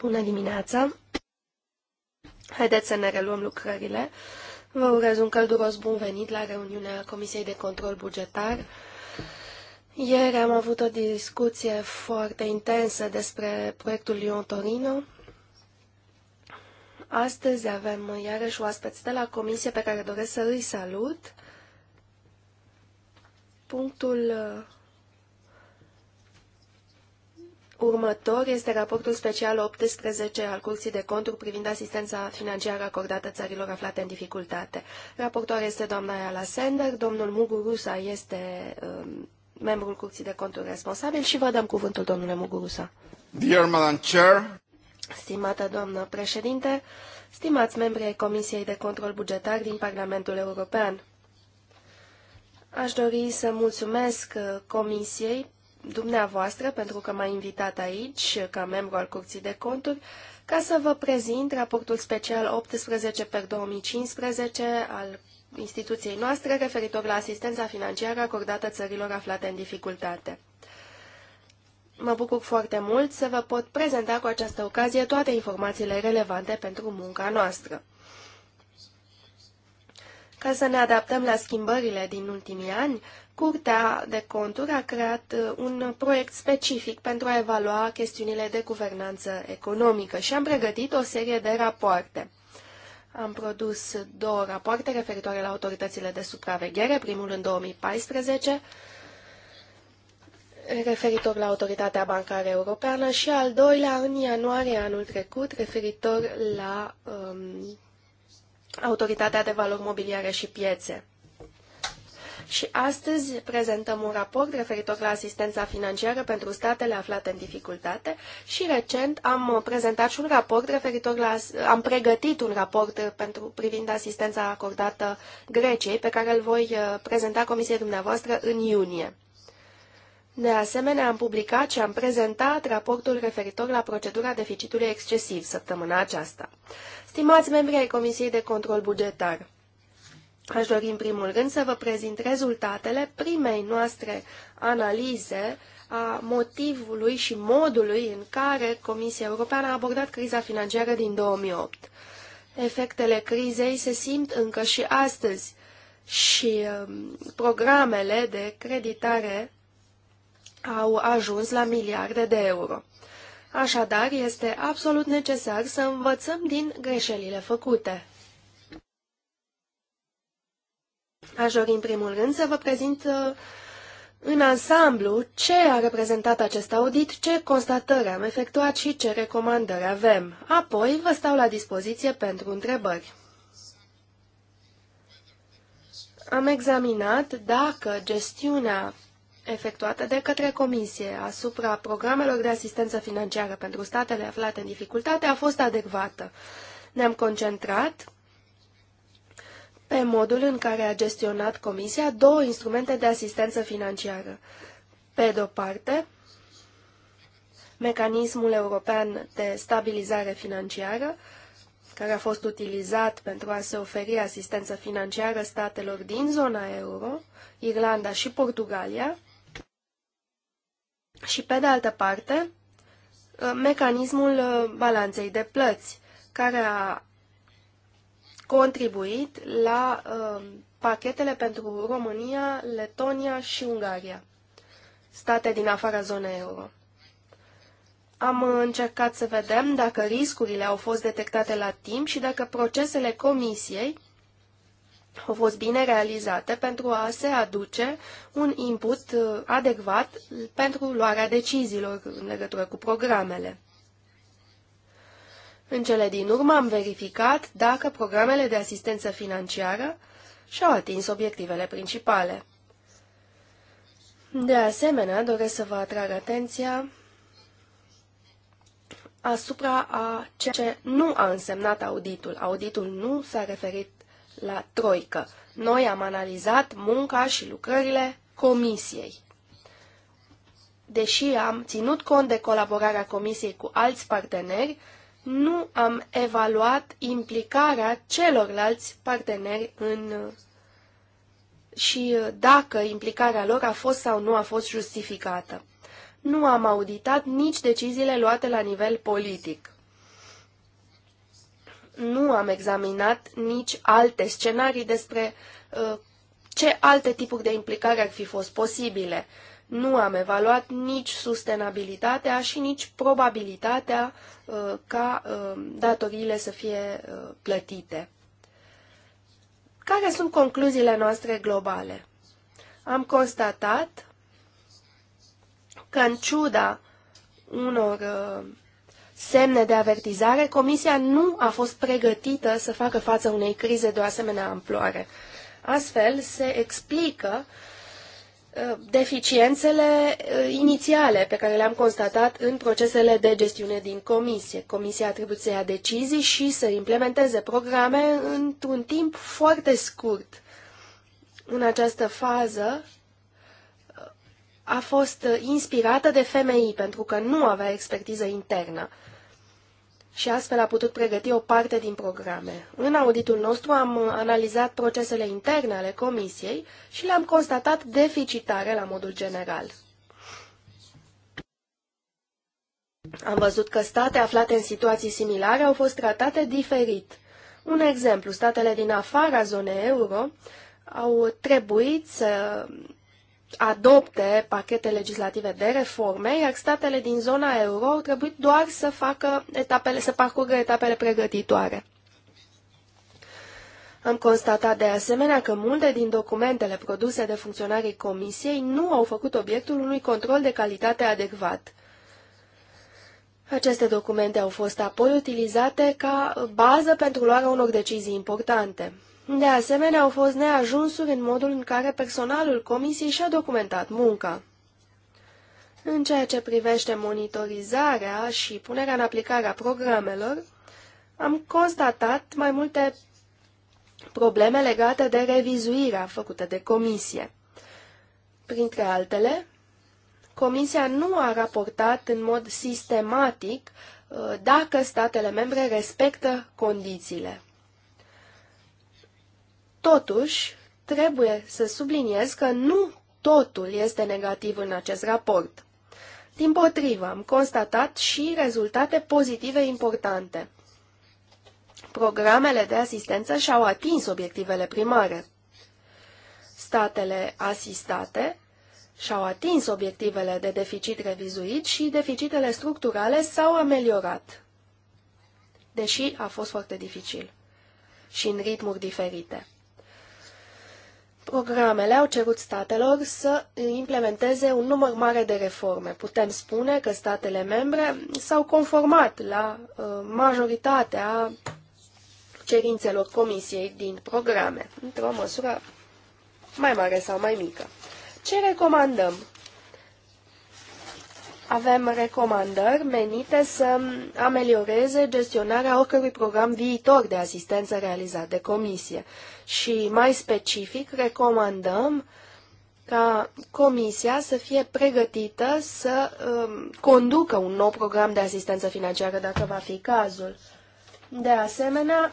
Bună dimineața! Haideți să ne reluăm lucrările. Vă urez un călduros bun venit la reuniunea Comisiei de Control Bugetar. Ieri am avut o discuție foarte intensă despre proiectul Lyon-Torino. Astăzi avem iarăși oaspeți de la comisie pe care doresc să îi salut. Punctul Următor este raportul special 18 al Curții de Conturi privind asistența financiară acordată țărilor aflate în dificultate. Raportoare este doamna Ayala Sender, domnul Mugurusa este um, membrul Curții de Conturi responsabil și vă dăm cuvântul, domnule Mugurusa. Dear Madam Chair, Stimată doamnă președinte, stimați membri ai Comisiei de Control Bugetar din Parlamentul European, aș dori să mulțumesc uh, Comisiei dumneavoastră pentru că m-a invitat aici ca membru al Curții de Conturi ca să vă prezint raportul special 18 per 2015 al instituției noastre referitor la asistența financiară acordată țărilor aflate în dificultate. Mă bucur foarte mult să vă pot prezenta cu această ocazie toate informațiile relevante pentru munca noastră. Ca să ne adaptăm la schimbările din ultimii ani, Curtea de conturi a creat uh, un proiect specific pentru a evalua chestiunile de guvernanță economică și am pregătit o serie de rapoarte. Am produs două rapoarte referitoare la autoritățile de supraveghere, primul în 2014, referitor la Autoritatea Bancară Europeană și al doilea în ianuarie anul trecut, referitor la um, Autoritatea de Valori Mobiliare și Piețe. Și astăzi prezentăm un raport referitor la asistența financiară pentru statele aflate în dificultate și recent am prezentat și un raport referitor la am pregătit un raport pentru privind asistența acordată Greciei pe care îl voi uh, prezenta comisiei dumneavoastră în iunie. De asemenea, am publicat și am prezentat raportul referitor la procedura deficitului excesiv săptămâna aceasta. Stimați membri ai Comisiei de Control Bugetar, Aș dori în primul rând să vă prezint rezultatele primei noastre analize a motivului și modului în care Comisia Europeană a abordat criza financiară din 2008. Efectele crizei se simt încă și astăzi și um, programele de creditare au ajuns la miliarde de euro. Așadar, este absolut necesar să învățăm din greșelile făcute. Aș dori în primul rând să vă prezint uh, în ansamblu ce a reprezentat acest audit, ce constatări am efectuat și ce recomandări avem. Apoi vă stau la dispoziție pentru întrebări. Am examinat dacă gestiunea efectuată de către Comisie asupra programelor de asistență financiară pentru statele aflate în dificultate a fost adecvată. Ne-am concentrat pe modul în care a gestionat Comisia două instrumente de asistență financiară. Pe de-o parte, mecanismul european de stabilizare financiară, care a fost utilizat pentru a se oferi asistență financiară statelor din zona euro, Irlanda și Portugalia, și pe de altă parte, mecanismul uh, balanței de plăți, care a contribuit la uh, pachetele pentru România, Letonia și Ungaria, state din afara zonei euro. Am încercat să vedem dacă riscurile au fost detectate la timp și dacă procesele comisiei au fost bine realizate pentru a se aduce un input uh, adecvat pentru luarea deciziilor în legătură cu programele. În cele din urmă am verificat dacă programele de asistență financiară și-au atins obiectivele principale. De asemenea, doresc să vă atrag atenția asupra a ceea ce nu a însemnat auditul. Auditul nu s-a referit la troică. Noi am analizat munca și lucrările comisiei. Deși am ținut cont de colaborarea comisiei cu alți parteneri, nu am evaluat implicarea celorlalți parteneri în și dacă implicarea lor a fost sau nu a fost justificată. Nu am auditat nici deciziile luate la nivel politic. Nu am examinat nici alte scenarii despre uh, ce alte tipuri de implicare ar fi fost posibile. Nu am evaluat nici sustenabilitatea și nici probabilitatea uh, ca uh, datoriile să fie uh, plătite. Care sunt concluziile noastre globale? Am constatat că în ciuda unor semne de avertizare, Comisia nu a fost pregătită să facă față unei crize de o asemenea amploare. Astfel, se explică Uh, deficiențele uh, inițiale pe care le-am constatat în procesele de gestiune din comisie. Comisia a trebuit să ia decizii și să implementeze programe într-un timp foarte scurt. În această fază uh, a fost inspirată de FMI pentru că nu avea expertiză internă și astfel a putut pregăti o parte din programe. În auditul nostru am analizat procesele interne ale Comisiei și le-am constatat deficitare la modul general. Am văzut că state aflate în situații similare au fost tratate diferit. Un exemplu, statele din afara zonei euro au trebuit să adopte pachete legislative de reforme, iar statele din zona euro au trebuit doar să facă etapele, să parcurgă etapele pregătitoare. Am constatat de asemenea că multe din documentele produse de funcționarii Comisiei nu au făcut obiectul unui control de calitate adecvat. Aceste documente au fost apoi utilizate ca bază pentru luarea unor decizii importante. De asemenea, au fost neajunsuri în modul în care personalul comisiei și-a documentat munca. În ceea ce privește monitorizarea și punerea în aplicare a programelor, am constatat mai multe probleme legate de revizuirea făcută de comisie. Printre altele, comisia nu a raportat în mod sistematic uh, dacă statele membre respectă condițiile. Totuși, trebuie să subliniez că nu totul este negativ în acest raport. Din potrivă, am constatat și rezultate pozitive importante. Programele de asistență și-au atins obiectivele primare. Statele asistate și-au atins obiectivele de deficit revizuit și deficitele structurale s-au ameliorat, deși a fost foarte dificil și în ritmuri diferite. Programele au cerut statelor să implementeze un număr mare de reforme. Putem spune că statele membre s-au conformat la uh, majoritatea cerințelor Comisiei din programe, într-o măsură mai mare sau mai mică. Ce recomandăm avem recomandări menite să amelioreze gestionarea oricărui program viitor de asistență realizat de comisie. Și mai specific, recomandăm ca comisia să fie pregătită să um, conducă un nou program de asistență financiară dacă va fi cazul. De asemenea,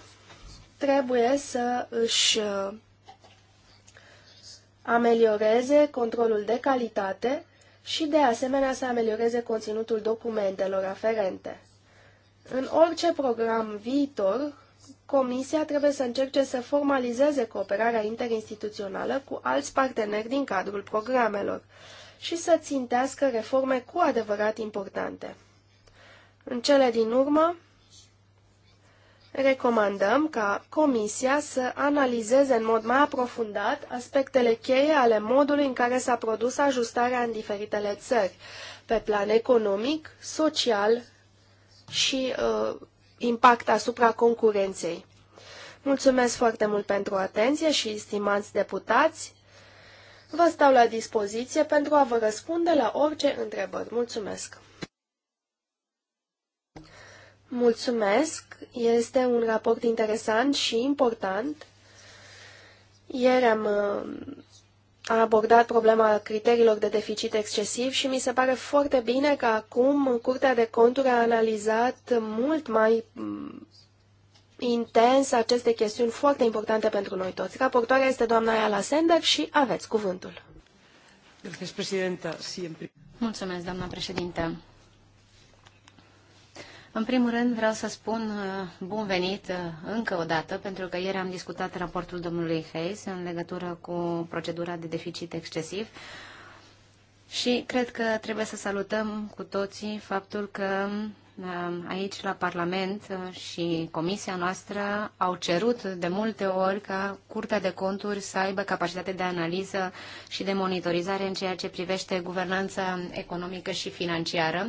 trebuie să își uh, amelioreze controlul de calitate și de asemenea să amelioreze conținutul documentelor aferente. În orice program viitor, Comisia trebuie să încerce să formalizeze cooperarea interinstituțională cu alți parteneri din cadrul programelor și să țintească reforme cu adevărat importante. În cele din urmă, recomandăm ca Comisia să analizeze în mod mai aprofundat aspectele cheie ale modului în care s-a produs ajustarea în diferitele țări, pe plan economic, social și uh, impact asupra concurenței. Mulțumesc foarte mult pentru atenție și, stimați deputați, vă stau la dispoziție pentru a vă răspunde la orice întrebări. Mulțumesc! Mulțumesc! Este un raport interesant și important. Ieri am a abordat problema criteriilor de deficit excesiv și mi se pare foarte bine că acum Curtea de Conturi a analizat mult mai mm, intens aceste chestiuni foarte importante pentru noi toți. Raportoarea este doamna Ayala Sender și aveți cuvântul. Mulțumesc, doamna președintă. În primul rând vreau să spun uh, bun venit uh, încă o dată, pentru că ieri am discutat raportul domnului Hayes în legătură cu procedura de deficit excesiv și cred că trebuie să salutăm cu toții faptul că uh, aici la Parlament și comisia noastră au cerut de multe ori ca Curtea de Conturi să aibă capacitate de analiză și de monitorizare în ceea ce privește guvernanța economică și financiară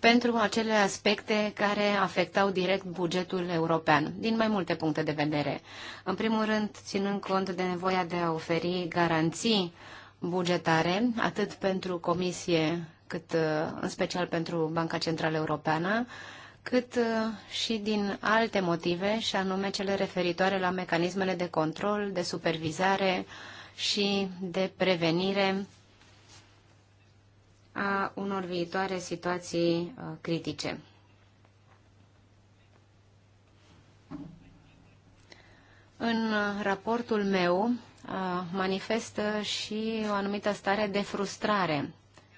pentru acele aspecte care afectau direct bugetul european, din mai multe puncte de vedere. În primul rând, ținând cont de nevoia de a oferi garanții bugetare, atât pentru Comisie, cât uh, în special pentru Banca Centrală Europeană, cât uh, și din alte motive, și anume cele referitoare la mecanismele de control, de supervizare și de prevenire a unor viitoare situații uh, critice. În uh, raportul meu uh, manifestă și o anumită stare de frustrare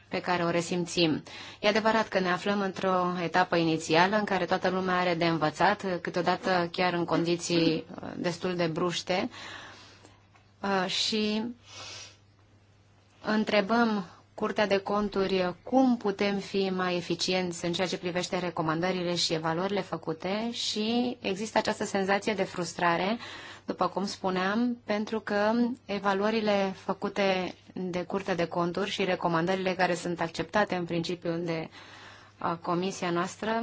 pe care o resimțim. E adevărat că ne aflăm într-o etapă inițială în care toată lumea are de învățat, câteodată chiar în condiții destul de bruște, și întrebăm Curtea de Conturi cum putem fi mai eficienți în ceea ce privește recomandările și evaluările făcute și există această senzație de frustrare, după cum spuneam, pentru că evaluările făcute de Curtea de Conturi și recomandările care sunt acceptate în principiu de comisia noastră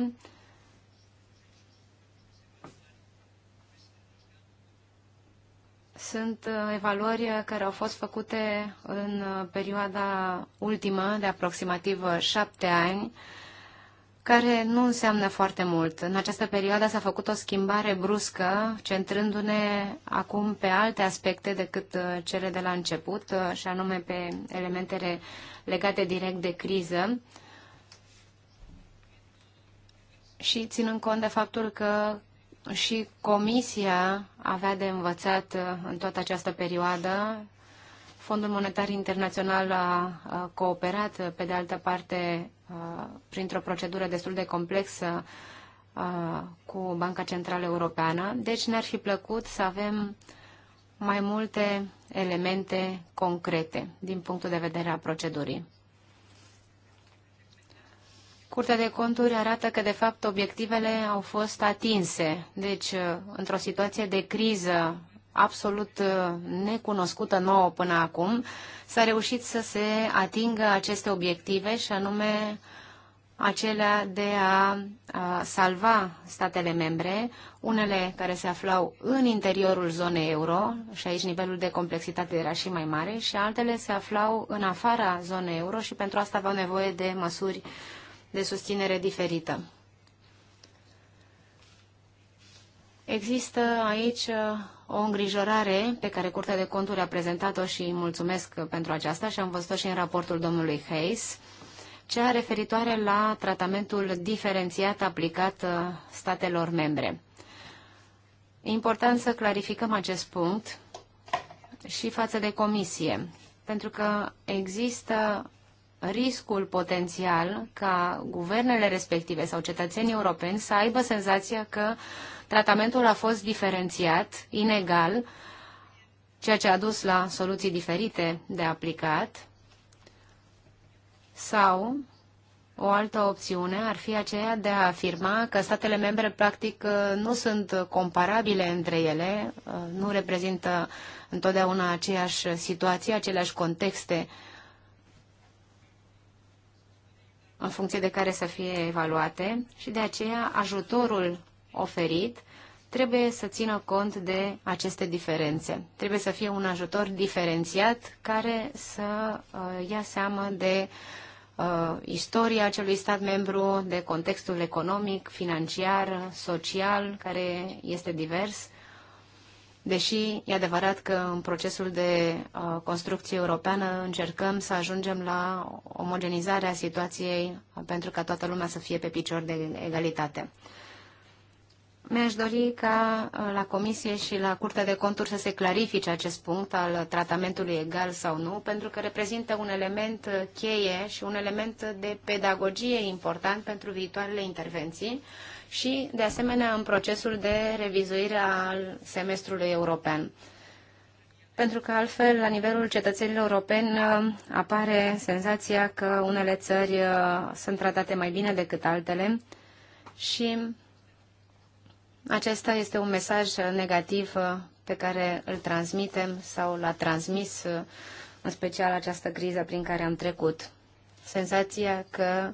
sunt uh, evaluări uh, care au fost făcute în uh, perioada ultimă de aproximativ șapte ani, care nu înseamnă foarte mult. În această perioadă s-a făcut o schimbare bruscă, centrându-ne acum pe alte aspecte decât cele de la început, și anume pe elementele legate direct de criză și ținând cont de faptul că și Comisia avea de învățat uh, în toată această perioadă. Fondul Monetar Internațional a cooperat, uh, pe de altă parte, uh, printr-o procedură destul de complexă cu Banca Centrală Europeană. Deci ne-ar fi plăcut să avem mai multe elemente concrete din punctul de vedere a procedurii. Curtea de conturi arată că, de fapt, obiectivele au fost atinse. Deci, uh, într-o situație de criză absolut uh, necunoscută nouă până acum, s-a reușit să se atingă aceste obiective și anume acelea de a, salva statele membre, unele care se aflau în interiorul zonei euro, și aici nivelul de complexitate era și mai mare, și altele se aflau în afara zonei euro și pentru asta aveau nevoie de măsuri uh, de susținere diferită. Există aici uh, o îngrijorare pe care Curtea de Conturi a prezentat-o și mulțumesc uh, pentru aceasta și am văzut-o și în raportul domnului Hayes, cea referitoare la tratamentul diferențiat aplicat uh, statelor membre. E important să clarificăm acest punct și față de comisie, pentru că există riscul potențial ca guvernele respective sau cetățenii europeni să aibă senzația că tratamentul a fost diferențiat, inegal, ceea ce a dus la soluții diferite de aplicat, sau o altă opțiune ar fi aceea de a afirma că statele membre practic nu sunt comparabile între ele, nu reprezintă întotdeauna aceeași situație, aceleași contexte uh, în funcție de care să fie evaluate și de aceea ajutorul oferit trebuie să țină cont de aceste diferențe. Trebuie să fie un ajutor diferențiat care să uh, ia seama de uh, istoria acelui stat membru, de contextul economic, financiar, social, care este divers Deși e adevărat că în procesul de uh, construcție europeană încercăm să ajungem la omogenizarea situației uh, pentru ca toată lumea să fie pe picior de egalitate. Mi-aș dori ca uh, la Comisie și la Curtea de Conturi să se clarifice acest punct al tratamentului egal sau nu, pentru că reprezintă un element uh, cheie și un element de pedagogie important pentru viitoarele intervenții și, de asemenea, în procesul de revizuire al semestrului european. Pentru că altfel, la nivelul cetățenilor europeni, apare senzația că unele țări uh, sunt tratate mai bine decât altele și acesta este un mesaj negativ uh, pe care îl transmitem sau l-a transmis uh, în special această criză prin care am trecut. Senzația că uh,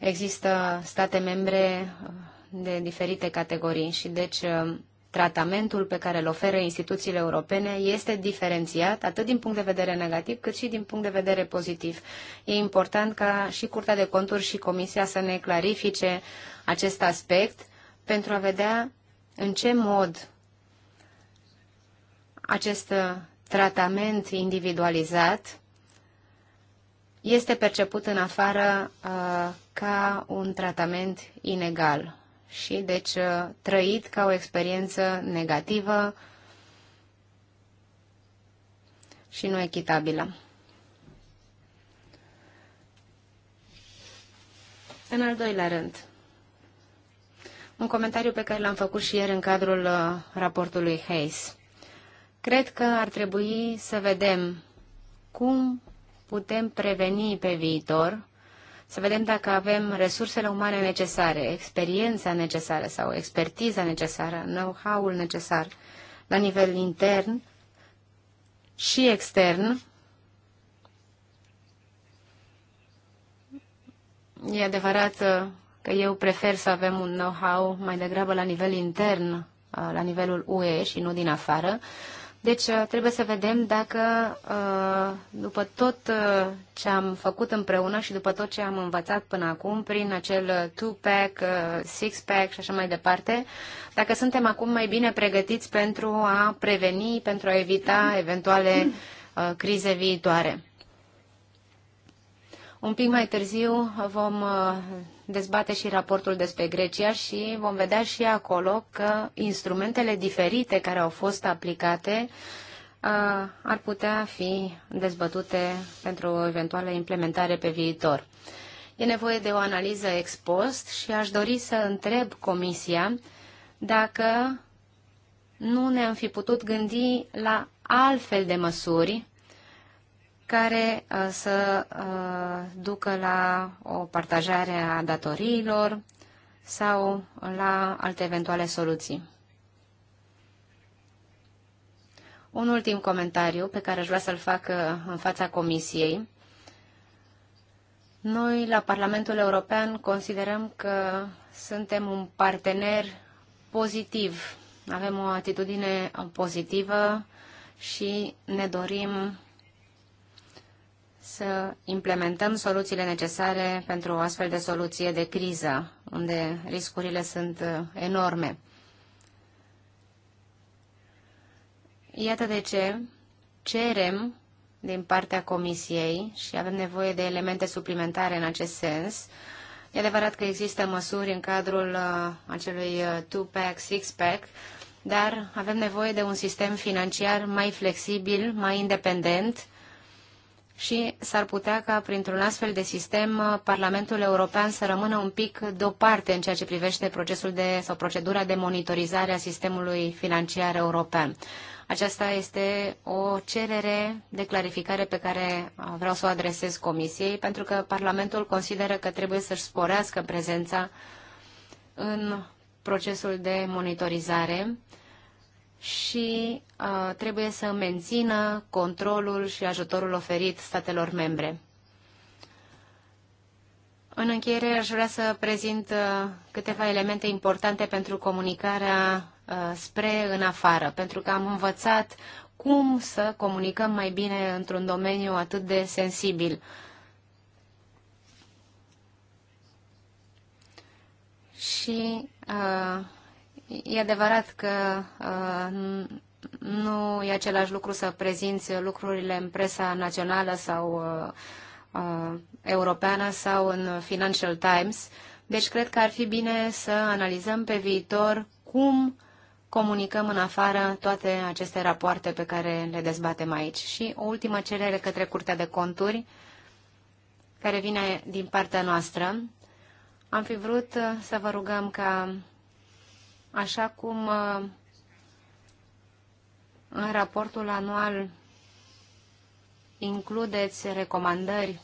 Există state membre uh, de diferite categorii și deci uh, tratamentul pe care îl oferă instituțiile europene este diferențiat atât din punct de vedere negativ cât și din punct de vedere pozitiv. E important ca și Curtea de Conturi și Comisia să ne clarifice acest aspect pentru a vedea în ce mod acest uh, tratament individualizat este perceput în afară uh, ca un tratament inegal și deci uh, trăit ca o experiență negativă și nu echitabilă. În al doilea rând, un comentariu pe care l-am făcut și ieri în cadrul uh, raportului Hayes. Cred că ar trebui să vedem cum putem preveni pe viitor, să vedem dacă avem resursele umane necesare, experiența necesară sau expertiza necesară, know-how-ul necesar la nivel intern și extern. E adevărat uh, că eu prefer să avem un know-how mai degrabă la nivel intern, uh, la nivelul UE și nu din afară, deci uh, trebuie să vedem dacă uh, după tot uh, ce am făcut împreună și după tot ce am învățat până acum prin acel two-pack, six-pack și așa mai departe, dacă suntem acum mai bine pregătiți pentru a preveni, pentru a evita eventuale crize viitoare. Un pic mai târziu vom uh, dezbate și raportul despre Grecia și vom vedea și acolo că instrumentele diferite care au fost aplicate uh, ar putea fi dezbătute pentru o eventuală implementare pe viitor. E nevoie de o analiză ex post și aș dori să întreb Comisia dacă nu ne-am fi putut gândi la altfel de măsuri care uh, să uh, ducă la o partajare a datoriilor sau la alte eventuale soluții. Un ultim comentariu pe care aș vrea să-l fac uh, în fața Comisiei. Noi, la Parlamentul European, considerăm că suntem un partener pozitiv. Avem o atitudine pozitivă și ne dorim să implementăm soluțiile necesare pentru o astfel de soluție de criză, unde riscurile sunt uh, enorme. Iată de ce cerem din partea Comisiei și avem nevoie de elemente suplimentare în acest sens. E adevărat că există măsuri în cadrul uh, acelui uh, two-pack, six-pack, dar avem nevoie de un sistem financiar mai flexibil, mai independent, și s-ar putea ca printr-un astfel de sistem uh, Parlamentul European să rămână un pic deoparte în ceea ce privește procesul de, sau procedura de monitorizare a sistemului financiar european. Aceasta este o cerere de clarificare pe care uh, vreau să o adresez Comisiei, pentru că Parlamentul consideră că trebuie să-și sporească prezența în procesul de monitorizare și uh, trebuie să mențină controlul și ajutorul oferit statelor membre. În încheiere, aș vrea să prezint uh, câteva elemente importante pentru comunicarea uh, spre în afară, pentru că am învățat cum să comunicăm mai bine într-un domeniu atât de sensibil. Și uh, E adevărat că uh, nu e același lucru să prezinți lucrurile în presa națională sau uh, uh, europeană sau în Financial Times. Deci cred că ar fi bine să analizăm pe viitor cum comunicăm în afară toate aceste rapoarte pe care le dezbatem aici. Și o ultimă cerere către Curtea de Conturi, care vine din partea noastră. Am fi vrut uh, să vă rugăm ca așa cum uh, în raportul anual includeți recomandări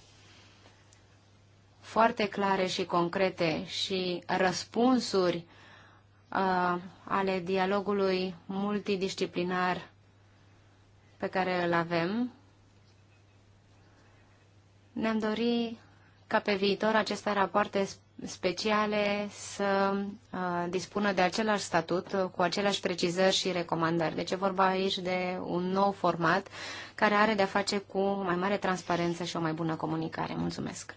foarte clare și concrete și răspunsuri uh, ale dialogului multidisciplinar pe care îl avem, ne-am dorit ca pe viitor aceste rapoarte speciale să uh, dispună de același statut uh, cu aceleași precizări și recomandări. Deci e vorba aici de un nou format care are de-a face cu mai mare transparență și o mai bună comunicare. Mulțumesc!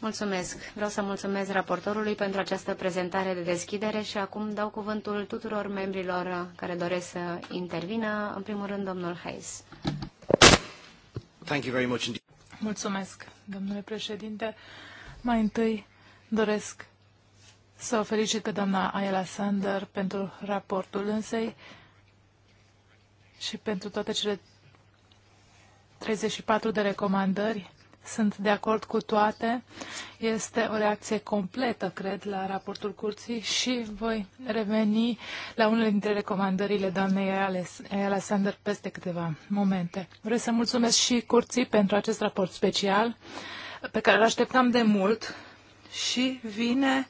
Mulțumesc. Vreau să mulțumesc raportorului pentru această prezentare de deschidere și acum dau cuvântul tuturor membrilor care doresc să intervină. În primul rând, domnul Hayes. Thank you very much indeed. Mulțumesc, domnule președinte. Mai întâi doresc să o felicit pe doamna Ayala Sander pentru raportul însei și pentru toate cele 34 de recomandări sunt de acord cu toate. Este o reacție completă, cred, la raportul curții și voi reveni la unele dintre recomandările doamnei Alexander peste câteva momente. Vreau să mulțumesc și curții pentru acest raport special pe care îl așteptam de mult și vine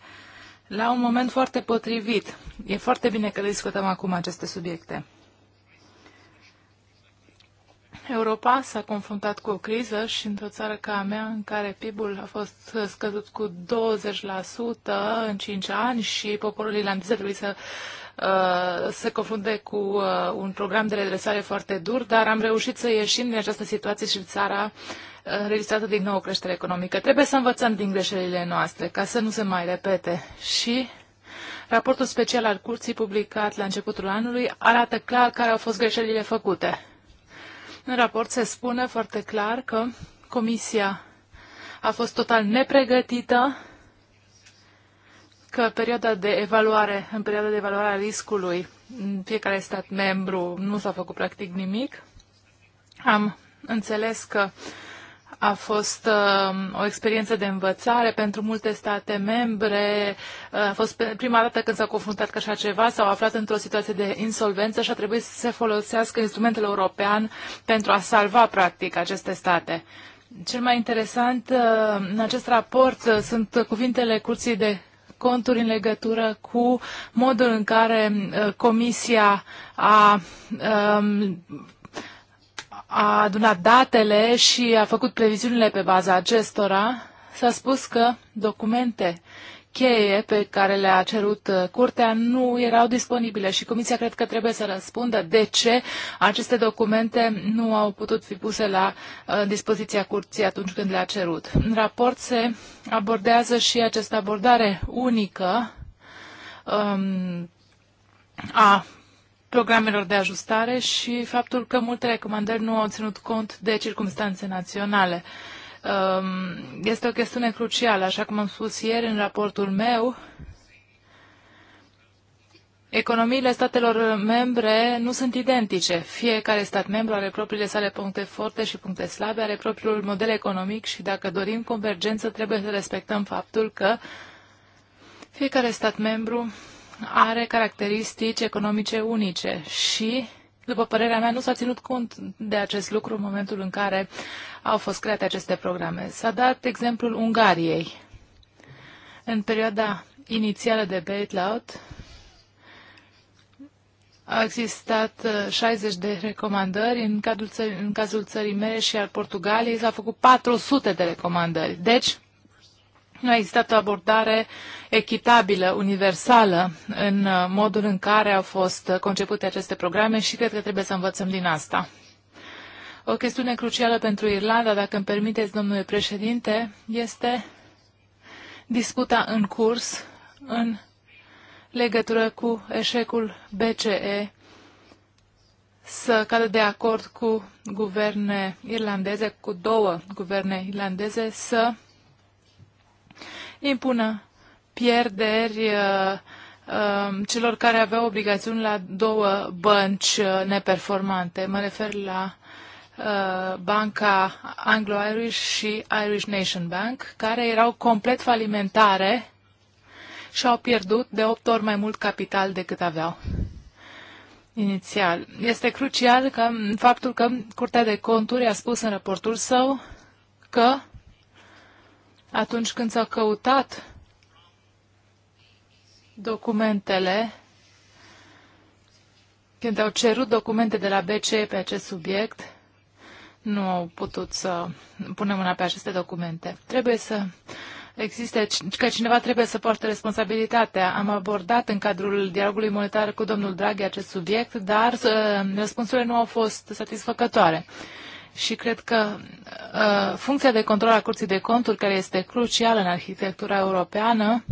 la un moment foarte potrivit. E foarte bine că discutăm acum aceste subiecte. Europa s-a confruntat cu o criză și într-o țară ca a mea, în care PIB-ul a fost scăzut cu 20% în 5 ani și poporul irlandez a trebuit să uh, se confunde cu uh, un program de redresare foarte dur, dar am reușit să ieșim din această situație și țara uh, înregistrată din nou o creștere economică. Trebuie să învățăm din greșelile noastre ca să nu se mai repete. Și raportul special al curții publicat la începutul anului arată clar care au fost greșelile făcute în raport se spune foarte clar că Comisia a fost total nepregătită, că perioada de evaluare, în perioada de evaluare a riscului, în fiecare stat membru nu s-a făcut practic nimic. Am înțeles că uh, a fost uh, o experiență de învățare pentru multe state membre. Uh, a fost prima dată când s-au confruntat cu așa ceva, s-au aflat într-o situație de insolvență și a trebuit să se folosească instrumentul european pentru a salva, practic, aceste state. Cel mai interesant uh, în acest raport uh, sunt cuvintele Curții de conturi în legătură cu modul în care Comisia a um, a adunat datele și a făcut previziunile pe baza acestora, s-a spus că documente cheie pe care le-a cerut uh, curtea nu erau disponibile și comisia cred că trebuie să răspundă de ce aceste documente nu au putut fi puse la uh, dispoziția curții atunci când le-a cerut. În raport se abordează și această abordare unică um, a programelor de ajustare și faptul că multe recomandări nu au ținut cont de circumstanțe naționale. Um, este o chestiune crucială, așa cum am spus ieri în raportul meu. Economiile statelor membre nu sunt identice. Fiecare stat membru are propriile sale puncte forte și puncte slabe, are propriul model economic și dacă dorim convergență trebuie să respectăm faptul că fiecare stat membru are caracteristici economice unice și, după părerea mea, nu s-a ținut cont de acest lucru în momentul în care au fost create aceste programe. S-a dat exemplul Ungariei. În perioada inițială de bailout au existat 60 uh, de recomandări, în, țări, în cazul țării mele și al Portugaliei s-au făcut 400 de recomandări. Deci, nu a existat o abordare echitabilă, universală, în uh, modul în care au fost concepute aceste programe și cred că trebuie să învățăm din asta. O chestiune crucială pentru Irlanda, dacă îmi permiteți, domnule președinte, este discuta în curs în legătură cu eșecul BCE să cadă de acord cu guverne irlandeze, cu două guverne irlandeze, să impună pierderi uh, um, celor care aveau obligațiuni la două bănci uh, neperformante. Mă refer la uh, banca Anglo-Irish și Irish Nation Bank, care erau complet falimentare și au pierdut de 8 ori mai mult capital decât aveau inițial. Este crucial că faptul că Curtea de Conturi a spus în raportul său că atunci când s-au căutat documentele, când au cerut documente de la BCE pe acest subiect, nu au putut să punem mâna pe aceste documente. Trebuie să existe, că cineva trebuie să poarte responsabilitatea. Am abordat în cadrul dialogului monetar cu domnul Draghi acest subiect, dar uh, răspunsurile nu au fost satisfăcătoare și cred că uh, funcția de control a Curții de Conturi, care este crucială în arhitectura europeană,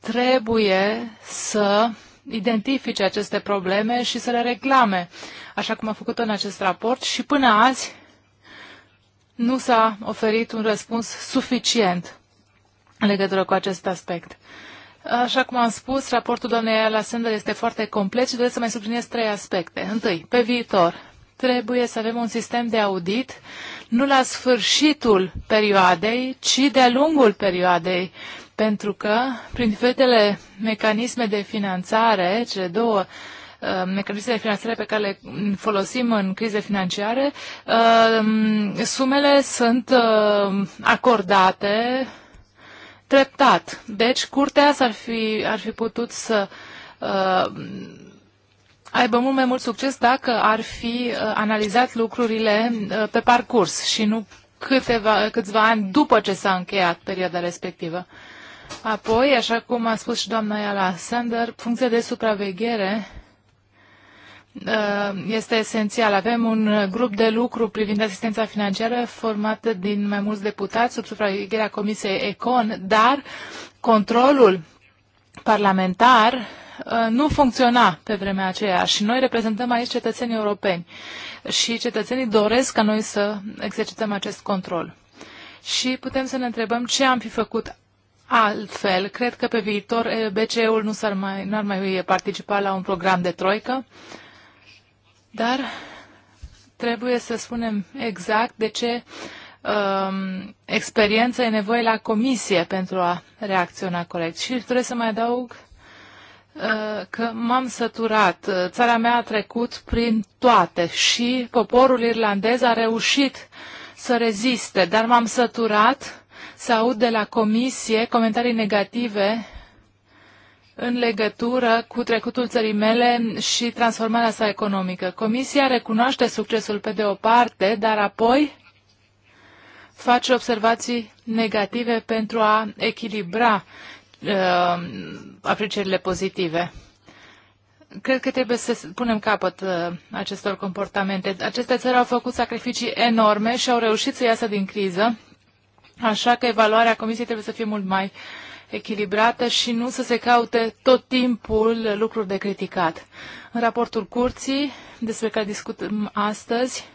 trebuie să identifice aceste probleme și să le reclame, așa cum a făcut în acest raport și până azi nu s-a oferit un răspuns suficient în legătură cu acest aspect. Așa cum am spus, raportul doamnei Alassander este foarte complet și doresc să mai subliniez trei aspecte. Întâi, pe viitor, trebuie să avem un sistem de audit nu la sfârșitul perioadei, ci de-a lungul perioadei, pentru că prin diferitele mecanisme de finanțare, cele două uh, mecanismele de finanțare pe care le folosim în crize financiare, uh, sumele sunt uh, acordate treptat. Deci, curtea s-ar fi, ar fi putut să aibă mult mai mult succes dacă ar fi uh, analizat lucrurile uh, pe parcurs și nu câteva, câțiva ani după ce s-a încheiat perioada respectivă. Apoi, așa cum a spus și doamna Iala Sander, funcția de supraveghere uh, este esențial. Avem un grup de lucru privind asistența financiară format din mai mulți deputați sub supravegherea Comisiei Econ, dar controlul parlamentar Uh, nu funcționa pe vremea aceea și noi reprezentăm aici cetățenii europeni și cetățenii doresc ca noi să exercităm acest control. Și putem să ne întrebăm ce am fi făcut altfel. Cred că pe viitor eh, BCE-ul nu s-ar mai, n-ar mai participa la un program de troică, dar trebuie să spunem exact de ce um, experiență e nevoie la comisie pentru a reacționa corect. Și trebuie să mai adaug Uh, că m-am săturat. Uh, țara mea a trecut prin toate și poporul irlandez a reușit să reziste, dar m-am săturat să aud de la comisie comentarii negative în legătură cu trecutul țării mele și transformarea sa economică. Comisia recunoaște succesul pe de o parte, dar apoi face observații negative pentru a echilibra Uh, aprecierile pozitive. Cred că trebuie să punem capăt uh, acestor comportamente. Aceste țări au făcut sacrificii enorme și au reușit să iasă din criză, așa că evaluarea Comisiei trebuie să fie mult mai echilibrată și nu să se caute tot timpul lucruri de criticat. În raportul curții, despre care discutăm astăzi,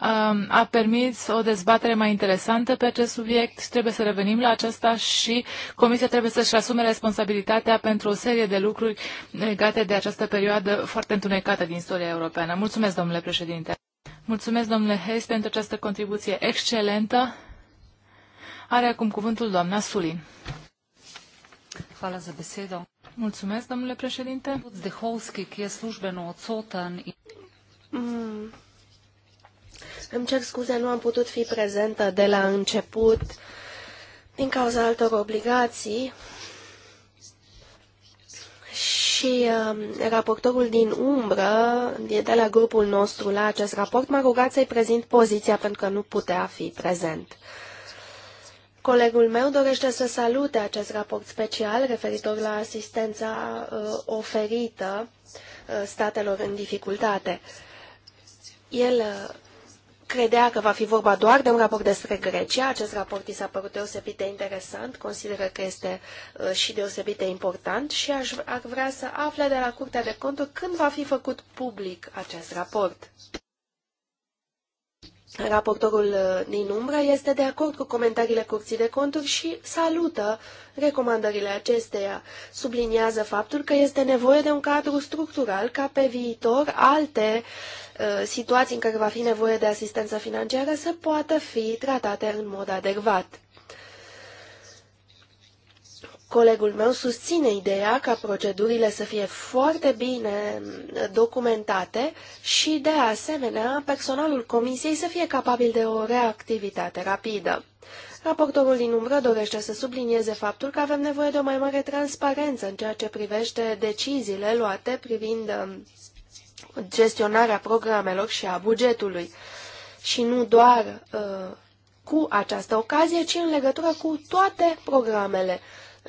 Um, a permis o dezbatere mai interesantă pe acest subiect. Trebuie să revenim la aceasta și Comisia trebuie să-și asume responsabilitatea pentru o serie de lucruri legate de această perioadă foarte întunecată din istoria europeană. Mulțumesc, domnule președinte. Mulțumesc, domnule Hayes, pentru această contribuție excelentă. Are acum cuvântul doamna Sulin. Hvala za besedo. Mulțumesc, domnule președinte. Mm. Îmi cer scuze, nu am putut fi prezentă de la început din cauza altor obligații și uh, raportorul din umbră de la grupul nostru la acest raport m-a rugat să-i prezint poziția pentru că nu putea fi prezent. Colegul meu dorește să salute acest raport special referitor la asistența uh, oferită uh, statelor în dificultate. El uh, credea că va fi vorba doar de un raport despre Grecia. Acest raport i s-a părut deosebit de interesant, consideră că este uh, și deosebit de important și aș, ar vrea să afle de la Curtea de Conturi când va fi făcut public acest raport. Raportorul uh, din umbră este de acord cu comentariile Curții de Conturi și salută recomandările acesteia. Subliniază faptul că este nevoie de un cadru structural ca pe viitor alte uh, Uh, situații în care va fi nevoie de asistență financiară să poată fi tratate în mod adecvat. Colegul meu susține ideea ca procedurile să fie foarte bine uh, documentate și, de asemenea, personalul comisiei să fie capabil de o reactivitate rapidă. Raportorul din umbră dorește să sublinieze faptul că avem nevoie de o mai mare transparență în ceea ce privește deciziile luate privind um, gestionarea programelor și a bugetului. Și nu doar uh, cu această ocazie, ci în legătură cu toate programele.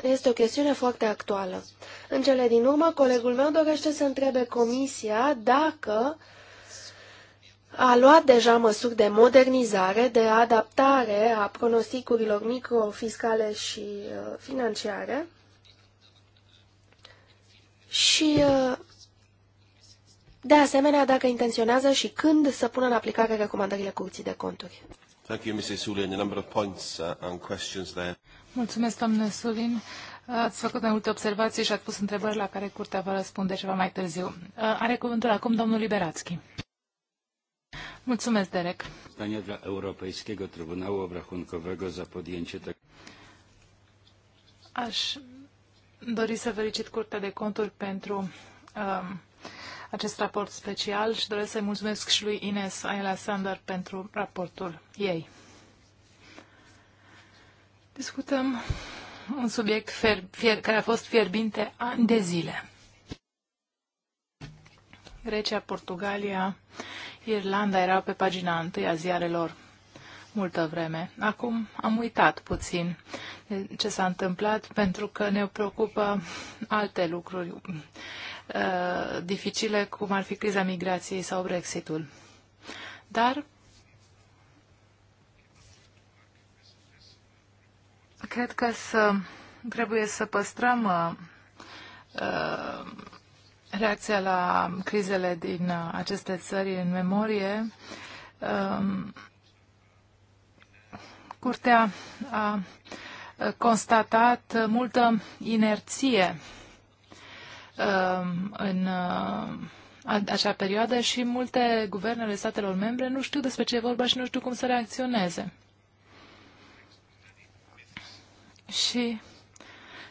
Este o chestiune foarte actuală. În cele din urmă, colegul meu dorește să întrebe Comisia dacă a luat deja măsuri de modernizare, de adaptare a pronosticurilor microfiscale și uh, financiare și uh, de asemenea, dacă intenționează și când să pună în aplicare recomandările Curții de Conturi. Thank you, Mrs. Sulin. A number of points uh, and questions there. Mulțumesc, doamnă Sulin. Ați făcut mai multe observații și ați pus întrebări la care curtea vă răspunde ceva mai târziu. Uh, are cuvântul acum domnul Liberațchi. Mulțumesc, Derek. Pytanie dla Europejskiego Trybunału Obrachunkowego za podjęcie tego. Aș dori să felicit Curtea de Conturi pentru uh, acest raport special și doresc să-i mulțumesc și lui Ines Ayala Sander pentru raportul ei. Discutăm un subiect fier, fier, care a fost fierbinte ani de zile. Grecia, Portugalia, Irlanda erau pe pagina întâi a ziarelor multă vreme. Acum am uitat puțin ce s-a întâmplat pentru că ne preocupă alte lucruri Uh, dificile, cum ar fi criza migrației sau Brexitul. Dar cred că să, trebuie să păstrăm uh, uh reacția la crizele din uh, aceste țări în memorie. Um, curtea a constatat multă inerție Um, în uh, acea perioadă și multe guverne ale statelor membre nu știu despre ce e vorba și nu știu cum să reacționeze. Și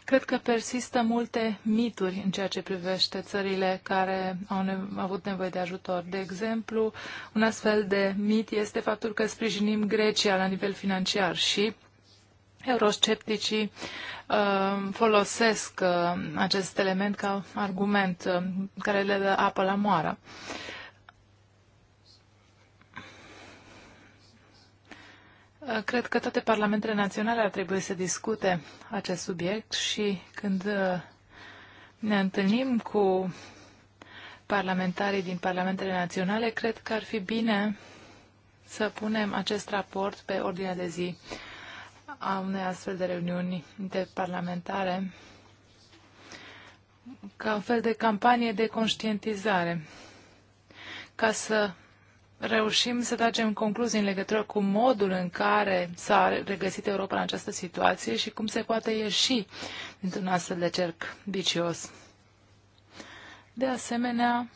cred că persistă multe mituri în ceea ce privește țările care au ne- avut nevoie de ajutor. De exemplu, un astfel de mit este faptul că sprijinim Grecia la nivel financiar și Euroscepticii uh, folosesc uh, acest element ca argument uh, care le dă apă la moară. Cred că toate parlamentele naționale ar trebui să discute acest subiect și când ne întâlnim cu parlamentarii din parlamentele naționale, cred că ar fi bine să punem acest raport pe ordinea de zi a unei astfel de reuniuni interparlamentare ca un fel de campanie de conștientizare, ca să reușim să tragem concluzii în legătură cu modul în care s-a regăsit Europa în această situație și cum se poate ieși dintr-un astfel de cerc vicios. De asemenea,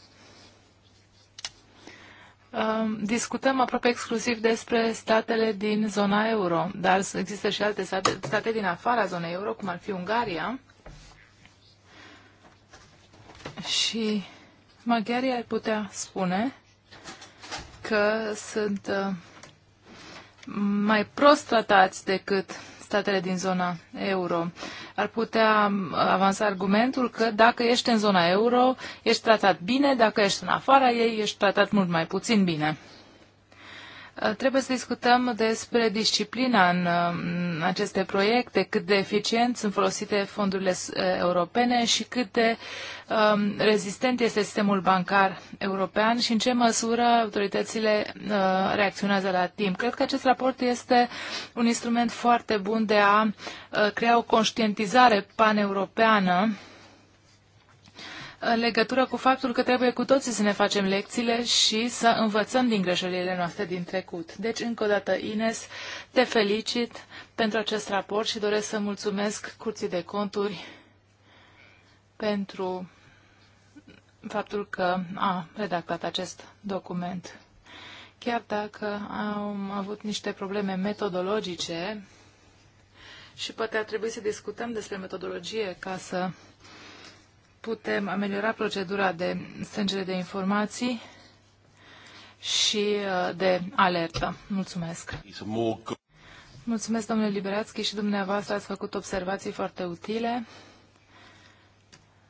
Um, discutăm aproape exclusiv despre statele din zona euro, dar există și alte state, state din afara zonei euro, cum ar fi Ungaria. Și maghiarii ar putea spune că sunt uh, mai prost tratați decât statele din zona euro. Ar putea um, avansa argumentul că dacă ești în zona euro, ești tratat bine, dacă ești în afara ei, ești tratat mult mai puțin bine. Uh, trebuie să discutăm despre disciplina în, uh, aceste proiecte, cât de eficient sunt folosite fondurile uh, europene și cât de um, rezistent este sistemul bancar european și în ce măsură autoritățile reacționează la timp. Cred că acest raport este un instrument foarte bun de a crea o conștientizare paneuropeană în legătură cu faptul că trebuie cu toții să ne facem lecțiile și să învățăm din greșelile noastre din trecut. Deci, încă o dată, Ines, te felicit pentru acest raport și doresc să mulțumesc Curții de Conturi pentru faptul că a redactat acest document. Chiar dacă am avut niște probleme metodologice și poate ar trebui să discutăm despre metodologie ca să putem ameliora procedura de strângere de informații și uh, de alertă. Mulțumesc! Mulțumesc, domnule Liberațchi, și dumneavoastră ați făcut observații foarte utile.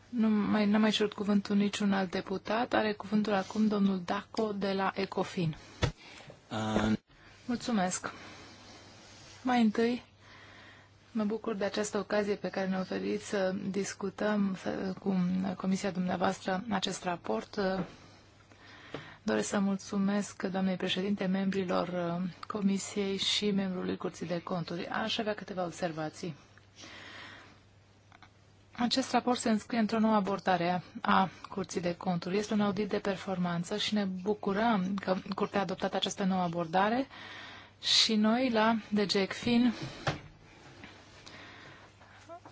Nu mai, n-am mai cerut cuvântul niciun alt deputat. Are cuvântul acum domnul Daco de la Ecofin. Uh... Mulțumesc. Mai întâi Mă bucur de această ocazie pe care ne oferiți să discutăm cu comisia dumneavoastră acest raport. Doresc să mulțumesc doamnei președinte, membrilor uh, comisiei și membrului Curții de Conturi. Aș avea câteva observații. Acest raport se înscrie într-o nouă abordare a Curții de Conturi. Este un audit de performanță și ne bucurăm că Curtea a adoptat această nouă abordare și noi la DGECFIN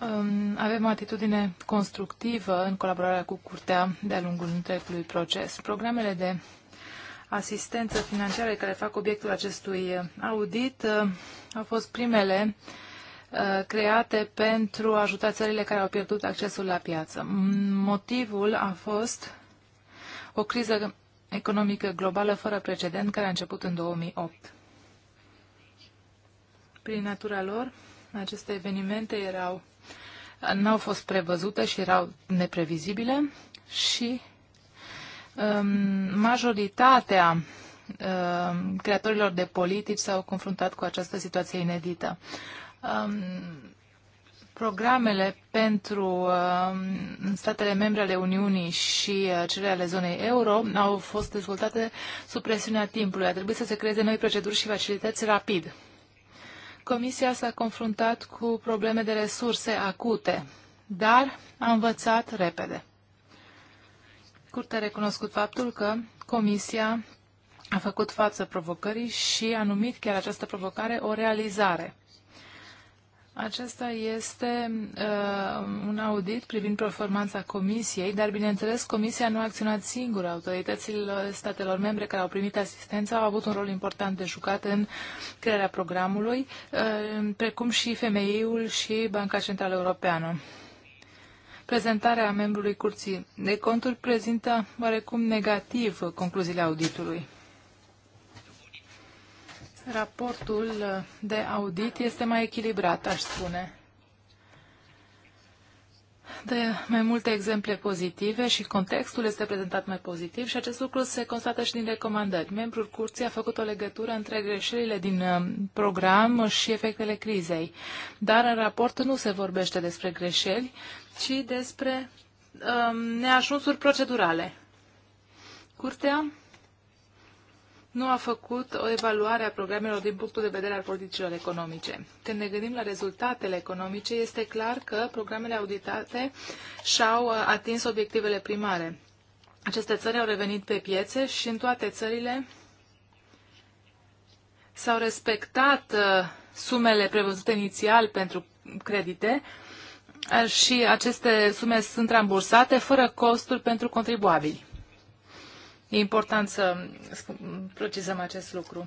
Um, avem o atitudine constructivă în colaborarea cu Curtea de-a lungul întregului proces. Programele de asistență financiară care fac obiectul acestui uh, audit uh, au fost primele uh, create pentru a ajuta țările care au pierdut accesul la piață. Motivul a fost o criză economică globală fără precedent care a început în 2008. Prin natura lor, aceste evenimente erau n-au fost prevăzute și erau neprevizibile și um, majoritatea um, creatorilor de politici s-au confruntat cu această situație inedită. Um, programele pentru um, statele membre ale Uniunii și uh, cele ale zonei euro au fost dezvoltate sub presiunea timpului. A trebuit să se creeze noi proceduri și facilități rapid. Comisia s-a confruntat cu probleme de resurse acute, dar a învățat repede. Curtea a recunoscut faptul că Comisia a făcut față provocării și a numit chiar această provocare o realizare. Acesta este uh, un audit privind performanța Comisiei, dar, bineînțeles, Comisia nu a acționat singură. Autoritățile statelor membre care au primit asistență au avut un rol important de jucat în crearea programului, uh, precum și FMI-ul și Banca Centrală Europeană. Prezentarea membrului Curții de Conturi prezintă oarecum negativ concluziile auditului raportul de audit este mai echilibrat, aș spune. De mai multe exemple pozitive și contextul este prezentat mai pozitiv și acest lucru se constată și din recomandări. Membrul curții a făcut o legătură între greșelile din uh, program și efectele crizei, dar în raport nu se vorbește despre greșeli, ci despre um, neajunsuri procedurale. Curtea nu a făcut o evaluare a programelor din punctul de vedere al politicilor economice. Când ne gândim la rezultatele economice, este clar că programele auditate și-au uh, atins obiectivele primare. Aceste țări au revenit pe piețe și în toate țările s-au respectat uh, sumele prevăzute inițial pentru credite uh, și aceste sume sunt rambursate fără costuri pentru contribuabili. E important să precizăm acest lucru.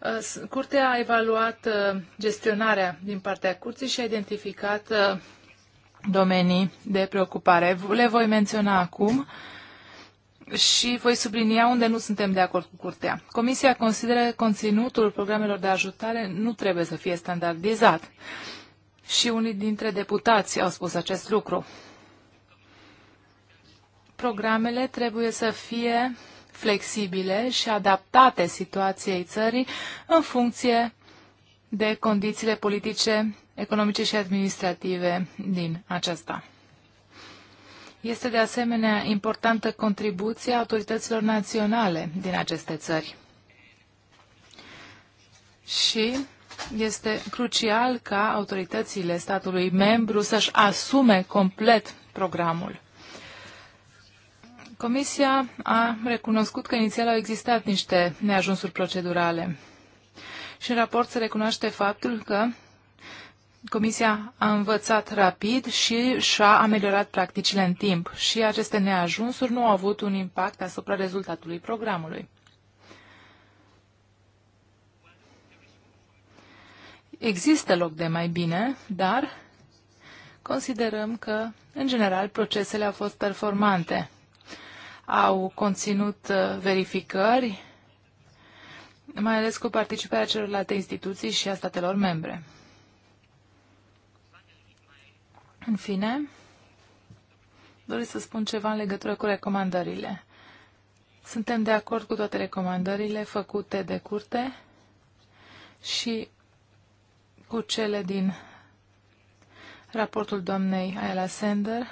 Uh, curtea a evaluat uh, gestionarea din partea curții și a identificat uh, domenii de preocupare. Le voi menționa acum și voi sublinia unde nu suntem de acord cu curtea. Comisia consideră că conținutul programelor de ajutare nu trebuie să fie standardizat. Și unii dintre deputați au spus acest lucru programele trebuie să fie flexibile și adaptate situației țării în funcție de condițiile politice, economice și administrative din aceasta. Este de asemenea importantă contribuția autorităților naționale din aceste țări. Și este crucial ca autoritățile statului membru să-și asume complet programul. Comisia a recunoscut că inițial au existat niște neajunsuri procedurale și în raport se recunoaște faptul că Comisia a învățat rapid și și-a ameliorat practicile în timp și aceste neajunsuri nu au avut un impact asupra rezultatului programului. Există loc de mai bine, dar considerăm că, în general, procesele au fost performante au conținut uh, verificări, mai ales cu participarea celorlalte instituții și a statelor membre. În fine, doresc să spun ceva în legătură cu recomandările. Suntem de acord cu toate recomandările făcute de curte și cu cele din raportul doamnei Ayala Sender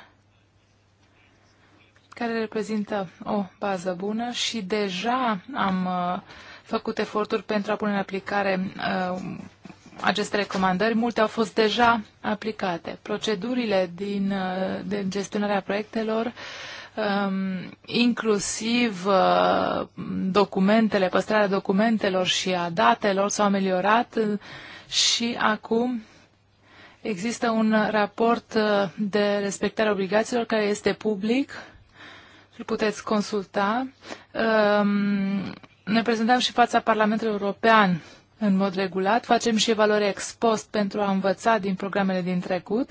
care reprezintă o bază bună și deja am uh, făcut eforturi pentru a pune în aplicare uh, aceste recomandări, multe au fost deja aplicate. Procedurile din, uh, de gestionarea proiectelor, um, inclusiv documentele, păstrarea documentelor și a datelor s-au ameliorat și acum există un raport de respectare obligațiilor care este public îl puteți consulta. Um, ne prezentăm și fața Parlamentului European în mod regulat, facem și evaluare ex post pentru a învăța din programele din trecut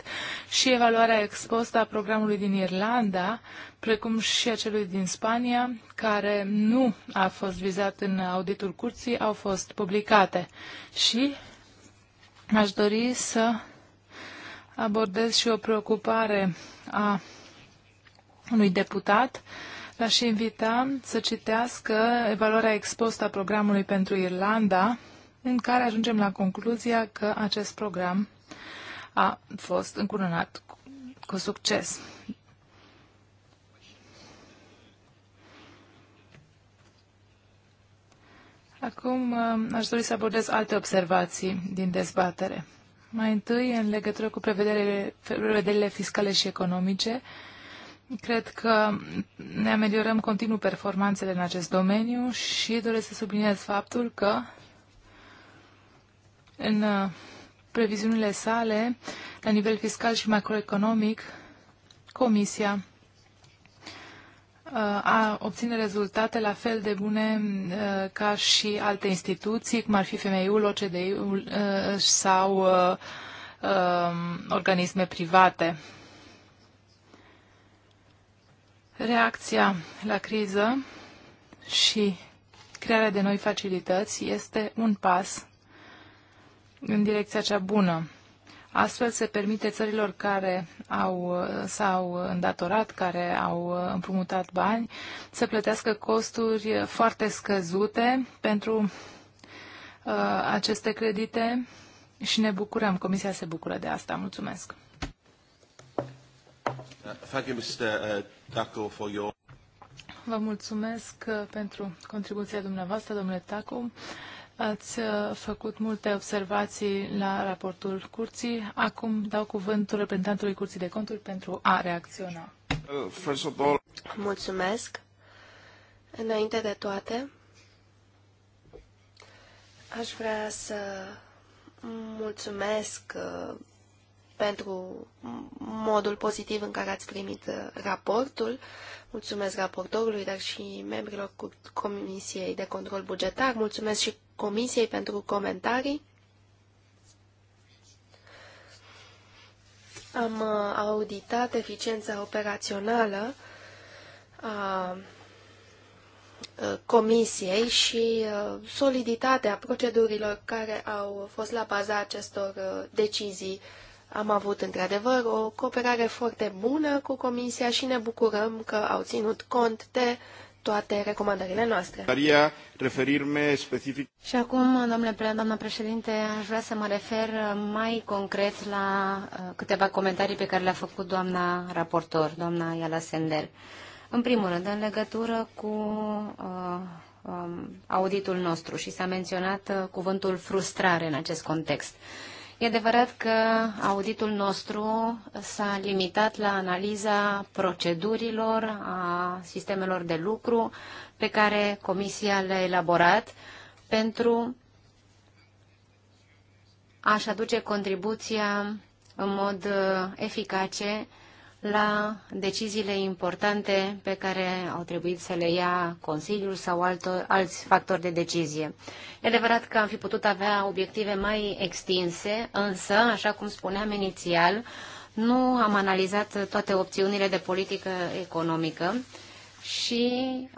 și evaluarea ex post a programului din Irlanda, precum și a celui din Spania, care nu a fost vizat în auditul curții, au fost publicate. Și aș dori să abordez și o preocupare a unui deputat, l-aș invita să citească evaluarea expostă a programului pentru Irlanda, în care ajungem la concluzia că acest program a fost încurunat cu succes. Acum ă, aș dori să abordez alte observații din dezbatere. Mai întâi, în legătură cu prevederile, prevederile fiscale și economice, Cred că ne ameliorăm continuu performanțele în acest domeniu și doresc să subliniez faptul că în uh, previziunile sale, la nivel fiscal și macroeconomic, Comisia uh, a obține rezultate la fel de bune uh, ca și alte instituții, cum ar fi FMI-ul, OCDE-ul sau um, organisme private. Reacția la criză și crearea de noi facilități este un pas în direcția cea bună. Astfel se permite țărilor care au, s-au îndatorat, care au împrumutat bani, să plătească costuri foarte scăzute pentru uh, aceste credite și ne bucurăm. Comisia se bucură de asta. Mulțumesc! Uh, uh, Vă mulțumesc uh, pentru contribuția dumneavoastră, domnule Tacu. Ați făcut multe observații la raportul curții. Acum dau cuvântul reprezentantului curții de conturi pentru a reacționa. Mulțumesc. Înainte de toate, aș vrea să mulțumesc pentru modul pozitiv în care ați primit uh, raportul. Mulțumesc raportorului, dar și membrilor Comisiei de Control Bugetar. Mulțumesc și Comisiei pentru comentarii. Am uh, auditat eficiența operațională a uh, Comisiei și soliditatea procedurilor care au fost la baza acestor decizii am avut într-adevăr o cooperare foarte bună cu Comisia și ne bucurăm că au ținut cont de toate recomandările noastre. referirme specific... Și acum, domnule, doamna președinte, aș vrea să mă refer mai concret la uh, câteva comentarii pe care le-a făcut doamna raportor, doamna Iala Sender. În primul rând, în legătură cu uh, um, auditul nostru și s-a menționat uh, cuvântul frustrare în acest context. Uh, E adevărat că auditul nostru s-a limitat la analiza procedurilor, a sistemelor de lucru pe care Comisia le-a elaborat pentru a-și aduce contribuția în mod eficace la deciziile importante pe care au trebuit să le ia Consiliul sau alt, alți factori de decizie. E adevărat că am fi putut avea obiective mai extinse, însă, așa cum spuneam inițial, nu am analizat toate opțiunile de politică economică și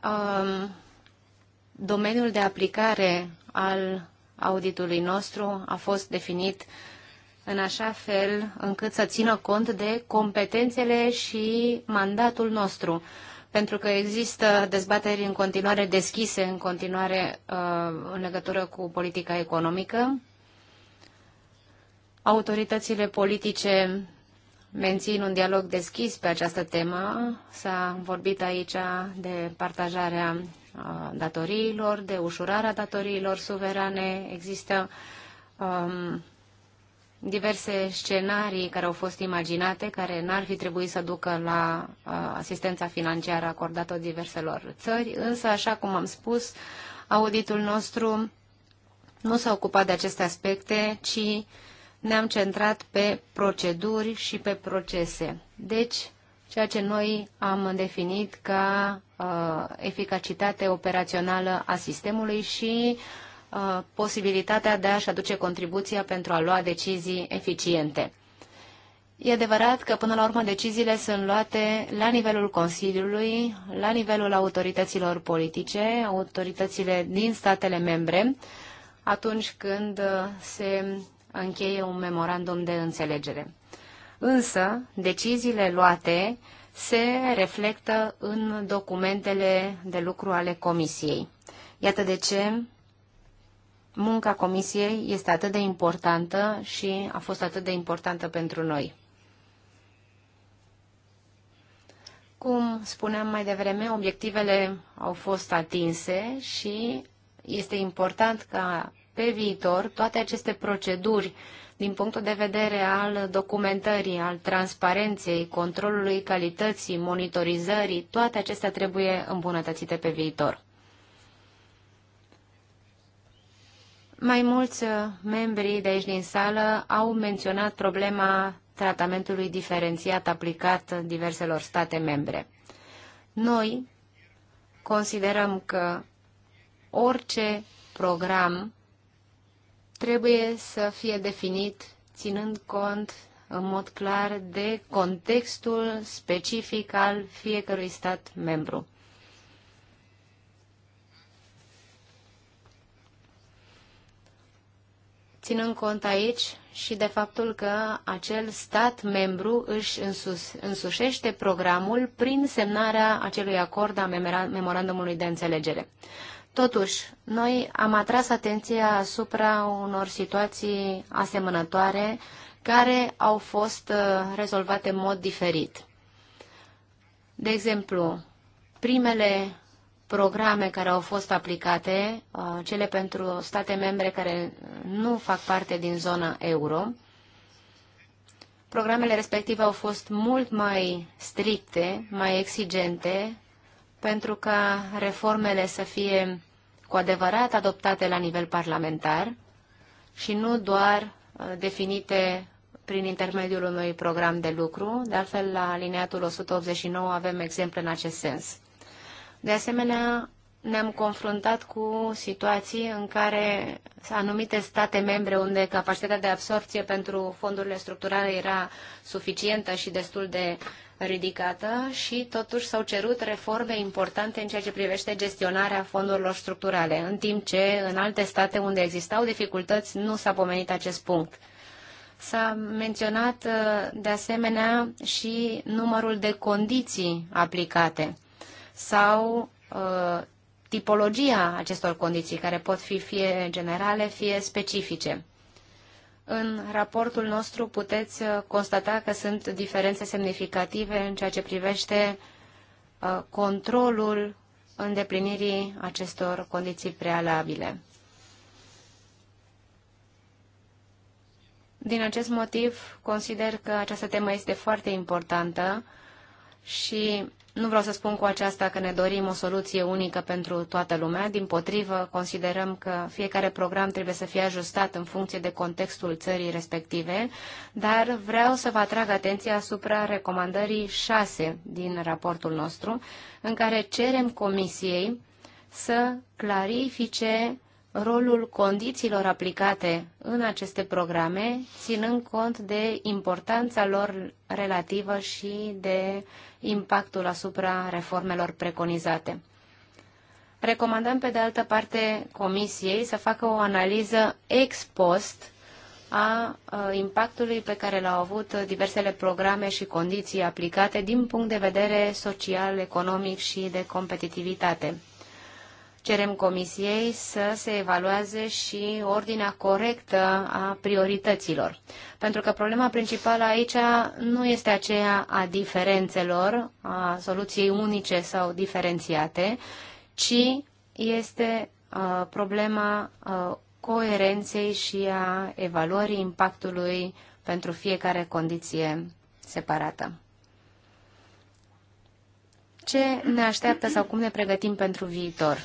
um, domeniul de aplicare al auditului nostru a fost definit uh, în așa fel încât să țină cont de competențele și mandatul nostru. Pentru că există dezbateri în continuare deschise, în continuare uh, în legătură cu politica economică. Autoritățile politice mențin un dialog deschis pe această temă. S-a vorbit aici de partajarea uh, datoriilor, de ușurarea datoriilor suverane. Există um, diverse scenarii care au fost imaginate, care n-ar fi trebuit să ducă la uh, asistența financiară acordată diverselor țări, însă, așa cum am spus, auditul nostru nu s-a ocupat de aceste aspecte, ci ne-am centrat pe proceduri și pe procese. Deci, ceea ce noi am definit ca uh, eficacitate operațională a sistemului și uh, Uh, posibilitatea de a-și aduce contribuția pentru a lua decizii eficiente. E adevărat că până la urmă deciziile sunt luate la nivelul Consiliului, la nivelul autorităților politice, autoritățile din statele membre, atunci când uh, se încheie un memorandum de înțelegere. Însă, deciziile luate se reflectă în documentele de lucru ale Comisiei. Iată de ce munca comisiei este atât de importantă și a fost atât de importantă pentru noi. Cum spuneam mai devreme, obiectivele au fost atinse și este important ca pe viitor toate aceste proceduri din punctul de vedere al documentării, al transparenței, controlului calității, monitorizării, toate acestea trebuie îmbunătățite pe viitor. Mai mulți uh, membri de aici din sală au menționat problema tratamentului diferențiat aplicat diverselor state membre. Noi considerăm că orice program trebuie să fie definit ținând cont în mod clar de contextul specific al fiecărui stat membru. ținând cont aici și de faptul că acel stat membru își însus, însușește programul prin semnarea acelui acord a memorandumului de înțelegere. Totuși, noi am atras atenția asupra unor situații asemănătoare care au fost uh, rezolvate în mod diferit. De exemplu, primele programe care au fost aplicate, uh, cele pentru state membre care nu fac parte din zona euro. Programele respective au fost mult mai stricte, mai exigente, pentru ca reformele să fie cu adevărat adoptate la nivel parlamentar și nu doar uh, definite prin intermediul unui program de lucru. De altfel, la alineatul 189 avem exemple în acest sens. De asemenea, ne-am confruntat cu situații în care anumite state membre unde capacitatea de absorpție pentru fondurile structurale era suficientă și destul de ridicată și totuși s-au cerut reforme importante în ceea ce privește gestionarea fondurilor structurale, în timp ce în alte state unde existau dificultăți nu s-a pomenit acest punct. S-a menționat de asemenea și numărul de condiții aplicate sau uh, tipologia acestor condiții, care pot fi fie generale, fie specifice. În raportul nostru puteți uh, constata că sunt diferențe semnificative în ceea ce privește uh, controlul îndeplinirii acestor condiții prealabile. Din acest motiv, consider că această temă este foarte importantă și nu vreau să spun cu aceasta că ne dorim o soluție unică pentru toată lumea. Din potrivă, considerăm că fiecare program trebuie să fie ajustat în funcție de contextul țării respective, dar vreau să vă atrag atenția asupra recomandării 6 din raportul nostru, în care cerem Comisiei să clarifice rolul condițiilor aplicate în aceste programe, ținând cont de importanța lor relativă și de impactul asupra reformelor preconizate. Recomandăm, pe de altă parte, Comisiei să facă o analiză ex post a impactului pe care l-au avut diversele programe și condiții aplicate din punct de vedere social, economic și de competitivitate. Cerem Comisiei să se evalueze și ordinea corectă a priorităților. Pentru că problema principală aici nu este aceea a diferențelor, a soluției unice sau diferențiate, ci este uh, problema uh, coerenței și a evaluării impactului pentru fiecare condiție separată. Ce ne așteaptă sau cum ne pregătim pentru viitor?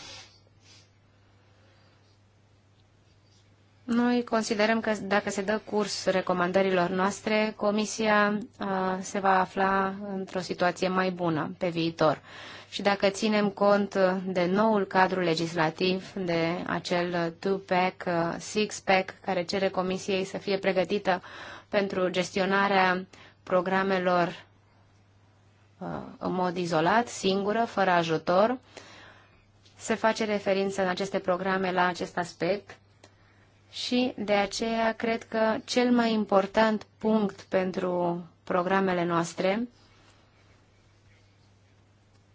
Noi considerăm că dacă se dă curs recomandărilor noastre, Comisia uh, se va afla într-o situație mai bună pe viitor. Și dacă ținem cont de noul cadru legislativ, de acel two-pack, uh, six-pack, care cere Comisiei să fie pregătită pentru gestionarea programelor uh, în mod izolat, singură, fără ajutor, se face referință în aceste programe la acest aspect și de aceea cred că cel mai important punct pentru programele noastre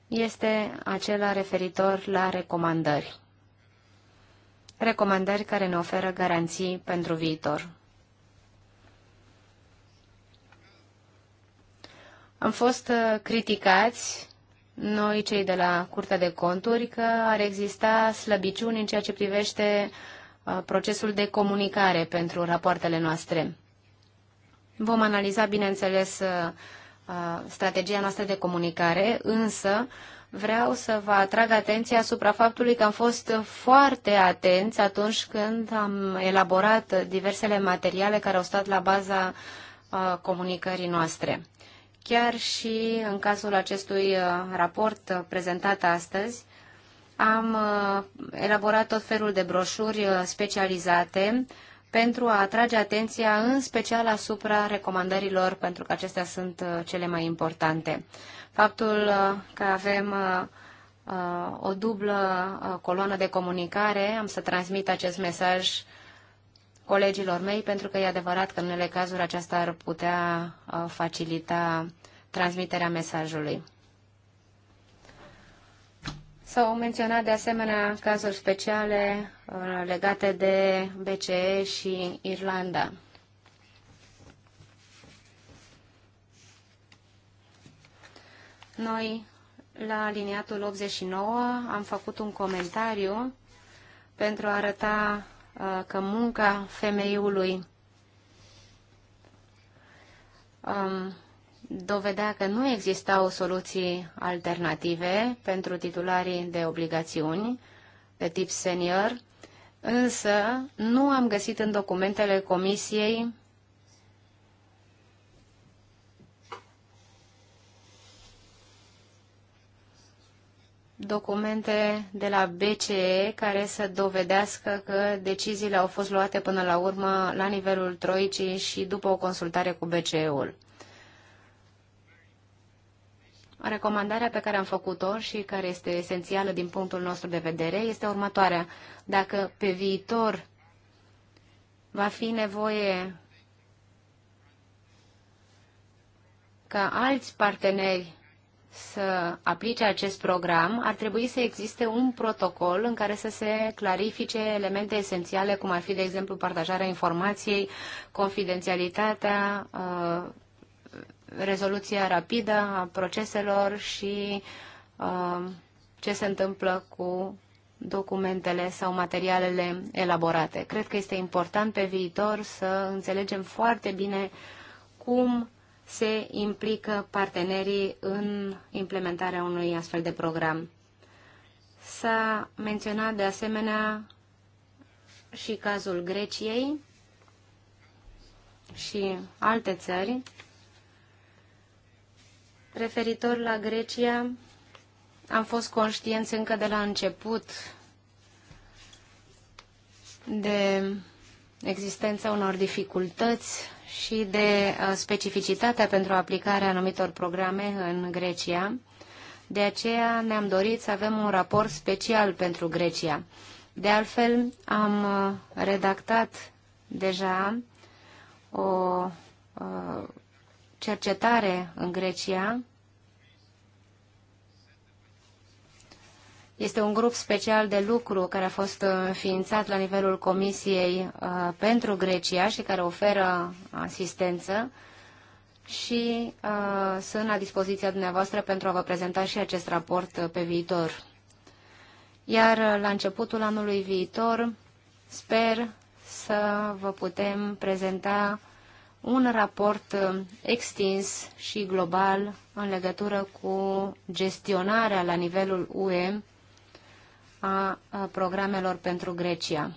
este acela referitor la recomandări. Recomandări care ne oferă garanții pentru viitor. Am fost uh, criticați, noi cei de la Curtea de Conturi, că ar exista slăbiciuni în ceea ce privește uh, procesul de comunicare pentru rapoartele noastre. Vom analiza, bineînțeles, strategia noastră de comunicare, însă vreau să vă atrag atenția asupra faptului că am fost foarte atenți atunci când am elaborat diversele materiale care au stat la baza comunicării noastre. Chiar și în cazul acestui raport prezentat astăzi, am uh, elaborat tot felul de broșuri uh, specializate pentru a atrage atenția în special asupra recomandărilor, pentru că acestea sunt uh, cele mai importante. Faptul că avem o dublă coloană de comunicare, am să transmit acest mesaj colegilor mei, pentru că e adevărat că în unele cazuri aceasta ar putea facilita transmiterea mesajului. S-au menționat de asemenea cazuri speciale uh, legate de BCE și Irlanda. Noi, la aliniatul 89, am făcut un comentariu pentru a arăta uh, că munca femeiului um, dovedea că nu existau soluții alternative pentru titularii de obligațiuni de tip senior, însă nu am găsit în documentele comisiei documente de la BCE care să dovedească că deciziile au fost luate până la urmă la nivelul troicii și după o consultare cu BCE-ul. Recomandarea pe care am făcut-o și care este esențială din punctul nostru de vedere este următoarea. Dacă pe viitor va fi nevoie ca alți parteneri să aplice acest program, ar trebui să existe un protocol în care să se clarifice elemente esențiale, cum ar fi, de exemplu, partajarea informației, confidențialitatea, uh, rezoluția rapidă a proceselor și uh, ce se întâmplă cu documentele sau materialele elaborate. Cred că este important pe viitor să înțelegem foarte bine cum se implică partenerii în implementarea unui astfel de program. S-a menționat de asemenea și cazul Greciei și alte țări Referitor la Grecia, am fost conștienți încă de la început de existența unor dificultăți și de uh, specificitatea pentru aplicarea anumitor programe în Grecia. De aceea ne-am dorit să avem un raport special pentru Grecia. De altfel, am uh, redactat deja o uh, cercetare în Grecia. Este un grup special de lucru care a fost înființat la nivelul Comisiei uh, pentru Grecia și care oferă asistență și uh, sunt la dispoziția dumneavoastră pentru a vă prezenta și acest raport uh, pe viitor. Iar la începutul anului viitor sper să vă putem prezenta un raport uh, extins și global în legătură cu gestionarea la nivelul UE a programelor pentru Grecia.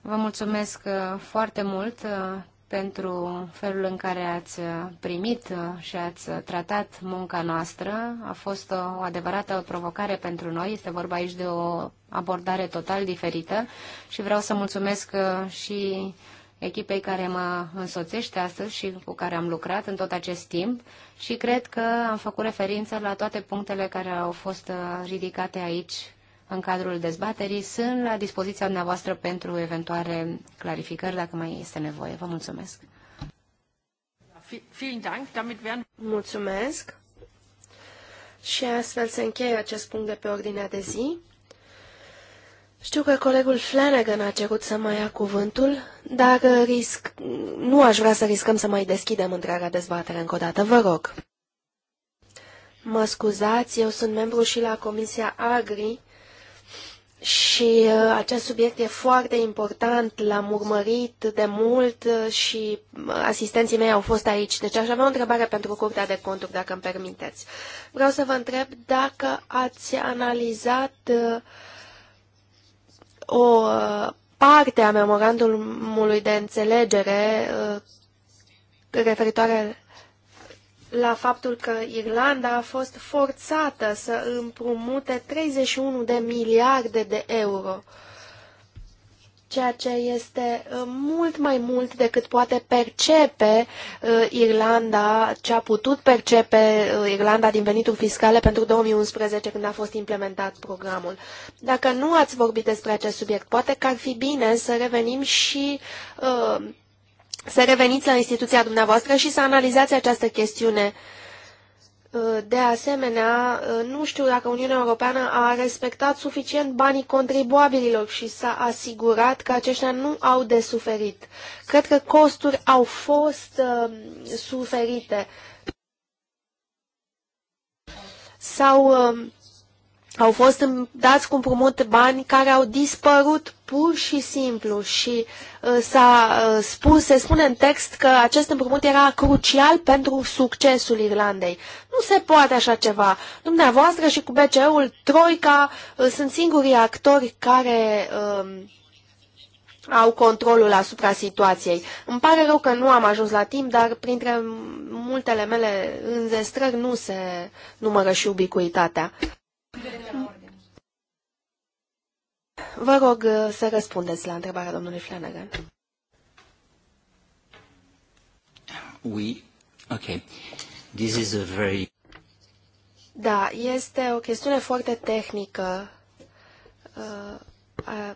Vă mulțumesc uh, foarte mult uh, pentru felul în care ați uh, primit uh, și ați uh, tratat munca noastră. A fost o adevărată provocare pentru noi. Este vorba aici de o abordare total diferită și vreau să mulțumesc și echipei care mă însoțește astăzi și cu care am lucrat în tot acest timp și cred că am făcut referință la toate punctele care au fost ridicate aici în cadrul dezbaterii sunt la dispoziția dumneavoastră pentru eventuale clarificări, dacă mai este nevoie. Vă mulțumesc! Mulțumesc! Și astfel se încheie acest punct de pe ordinea de zi. Știu că colegul Flanagan a cerut să mai ia cuvântul, dar risc... nu aș vrea să riscăm să mai deschidem întreaga dezbatere încă o dată. Vă rog! Mă scuzați, eu sunt membru și la Comisia Agri și uh, acest subiect e foarte important, l-am urmărit de mult uh, și uh, asistenții mei au fost aici. Deci aș avea o întrebare pentru Curtea de Conturi, dacă îmi permiteți. Vreau să vă întreb dacă ați analizat o parte a memorandumului de înțelegere referitoare la faptul că Irlanda a fost forțată să împrumute 31 de miliarde de euro, ceea ce este uh, mult mai mult decât poate percepe uh, Irlanda, ce a putut percepe uh, Irlanda din venituri fiscale pentru 2011 când a fost implementat programul. Dacă nu ați vorbit despre acest subiect, poate că ar fi bine să revenim și uh, să reveniți la instituția dumneavoastră și să analizați această chestiune. Uh, de asemenea, uh, nu știu dacă Uniunea Europeană a respectat suficient banii contribuabililor și s-a asigurat că aceștia nu au de suferit. Cred că costuri au fost uh, suferite. Sau uh, au fost dați cu împrumut bani care au dispărut pur și simplu și uh, s-a uh, spus, se spune în text că acest împrumut era crucial pentru succesul Irlandei. Nu se poate așa ceva. Dumneavoastră și cu BCE-ul, Troica uh, sunt singurii actori care um, au controlul asupra situației. Îmi pare rău că nu am ajuns la timp, dar printre multele mele înzestrări nu se numără și ubicuitatea. Vă rog uh, să răspundeți la întrebarea domnului Flanagan. Oui, ok. This is a very... Da, este o chestiune foarte tehnică. Uh, uh,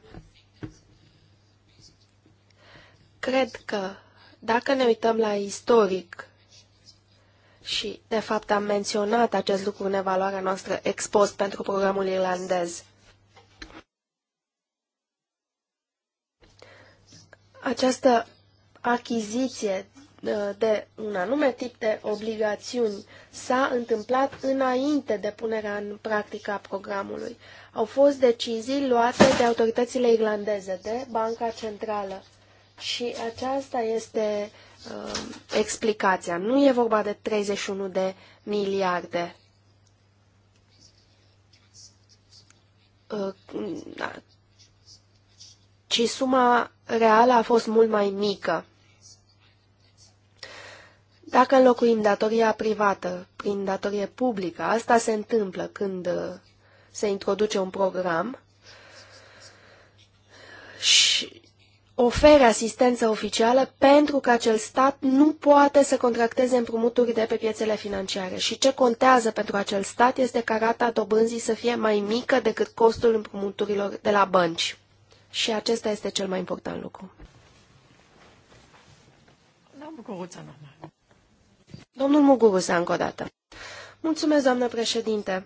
cred că dacă ne uităm la istoric, și, de fapt, am menționat acest lucru în evaluarea noastră ex pentru programul irlandez. Această achiziție uh, de un anume tip de obligațiuni s-a întâmplat înainte de punerea în practică a programului. Au fost decizii luate de autoritățile irlandeze, de Banca Centrală. Și aceasta este uh, explicația. Nu e vorba de 31 de miliarde. Uh, da. ci suma reală a fost mult mai mică. Dacă înlocuim datoria privată prin datorie publică, asta se întâmplă când uh, se introduce un program și ofere asistență oficială pentru că acel stat nu poate să contracteze împrumuturi de pe piețele financiare. Și ce contează pentru acel stat este ca rata dobânzii să fie mai mică decât costul împrumuturilor de la bănci. Și acesta este cel mai important lucru. Domnul Muguruza, încă o dată. Mulțumesc, doamnă președinte.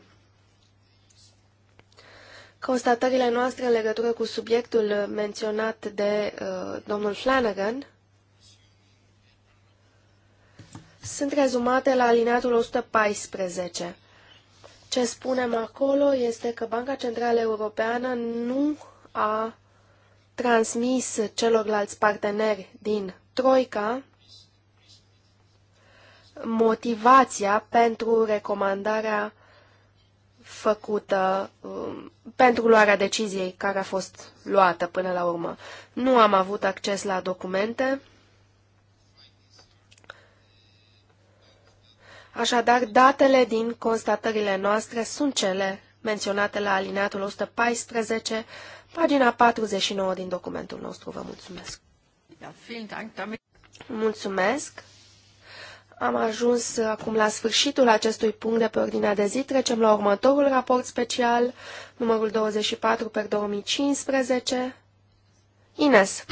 Constatările noastre în legătură cu subiectul menționat de uh, domnul Flanagan sunt rezumate la alineatul 114. Ce spunem acolo este că Banca Centrală Europeană nu a transmis celorlalți parteneri din Troica motivația pentru recomandarea făcută um, pentru luarea deciziei care a fost luată până la urmă. Nu am avut acces la documente. Așadar, datele din constatările noastre sunt cele menționate la alineatul 114, pagina 49 din documentul nostru. Vă mulțumesc! Mulțumesc! Am ajuns acum la sfârșitul acestui punct de pe ordinea de zi. Trecem la următorul raport special, numărul 24 per 2015. Ines.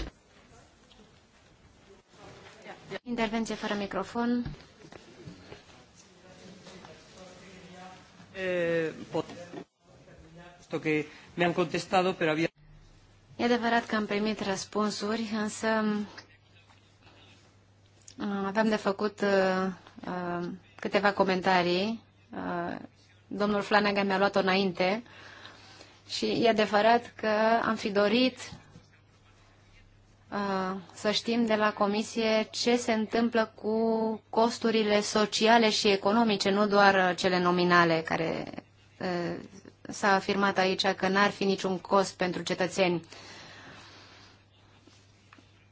Intervenție fără microfon. Eh, e adevărat că am primit răspunsuri, însă Aveam de făcut uh, uh, câteva comentarii. Uh, domnul Flanagan mi-a luat-o înainte și e adevărat că am fi dorit să știm de la Comisie ce se întâmplă cu costurile sociale și economice, nu doar cele nominale, care s-a afirmat aici că n-ar fi niciun cost pentru cetățeni.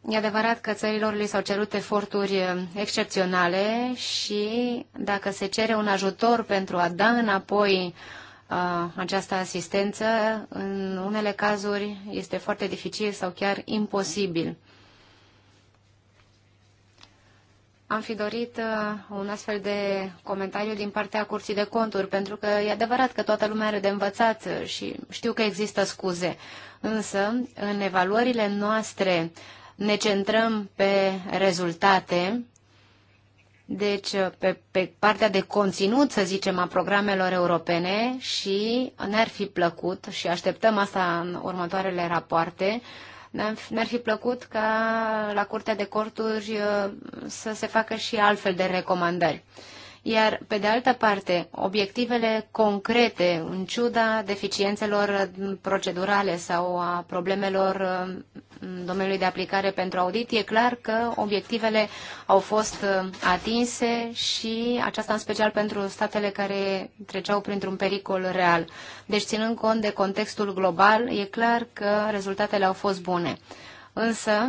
E adevărat că țărilor li s-au cerut eforturi uh, excepționale și dacă se cere un ajutor pentru a da înapoi uh, această asistență, în unele cazuri este foarte dificil sau chiar imposibil. Am fi dorit uh, un astfel de comentariu din partea Curții de Conturi, pentru că e adevărat că toată lumea are de învățat și știu că există scuze. Însă, în evaluările noastre, ne centrăm pe rezultate, deci pe, pe partea de conținut, să zicem, a programelor europene și ne-ar fi plăcut și așteptăm asta în următoarele rapoarte, ne-ar fi plăcut ca la Curtea de Corturi uh, să se facă și altfel de recomandări. Iar, pe de altă parte, obiectivele concrete, în ciuda deficiențelor procedurale sau a problemelor uh, domeniului de aplicare pentru audit, e clar că obiectivele au fost uh, atinse și aceasta în special pentru statele care treceau printr-un pericol real. Deci, ținând cont de contextul global, e clar că rezultatele au fost bune. Însă,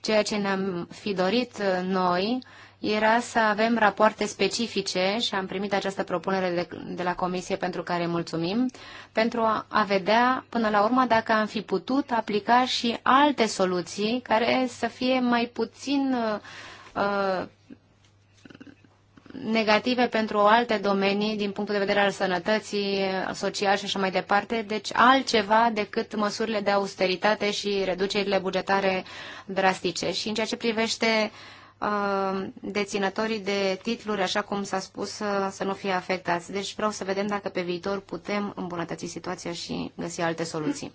ceea ce ne-am fi dorit uh, noi era să avem rapoarte specifice și am primit această propunere de, de la Comisie pentru care mulțumim, pentru a, a vedea până la urmă dacă am fi putut aplica și alte soluții care să fie mai puțin uh, uh negative pentru alte domenii din punctul de vedere al sănătății, social și așa mai departe, deci altceva decât măsurile de austeritate și reducerile bugetare drastice. Și în ceea ce privește uh, Uh, deținătorii de titluri, așa cum s-a spus, uh, să nu fie afectați. Deci vreau să vedem dacă pe viitor putem îmbunătăți situația și găsi alte soluții.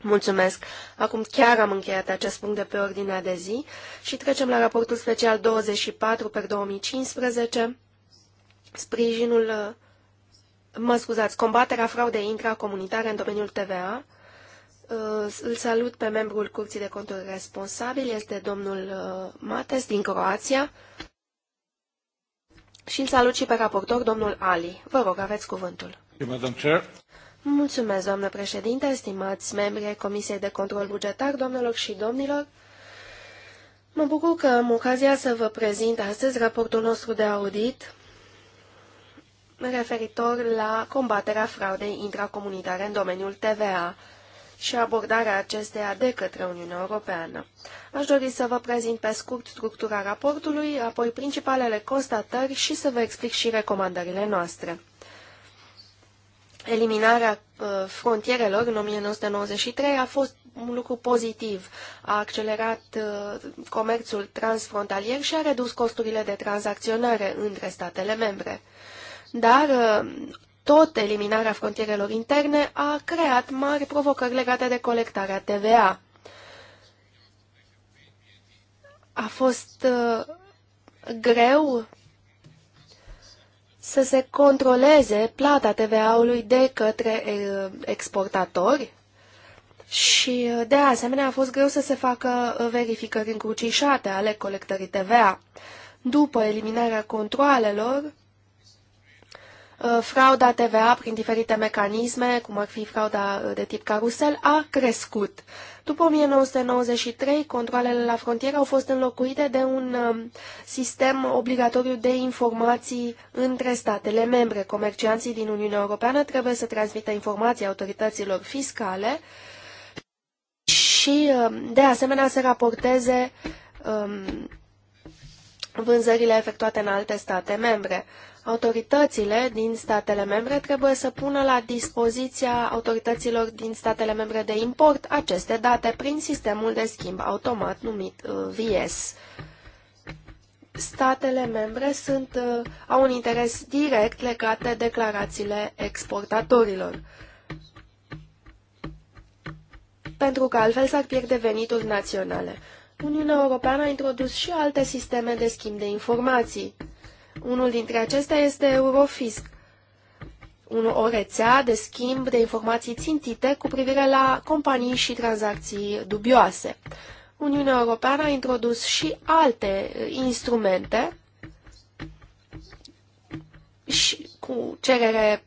Mulțumesc! Acum chiar am încheiat acest punct de pe ordinea de zi și trecem la raportul special 24 per 2015, sprijinul, uh, mă scuzați, combaterea fraudei intracomunitare în domeniul TVA, Uh, îl salut pe membrul Curții de Conturi Responsabil, este domnul uh, Mates din Croația. Și îl salut și pe raportor, domnul Ali. Vă rog, aveți cuvântul. Mulțumesc, doamnă președinte, stimați membri ai Comisiei de Control Bugetar, domnilor și domnilor. Mă bucur că am ocazia să vă prezint astăzi raportul nostru de audit referitor la combaterea fraudei intracomunitare în domeniul TVA și abordarea acesteia de către Uniunea Europeană. Aș dori să vă prezint pe scurt structura raportului, apoi principalele constatări și să vă explic și recomandările noastre. Eliminarea uh, frontierelor în 1993 a fost un lucru pozitiv. A accelerat uh, comerțul transfrontalier și a redus costurile de tranzacționare între statele membre. Dar uh, tot eliminarea frontierelor interne a creat mari provocări legate de colectarea TVA. A fost uh, greu să se controleze plata TVA-ului de către uh, exportatori și, uh, de asemenea, a fost greu să se facă uh, verificări încrucișate ale colectării TVA. După eliminarea controalelor, Uh, frauda TVA prin diferite mecanisme, cum ar fi frauda uh, de tip carusel, a crescut. După 1993, controlele la frontieră au fost înlocuite de un um, sistem obligatoriu de informații între statele membre. Comercianții din Uniunea Europeană trebuie să transmită informații autorităților fiscale și, um, de asemenea, să raporteze um, vânzările efectuate în alte state membre. Autoritățile din statele membre trebuie să pună la dispoziția autorităților din statele membre de import aceste date prin sistemul de schimb automat numit uh, VS. Statele membre sunt, uh, au un interes direct legat de declarațiile exportatorilor pentru că altfel s-ar pierde venituri naționale. Uniunea Europeană a introdus și alte sisteme de schimb de informații. Unul dintre acestea este Eurofisc, o rețea de schimb de informații țintite cu privire la companii și tranzacții dubioase. Uniunea Europeană a introdus și alte uh, instrumente și cu cerere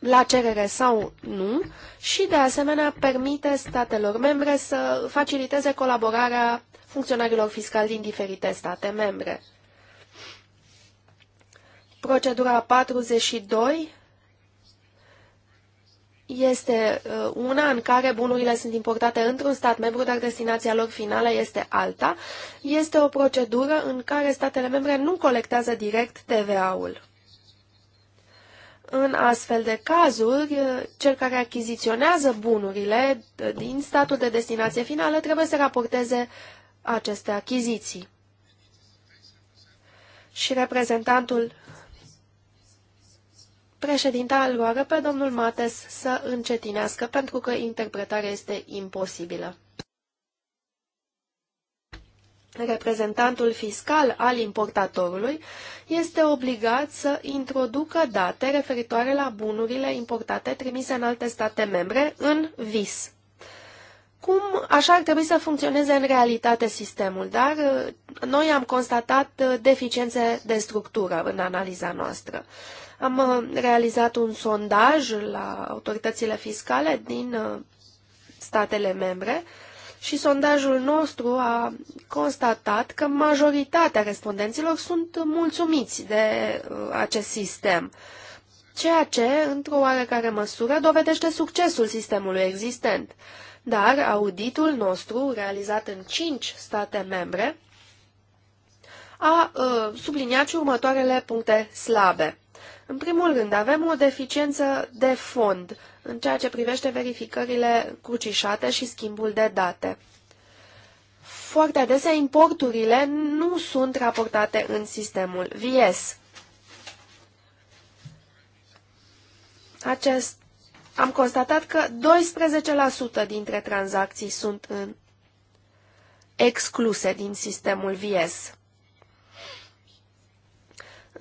la cerere sau nu și, de asemenea, permite statelor membre să faciliteze colaborarea funcționarilor fiscali din diferite state membre. Procedura 42 este uh, una în care bunurile sunt importate într-un stat membru, dar destinația lor finală este alta. Este o procedură în care statele membre nu colectează direct TVA-ul. În astfel de cazuri, cel care achiziționează bunurile din statul de destinație finală trebuie să raporteze aceste achiziții. Și reprezentantul președinte al pe domnul Mates să încetinească pentru că interpretarea este imposibilă reprezentantul fiscal al importatorului este obligat să introducă date referitoare la bunurile importate trimise în alte state membre în vis. Cum așa ar trebui să funcționeze în realitate sistemul, dar uh, noi am constatat uh, deficiențe de structură în analiza noastră. Am uh, realizat un sondaj la autoritățile fiscale din statele membre și sondajul nostru a constatat că majoritatea respondenților sunt mulțumiți de uh, acest sistem, ceea ce, într-o oarecare măsură, dovedește succesul sistemului existent. Dar auditul nostru, realizat în cinci state membre, a uh, subliniat și următoarele puncte slabe. În primul rând, avem o deficiență de fond în ceea ce privește verificările crucișate și schimbul de date. Foarte adesea, importurile nu sunt raportate în sistemul VS. Acest, am constatat că 12% dintre tranzacții sunt în, excluse din sistemul VS.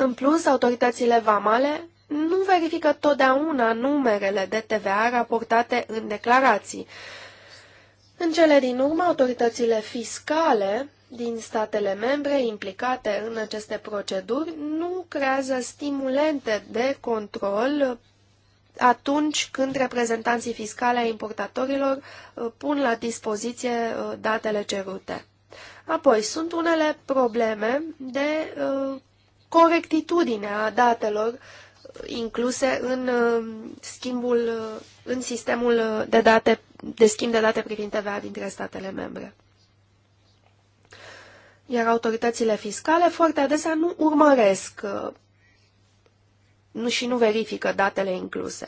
În plus, autoritățile vamale nu verifică totdeauna numerele de TVA raportate în declarații. În cele din urmă, autoritățile fiscale din statele membre implicate în aceste proceduri nu creează stimulente de control atunci când reprezentanții fiscale ai importatorilor uh, pun la dispoziție uh, datele cerute. Apoi, sunt unele probleme de uh, corectitudinea datelor incluse în uh, schimbul, uh, în sistemul de date, de schimb de date privind TVA dintre statele membre. Iar autoritățile fiscale foarte adesea nu urmăresc uh, nu și nu verifică datele incluse.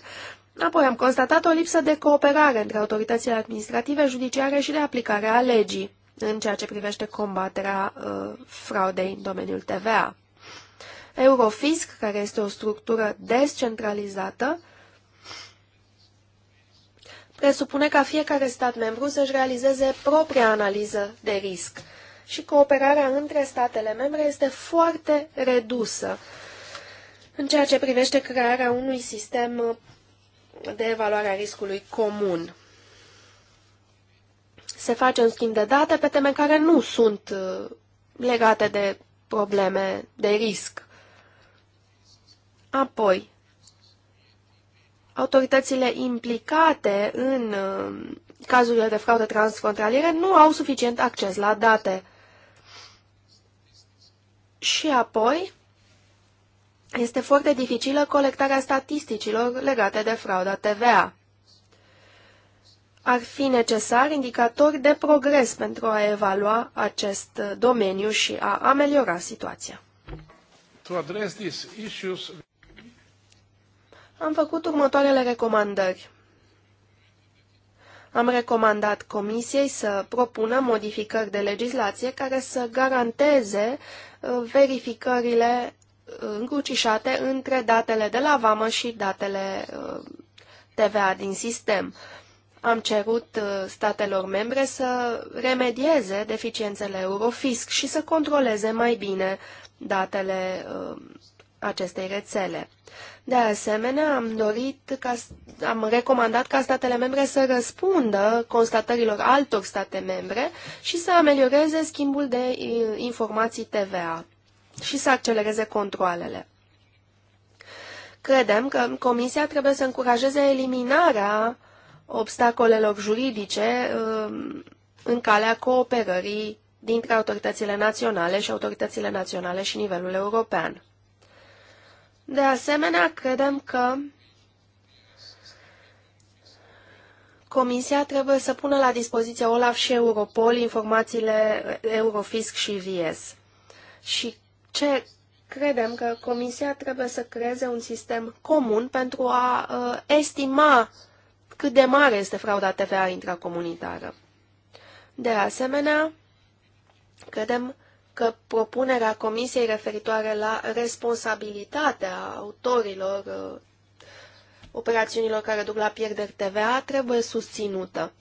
Apoi am constatat o lipsă de cooperare între autoritățile administrative, judiciare și de aplicare a legii în ceea ce privește combaterea uh, fraudei în domeniul TVA. Eurofisc, care este o structură descentralizată, presupune ca fiecare stat membru să-și realizeze propria analiză de risc și cooperarea între statele membre este foarte redusă în ceea ce privește crearea unui sistem de evaluare a riscului comun. Se face un schimb de date pe teme care nu sunt uh, legate de probleme de risc. Apoi, autoritățile implicate în uh, cazurile de fraudă transfrontaliere nu au suficient acces la date. Și apoi, este foarte dificilă colectarea statisticilor legate de frauda TVA. Ar fi necesar indicatori de progres pentru a evalua acest domeniu și a ameliora situația am făcut următoarele recomandări. Am recomandat Comisiei să propună modificări de legislație care să garanteze uh, verificările uh, încrucișate între datele de la vamă și datele uh, TVA din sistem. Am cerut statelor membre să remedieze deficiențele Eurofisc și să controleze mai bine datele acestei rețele. De asemenea, am dorit, ca, am recomandat ca statele membre să răspundă constatărilor altor state membre și să amelioreze schimbul de informații TVA și să accelereze controalele. Credem că Comisia trebuie să încurajeze eliminarea obstacolelor juridice um, în calea cooperării dintre autoritățile naționale și autoritățile naționale și nivelul european. De asemenea, credem că Comisia trebuie să pună la dispoziție OLAF și Europol informațiile Eurofisc și VIES. Și ce credem că Comisia trebuie să creeze un sistem comun pentru a uh, estima cât de mare este frauda TVA intracomunitară. De asemenea, credem că propunerea Comisiei referitoare la responsabilitatea autorilor uh, operațiunilor care duc la pierderi TVA trebuie susținută.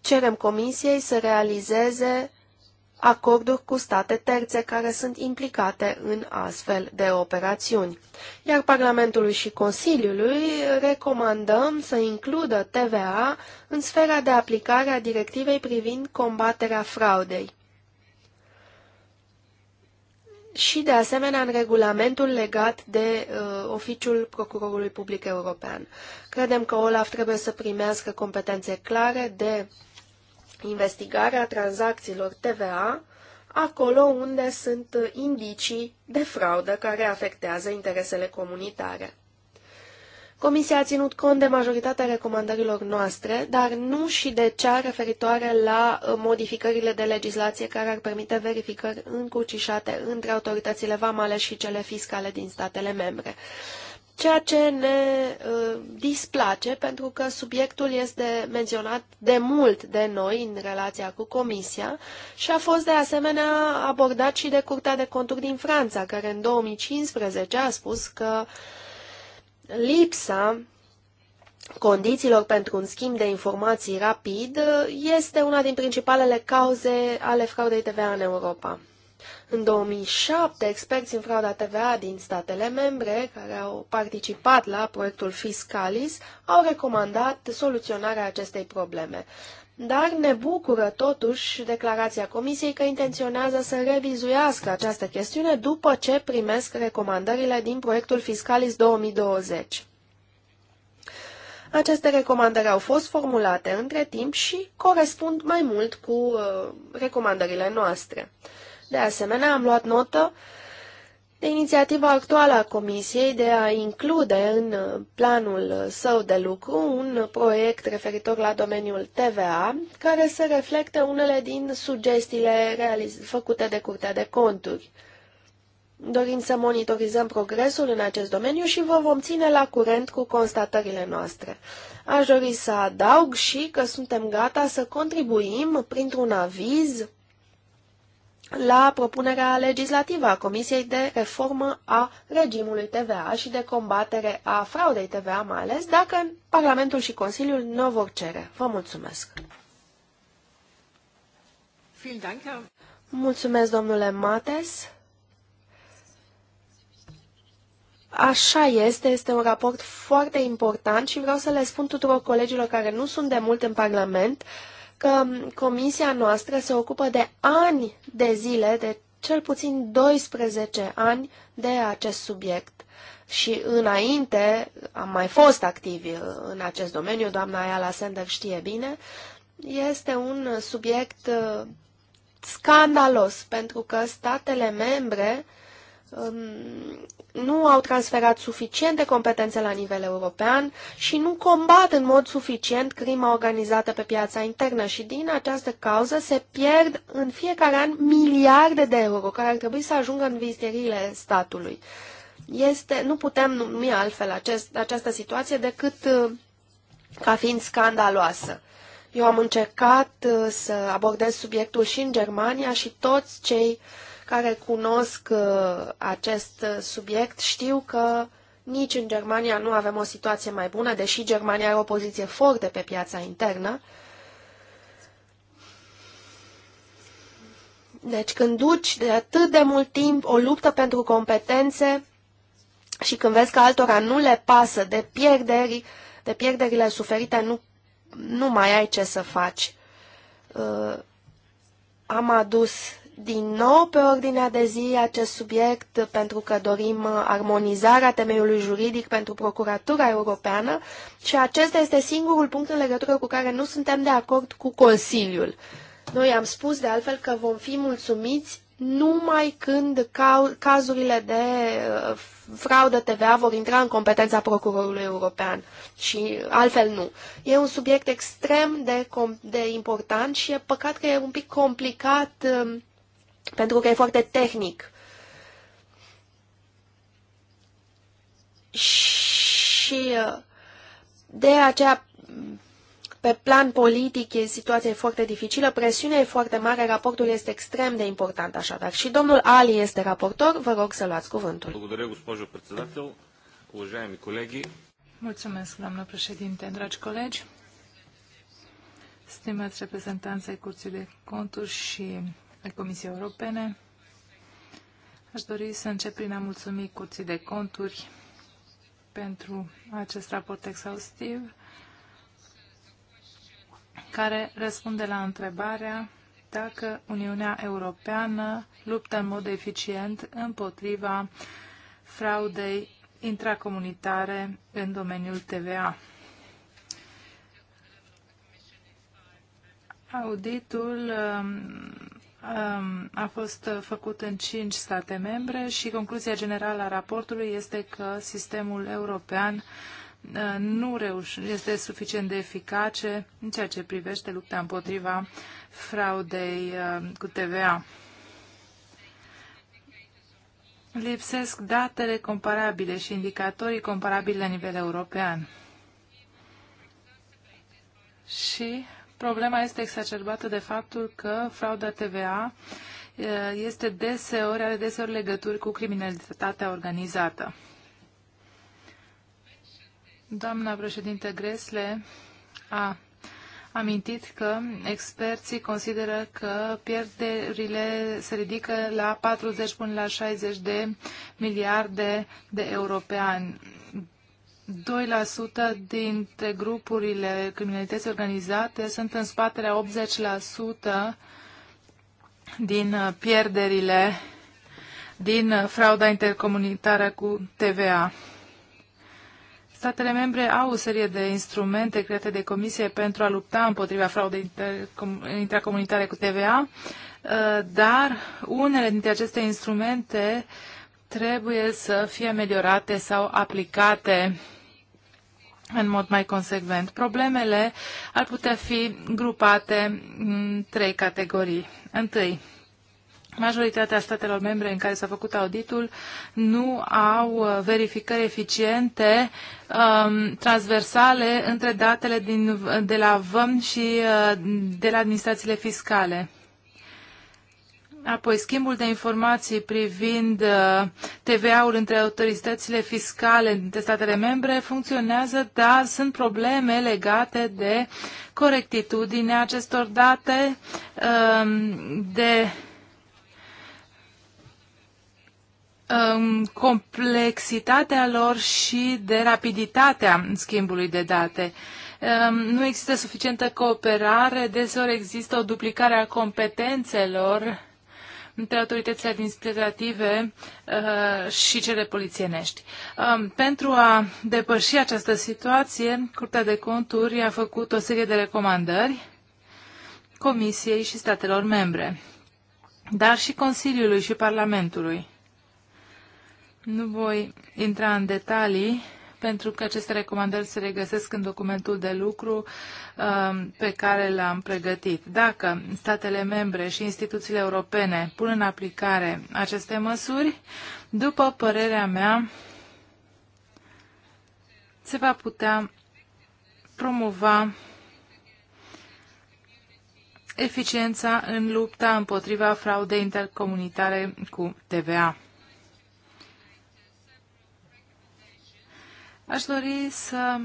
Cerem Comisiei să realizeze acorduri cu state terțe care sunt implicate în astfel de operațiuni. Iar Parlamentului și Consiliului recomandăm să includă TVA în sfera de aplicare a directivei privind combaterea fraudei și, de asemenea, în regulamentul legat de uh, oficiul Procurorului Public European. Credem că OLAF trebuie să primească competențe clare de investigare a tranzacțiilor TVA, acolo unde sunt indicii de fraudă care afectează interesele comunitare. Comisia a ținut cont de majoritatea recomandărilor noastre, dar nu și de cea referitoare la uh, modificările de legislație care ar permite verificări încrucișate între autoritățile vamale și cele fiscale din statele membre. Ceea ce ne uh, displace, pentru că subiectul este menționat de mult de noi în relația cu Comisia și a fost de asemenea abordat și de Curtea de Conturi din Franța, care în 2015 a spus că uh, lipsa condițiilor pentru un schimb de informații rapid este una din principalele cauze ale fraudei TVA în Europa. În 2007, experți în frauda TVA din statele membre care au participat la proiectul Fiscalis au recomandat soluționarea acestei probleme dar ne bucură totuși declarația Comisiei că intenționează să revizuiască această chestiune după ce primesc recomandările din proiectul Fiscalis 2020. Aceste recomandări au fost formulate între timp și corespund mai mult cu uh, recomandările noastre. De asemenea, am luat notă uh, de inițiativa actuală a Comisiei de a include în planul său de lucru un proiect referitor la domeniul TVA, care să reflecte unele din sugestiile făcute de Curtea de Conturi. Dorim să monitorizăm progresul în acest domeniu și vă vom ține la curent cu constatările noastre. Aș dori să adaug și că suntem gata să contribuim printr-un aviz la propunerea legislativă a Comisiei de reformă a regimului TVA și de combatere a fraudei TVA, mai ales dacă Parlamentul și Consiliul nu vor cere. Vă mulțumesc! Mulțumesc, domnule Mates. Așa este, este un raport foarte important și vreau să le spun tuturor colegilor care nu sunt de mult în Parlament uh, că comisia noastră se ocupă de ani de zile, de cel puțin 12 ani de acest subiect. Și înainte am mai fost activi în acest domeniu, doamna Ayala Sender știe bine, este un subiect uh, scandalos, pentru că statele membre uh, Um, nu au transferat suficiente competențe la nivel european și nu combat în mod suficient crima organizată pe piața internă și din această cauză se pierd în fiecare an miliarde de euro care ar trebui să ajungă în vizierile statului. Este, nu putem numi altfel acest, această situație decât uh, ca fiind scandaloasă. Eu am încercat uh, să abordez subiectul și în Germania și toți cei uh, care cunosc uh, acest subiect știu că nici în Germania nu avem o situație mai bună, deși Germania are o poziție foarte pe piața internă. Deci când duci de atât de mult timp o luptă pentru competențe și când vezi că altora nu le pasă de pierderi, de pierderile suferite, nu, nu mai ai ce să faci. Uh, am adus din nou pe ordinea de zi acest subiect pentru că dorim armonizarea temeiului juridic pentru Procuratura Europeană și acesta este singurul punct în legătură cu care nu suntem de acord cu Consiliul. Noi am spus de altfel că vom fi mulțumiți numai când cazurile de uh, fraudă TVA vor intra în competența procurorului european și altfel nu. E un subiect extrem de, de important și e păcat că e un pic complicat um, pentru că e foarte tehnic. Și uh, de aceea, pe plan politic, e situația e foarte dificilă, presiunea e foarte mare, raportul este extrem de important așadar. Și domnul Ali este raportor, vă rog să luați cuvântul. Mulțumesc, doamnă președinte, dragi colegi, stimați reprezentanți ai Curții de Conturi și al Comisiei Europene. Aș dori să încep prin a mulțumi Curții de Conturi pentru acest raport exhaustiv care răspunde la întrebarea dacă Uniunea Europeană luptă în mod eficient împotriva fraudei intracomunitare în domeniul TVA. Auditul um, Um, a fost făcut în cinci state membre și concluzia generală a raportului este că sistemul european uh, nu este suficient de eficace în ceea ce privește lupta împotriva fraudei uh, cu TVA. Lipsesc datele comparabile și indicatorii comparabili la nivel european. Și Problema este exacerbată de faptul că frauda TVA este deseori, are deseori legături cu criminalitatea organizată. Doamna președinte Gresle a amintit că experții consideră că pierderile se ridică la 40 până la 60 de miliarde de euro pe an. 2% dintre grupurile criminalității organizate sunt în spatele 80% din uh, pierderile din uh, frauda intercomunitară cu TVA. Statele membre au o serie de instrumente create de comisie pentru a lupta împotriva fraudei intracomunitare cu TVA, uh, dar unele dintre aceste instrumente trebuie să fie ameliorate sau aplicate în mod mai consecvent. Problemele ar putea fi grupate în trei categorii. Întâi, Majoritatea statelor membre în care s-a făcut auditul nu au verificări eficiente um, transversale între datele din, de la VAM și uh, de la administrațiile fiscale. Apoi, schimbul de informații privind uh, TVA-ul între autoritățile fiscale dintre statele membre funcționează, dar sunt probleme legate de corectitudinea acestor date, um, de um, complexitatea lor și de rapiditatea schimbului de date um, nu există suficientă cooperare, deseori există o duplicare a competențelor între autoritățile administrative uh, și cele polițienești. Um, pentru a depăși această situație, Curtea de Conturi a făcut o serie de recomandări Comisiei și statelor membre, dar și Consiliului și Parlamentului. Nu voi intra în detalii pentru că aceste recomandări se regăsesc în documentul de lucru um, pe care l-am pregătit. Dacă statele membre și instituțiile europene pun în aplicare aceste măsuri, după părerea mea, se va putea promova eficiența în lupta împotriva fraudei intercomunitare cu TVA. Aș dori să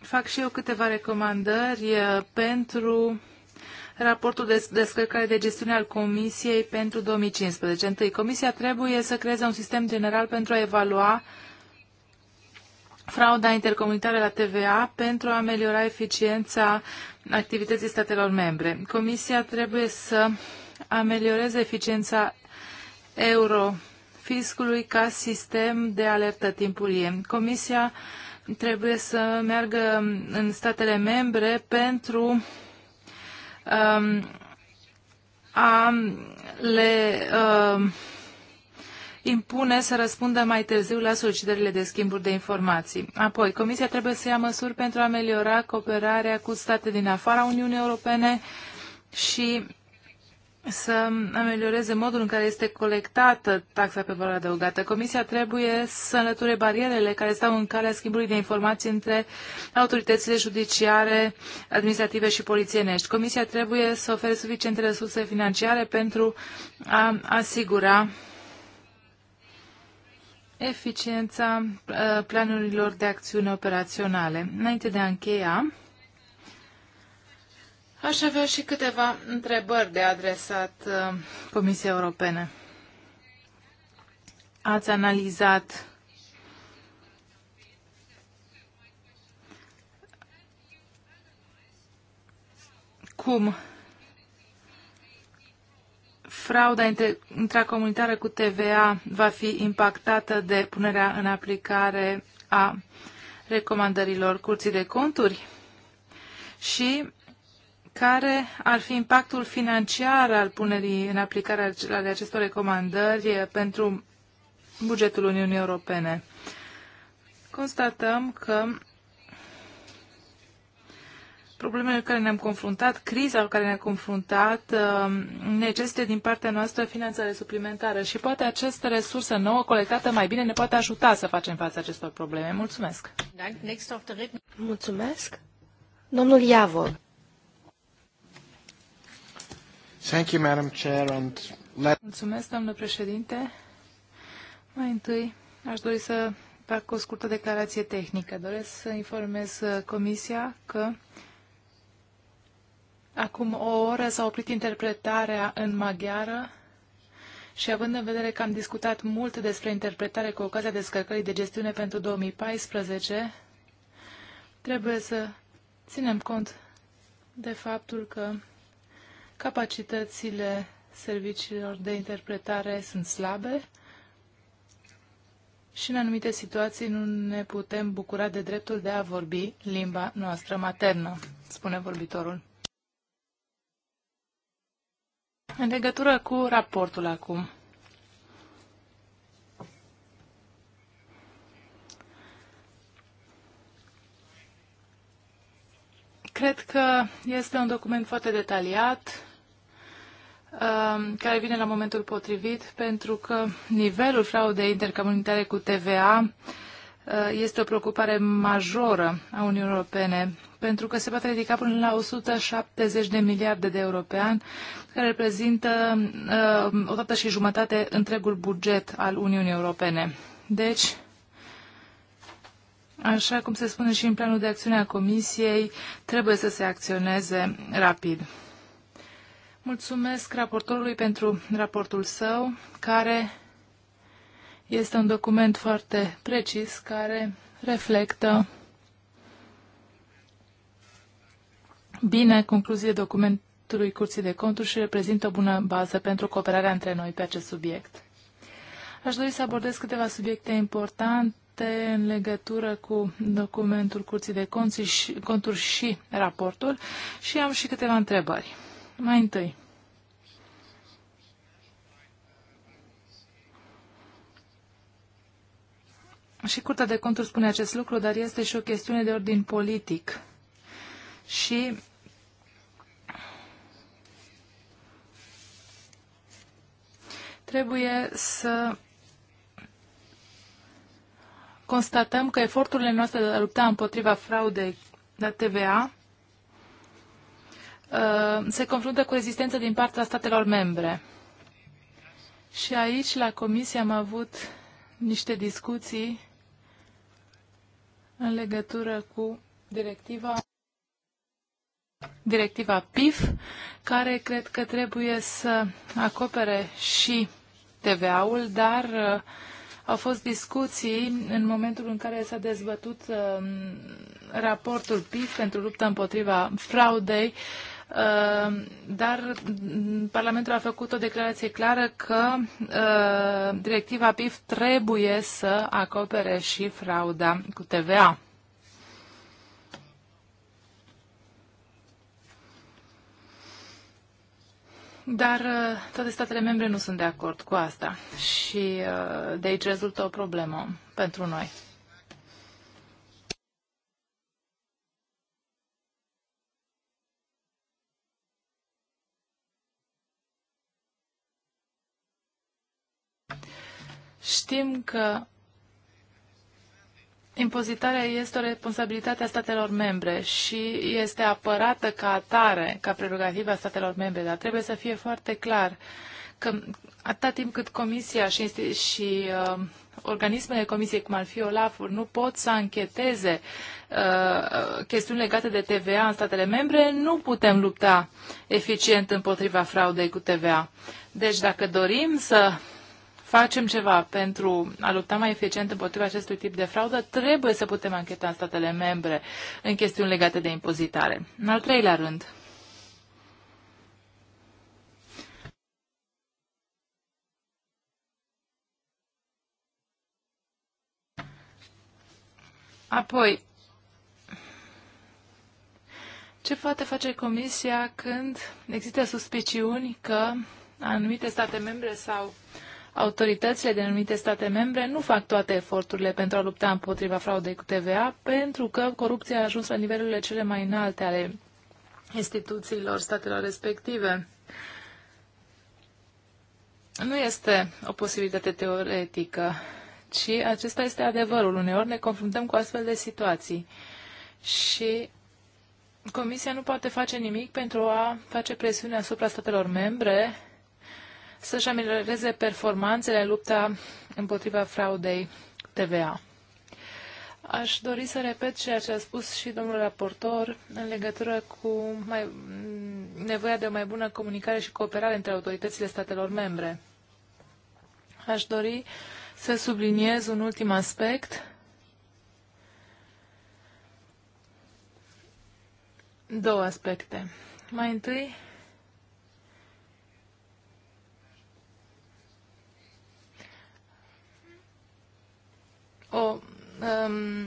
fac și eu câteva recomandări eh, pentru raportul de descărcare de gestiune al Comisiei pentru 2015. Întâi, Comisia trebuie să creeze un sistem general pentru a evalua frauda intercomunitară la TVA pentru a ameliora eficiența activității statelor membre. Comisia trebuie să amelioreze eficiența euro fiscului ca sistem de alertă timpurie. Comisia trebuie să meargă în statele membre pentru um, a le um, impune să răspundă mai târziu la solicitările de schimburi de informații. Apoi, Comisia trebuie să ia măsuri pentru a ameliora cooperarea cu state din afara Uniunii Europene și să amelioreze modul în care este colectată taxa pe valoare adăugată. Comisia trebuie să înlăture barierele care stau în calea schimbului de informații între autoritățile judiciare, administrative și polițienești. Comisia trebuie să ofere suficiente resurse financiare pentru a asigura eficiența uh, planurilor de acțiune operaționale. Înainte de a încheia, Aș avea și câteva întrebări de adresat uh, Comisiei Europene. Ați analizat cum frauda intracomunitară cu TVA va fi impactată de punerea în aplicare a recomandărilor Curții de Conturi și care ar fi impactul financiar al punerii în aplicare ale acestor recomandări pentru bugetul Uniunii Europene. Constatăm că problemele cu care ne-am confruntat, criza cu care ne-am confruntat, um, necesită din partea noastră finanțare suplimentară și poate această resursă nouă colectată mai bine ne poate ajuta să facem față acestor probleme. Mulțumesc! Mulțumesc! Domnul Iavor. Thank you, Madam Chair, and let... Mulțumesc, doamnă președinte. Mai întâi, aș dori să fac o scurtă declarație tehnică. Doresc să informez uh, Comisia că acum o oră s-a oprit interpretarea în maghiară și având în vedere că am discutat mult despre interpretare cu ocazia descărcării de gestiune pentru 2014, trebuie să ținem cont de faptul că Capacitățile serviciilor de interpretare sunt slabe și în anumite situații nu ne putem bucura de dreptul de a vorbi limba noastră maternă, spune vorbitorul. În legătură cu raportul acum. Cred că este un document foarte detaliat, um, care vine la momentul potrivit, pentru că nivelul fraudei intercomunitare cu TVA uh, este o preocupare majoră a Uniunii Europene, pentru că se poate ridica până la 170 de miliarde de euro pe an, care reprezintă uh, o dată și jumătate întregul buget al Uniunii Europene. Deci, Așa cum se spune și în planul de acțiune a Comisiei, trebuie să se acționeze rapid. Mulțumesc raportorului pentru raportul său, care este un document foarte precis, care reflectă bine concluzie documentului Curții de Conturi și reprezintă o bună bază pentru cooperarea între noi pe acest subiect. Aș dori să abordez câteva subiecte importante date în legătură cu documentul Curții de și, Conturi și raportul și am și câteva întrebări. Mai întâi. Și Curtea de Conturi spune acest lucru, dar este și o chestiune de ordin politic. Și trebuie să constatăm că eforturile noastre de a lupta împotriva fraudei la TVA uh, se confruntă cu rezistență din partea statelor membre. Și aici, la comisie, am avut niște discuții în legătură cu directiva directiva PIF, care cred că trebuie să acopere și TVA-ul, dar uh, au fost discuții în momentul în care s-a dezbătut uh, raportul PIF pentru lupta împotriva fraudei, uh, dar Parlamentul a făcut o declarație clară că uh, directiva PIF trebuie să acopere și frauda cu TVA. Dar uh, toate statele membre nu sunt de acord cu asta și uh, de aici rezultă o problemă pentru noi. Știm că impozitarea este o responsabilitate a statelor membre și este apărată ca atare, ca prerogativă a statelor membre, dar trebuie să fie foarte clar că atâta timp cât Comisia și, și uh, organismele Comisiei, cum ar fi olaf nu pot să ancheteze uh, chestiuni legate de TVA în statele membre, nu putem lupta eficient împotriva fraudei cu TVA. Deci dacă dorim să facem ceva pentru a lupta mai eficient împotriva acestui tip de fraudă, trebuie să putem ancheta în statele membre în chestiuni legate de impozitare. În al treilea rând, Apoi, ce poate face Comisia când există suspiciuni că anumite state membre sau uh, autoritățile din anumite state membre nu fac toate eforturile pentru a lupta împotriva fraudei cu TVA, pentru că corupția a ajuns la nivelurile cele mai înalte ale instituțiilor statelor respective. Nu este o posibilitate teoretică, ci acesta este adevărul. Uneori ne confruntăm cu astfel de situații și Comisia nu poate face nimic pentru a face presiune asupra statelor membre să-și amelioreze performanțele lupta împotriva fraudei TVA. Aș dori să repet ceea ce a spus și domnul raportor în legătură cu mai, nevoia de o mai bună comunicare și cooperare între autoritățile statelor membre. Aș dori să subliniez un ultim aspect. Două aspecte. Mai întâi, o um,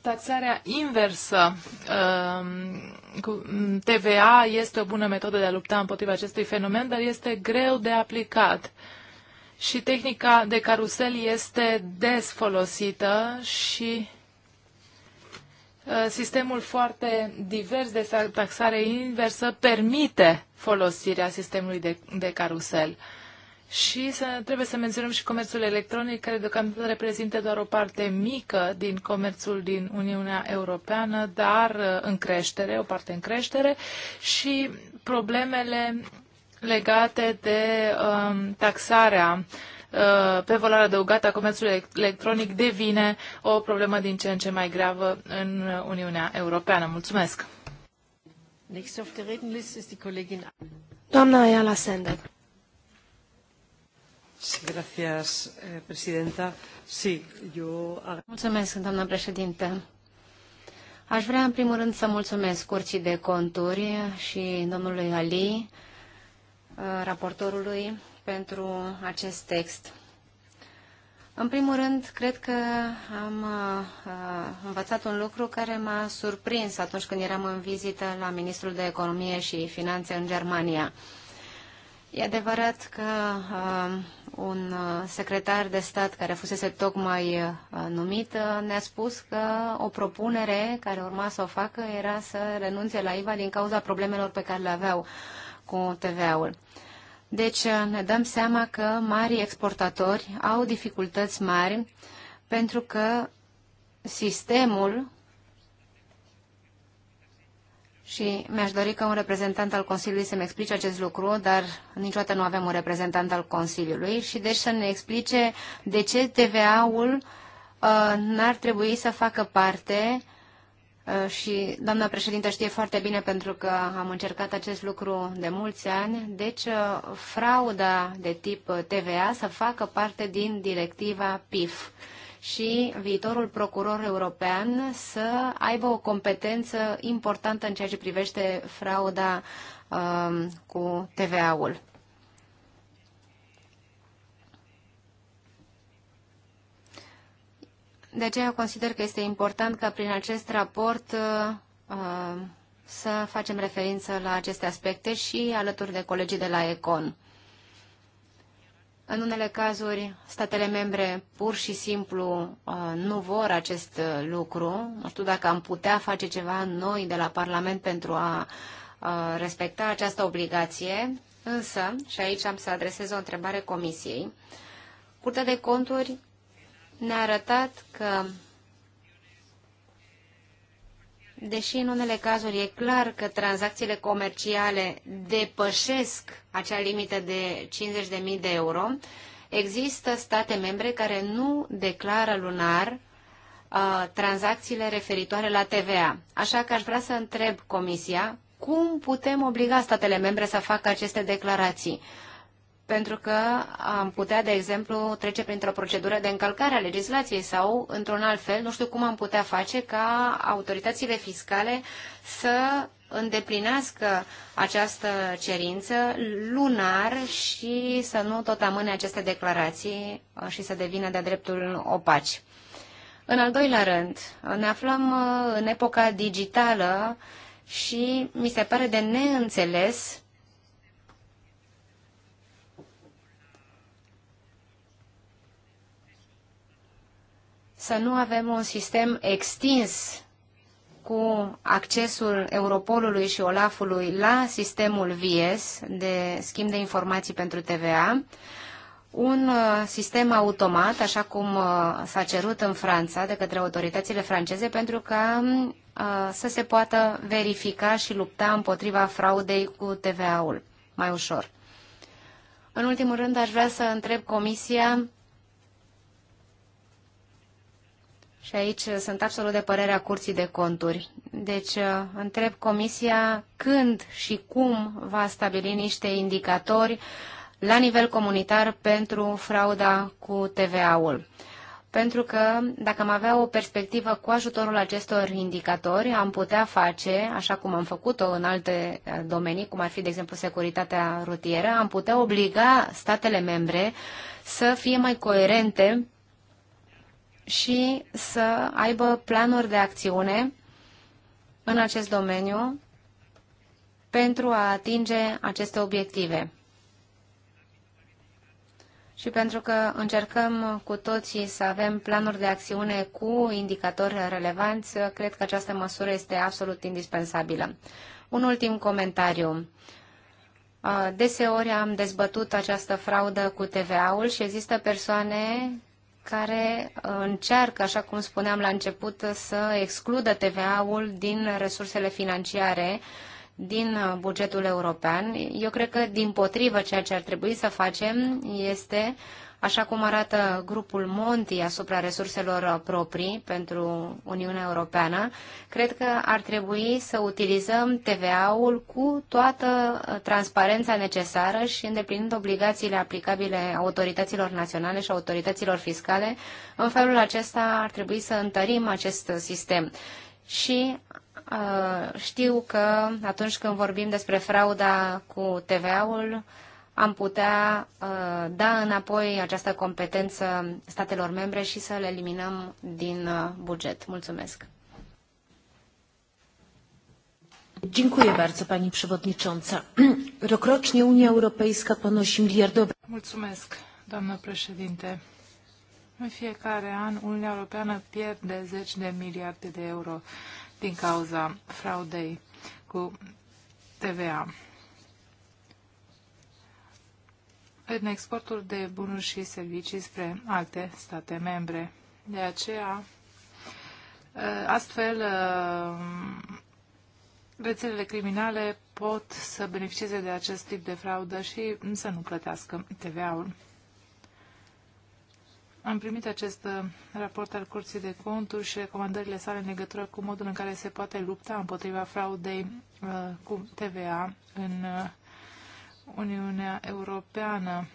taxarea inversă um, cu um, TVA este o bună metodă de a lupta împotriva acestui fenomen, dar este greu de aplicat. Și tehnica de carusel este des folosită și uh, sistemul foarte divers de taxare inversă permite folosirea sistemului de, de carusel. Și să, trebuie să menționăm și comerțul electronic, care deocamdată reprezintă doar o parte mică din comerțul din Uniunea Europeană, dar uh, în creștere, o parte în creștere, și problemele legate de um, taxarea uh, pe valoarea adăugată a comerțului electronic devine o problemă din ce în ce mai gravă în Uniunea Europeană. Mulțumesc! Doamna Ayala Sender. Eh, mulțumesc, doamnă președinte. Aș vrea, în primul rând, să mulțumesc Curții de Conturi și domnului Ali, eh, raportorului, pentru acest text. În primul rând, cred că am eh, învățat un lucru care m-a surprins atunci când eram în vizită la Ministrul de Economie și Finanțe în Germania. E adevărat că un uh, secretar de stat care fusese tocmai uh, numit uh, ne-a spus că o propunere care urma să o facă era să renunțe la IVA din cauza problemelor pe care le aveau cu TVA-ul. Deci ne dăm seama că mari exportatori au dificultăți mari pentru că sistemul și mi-aș dori ca un reprezentant al Consiliului să-mi explice acest lucru, dar niciodată nu avem un reprezentant al Consiliului și deci să ne explice de ce TVA-ul uh, n-ar trebui să facă parte uh, și doamna președintă știe foarte bine pentru că am încercat acest lucru de mulți ani, deci uh, frauda de tip TVA să facă parte din directiva PIF și viitorul procuror european să aibă o competență importantă în ceea ce privește frauda uh, cu TVA-ul. De aceea consider că este important ca prin acest raport uh, uh, să facem referință la aceste aspecte și alături de colegii de la ECON. În unele cazuri, statele membre pur și simplu uh, nu vor acest uh, lucru. Nu știu dacă am putea face ceva noi de la Parlament pentru a uh, respecta această obligație, însă, și aici am să adresez o întrebare Comisiei, Curtea de Conturi ne-a arătat că deși în unele cazuri e clar că tranzacțiile comerciale depășesc acea limită de 50.000 de euro, există state membre care nu declară lunar uh, tranzacțiile referitoare la TVA. Așa că aș vrea să întreb Comisia cum putem obliga statele membre să facă aceste declarații pentru că am putea, de exemplu, trece printr-o procedură de încălcare a legislației sau, într-un alt fel, nu știu cum am putea face ca autoritățile fiscale să îndeplinească această cerință lunar și să nu tot amâne aceste declarații uh, și să devină de dreptul opaci. În al doilea rând, uh, ne aflăm uh, în epoca digitală și mi se pare de neînțeles să nu avem un sistem extins cu accesul Europolului și Olafului la sistemul VIES de schimb de informații pentru TVA, un uh, sistem automat, așa cum uh, s-a cerut în Franța de către autoritățile franceze, pentru ca uh, să se poată verifica și lupta împotriva fraudei cu TVA-ul mai ușor. În ultimul rând, aș vrea să întreb Comisia Și aici uh, sunt absolut de părerea Curții de Conturi. Deci uh, întreb Comisia când și cum va stabili niște indicatori la nivel comunitar pentru frauda cu TVA-ul. Pentru că dacă am avea o perspectivă cu ajutorul acestor indicatori, am putea face, așa cum am făcut-o în alte uh, domenii, cum ar fi, de exemplu, securitatea rutieră, am putea obliga statele membre să fie mai coerente și să aibă planuri de acțiune în acest domeniu pentru a atinge aceste obiective. Și pentru că încercăm cu toții să avem planuri de acțiune cu indicatori relevanți, cred că această măsură este absolut indispensabilă. Un ultim comentariu. Deseori am dezbătut această fraudă cu TVA-ul și există persoane care uh, încearcă, așa cum spuneam la început, să excludă TVA-ul din resursele financiare din uh, bugetul european. Eu cred că, din potrivă, ceea ce ar trebui să facem este uh, Așa cum arată grupul Monti asupra resurselor proprii pentru Uniunea Europeană, cred că ar trebui să utilizăm TVA-ul cu toată uh, transparența necesară și îndeplinind obligațiile aplicabile autorităților naționale și autorităților fiscale. În felul acesta ar trebui să întărim acest sistem. Și uh, știu că atunci când vorbim despre frauda cu TVA-ul, am putea uh, da înapoi această competență statelor membre și să le eliminăm din uh, buget. Mulțumesc. Dziękuję bardzo Pani Przewodnicząca. Rokrocznie Unia Europejska ponosi miliardowe... Mulțumesc, doamnă președinte. În fiecare an, Uniunea Europeană pierde zeci de miliarde de euro din cauza fraudei cu TVA. în exportul de bunuri și servicii spre alte state membre. De aceea, ă, astfel, ă, rețelele criminale pot să beneficieze de acest tip de fraudă și să nu plătească TVA-ul. Am primit acest ă, raport al Curții de Conturi și recomandările sale în legătură cu modul în care se poate lupta împotriva fraudei cu TVA în Uniunea Europeană.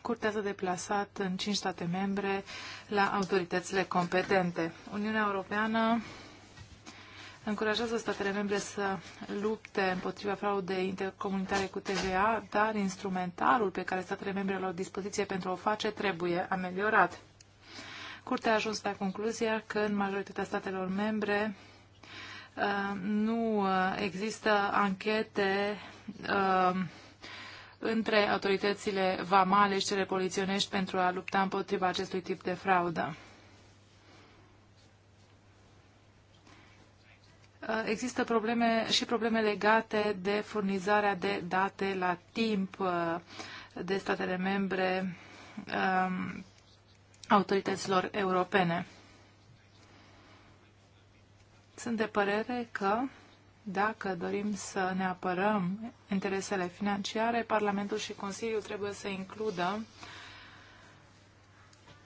Curtea s-a deplasat în cinci state membre la autoritățile competente. Uniunea Europeană încurajează statele membre să lupte împotriva fraudei intercomunitare cu TVA, dar instrumentarul pe care statele membre l-au dispoziție pentru a o face trebuie ameliorat. Curtea a ajuns la concluzia că în majoritatea statelor membre uh, nu uh, există anchete Um, între autoritățile vamale și cele poliționești pentru a lupta împotriva acestui tip de fraudă. Uh, există probleme și probleme legate de furnizarea de date la timp uh, de statele membre um, autorităților europene. Sunt de părere că dacă dorim să ne apărăm interesele financiare, Parlamentul și Consiliul trebuie să includă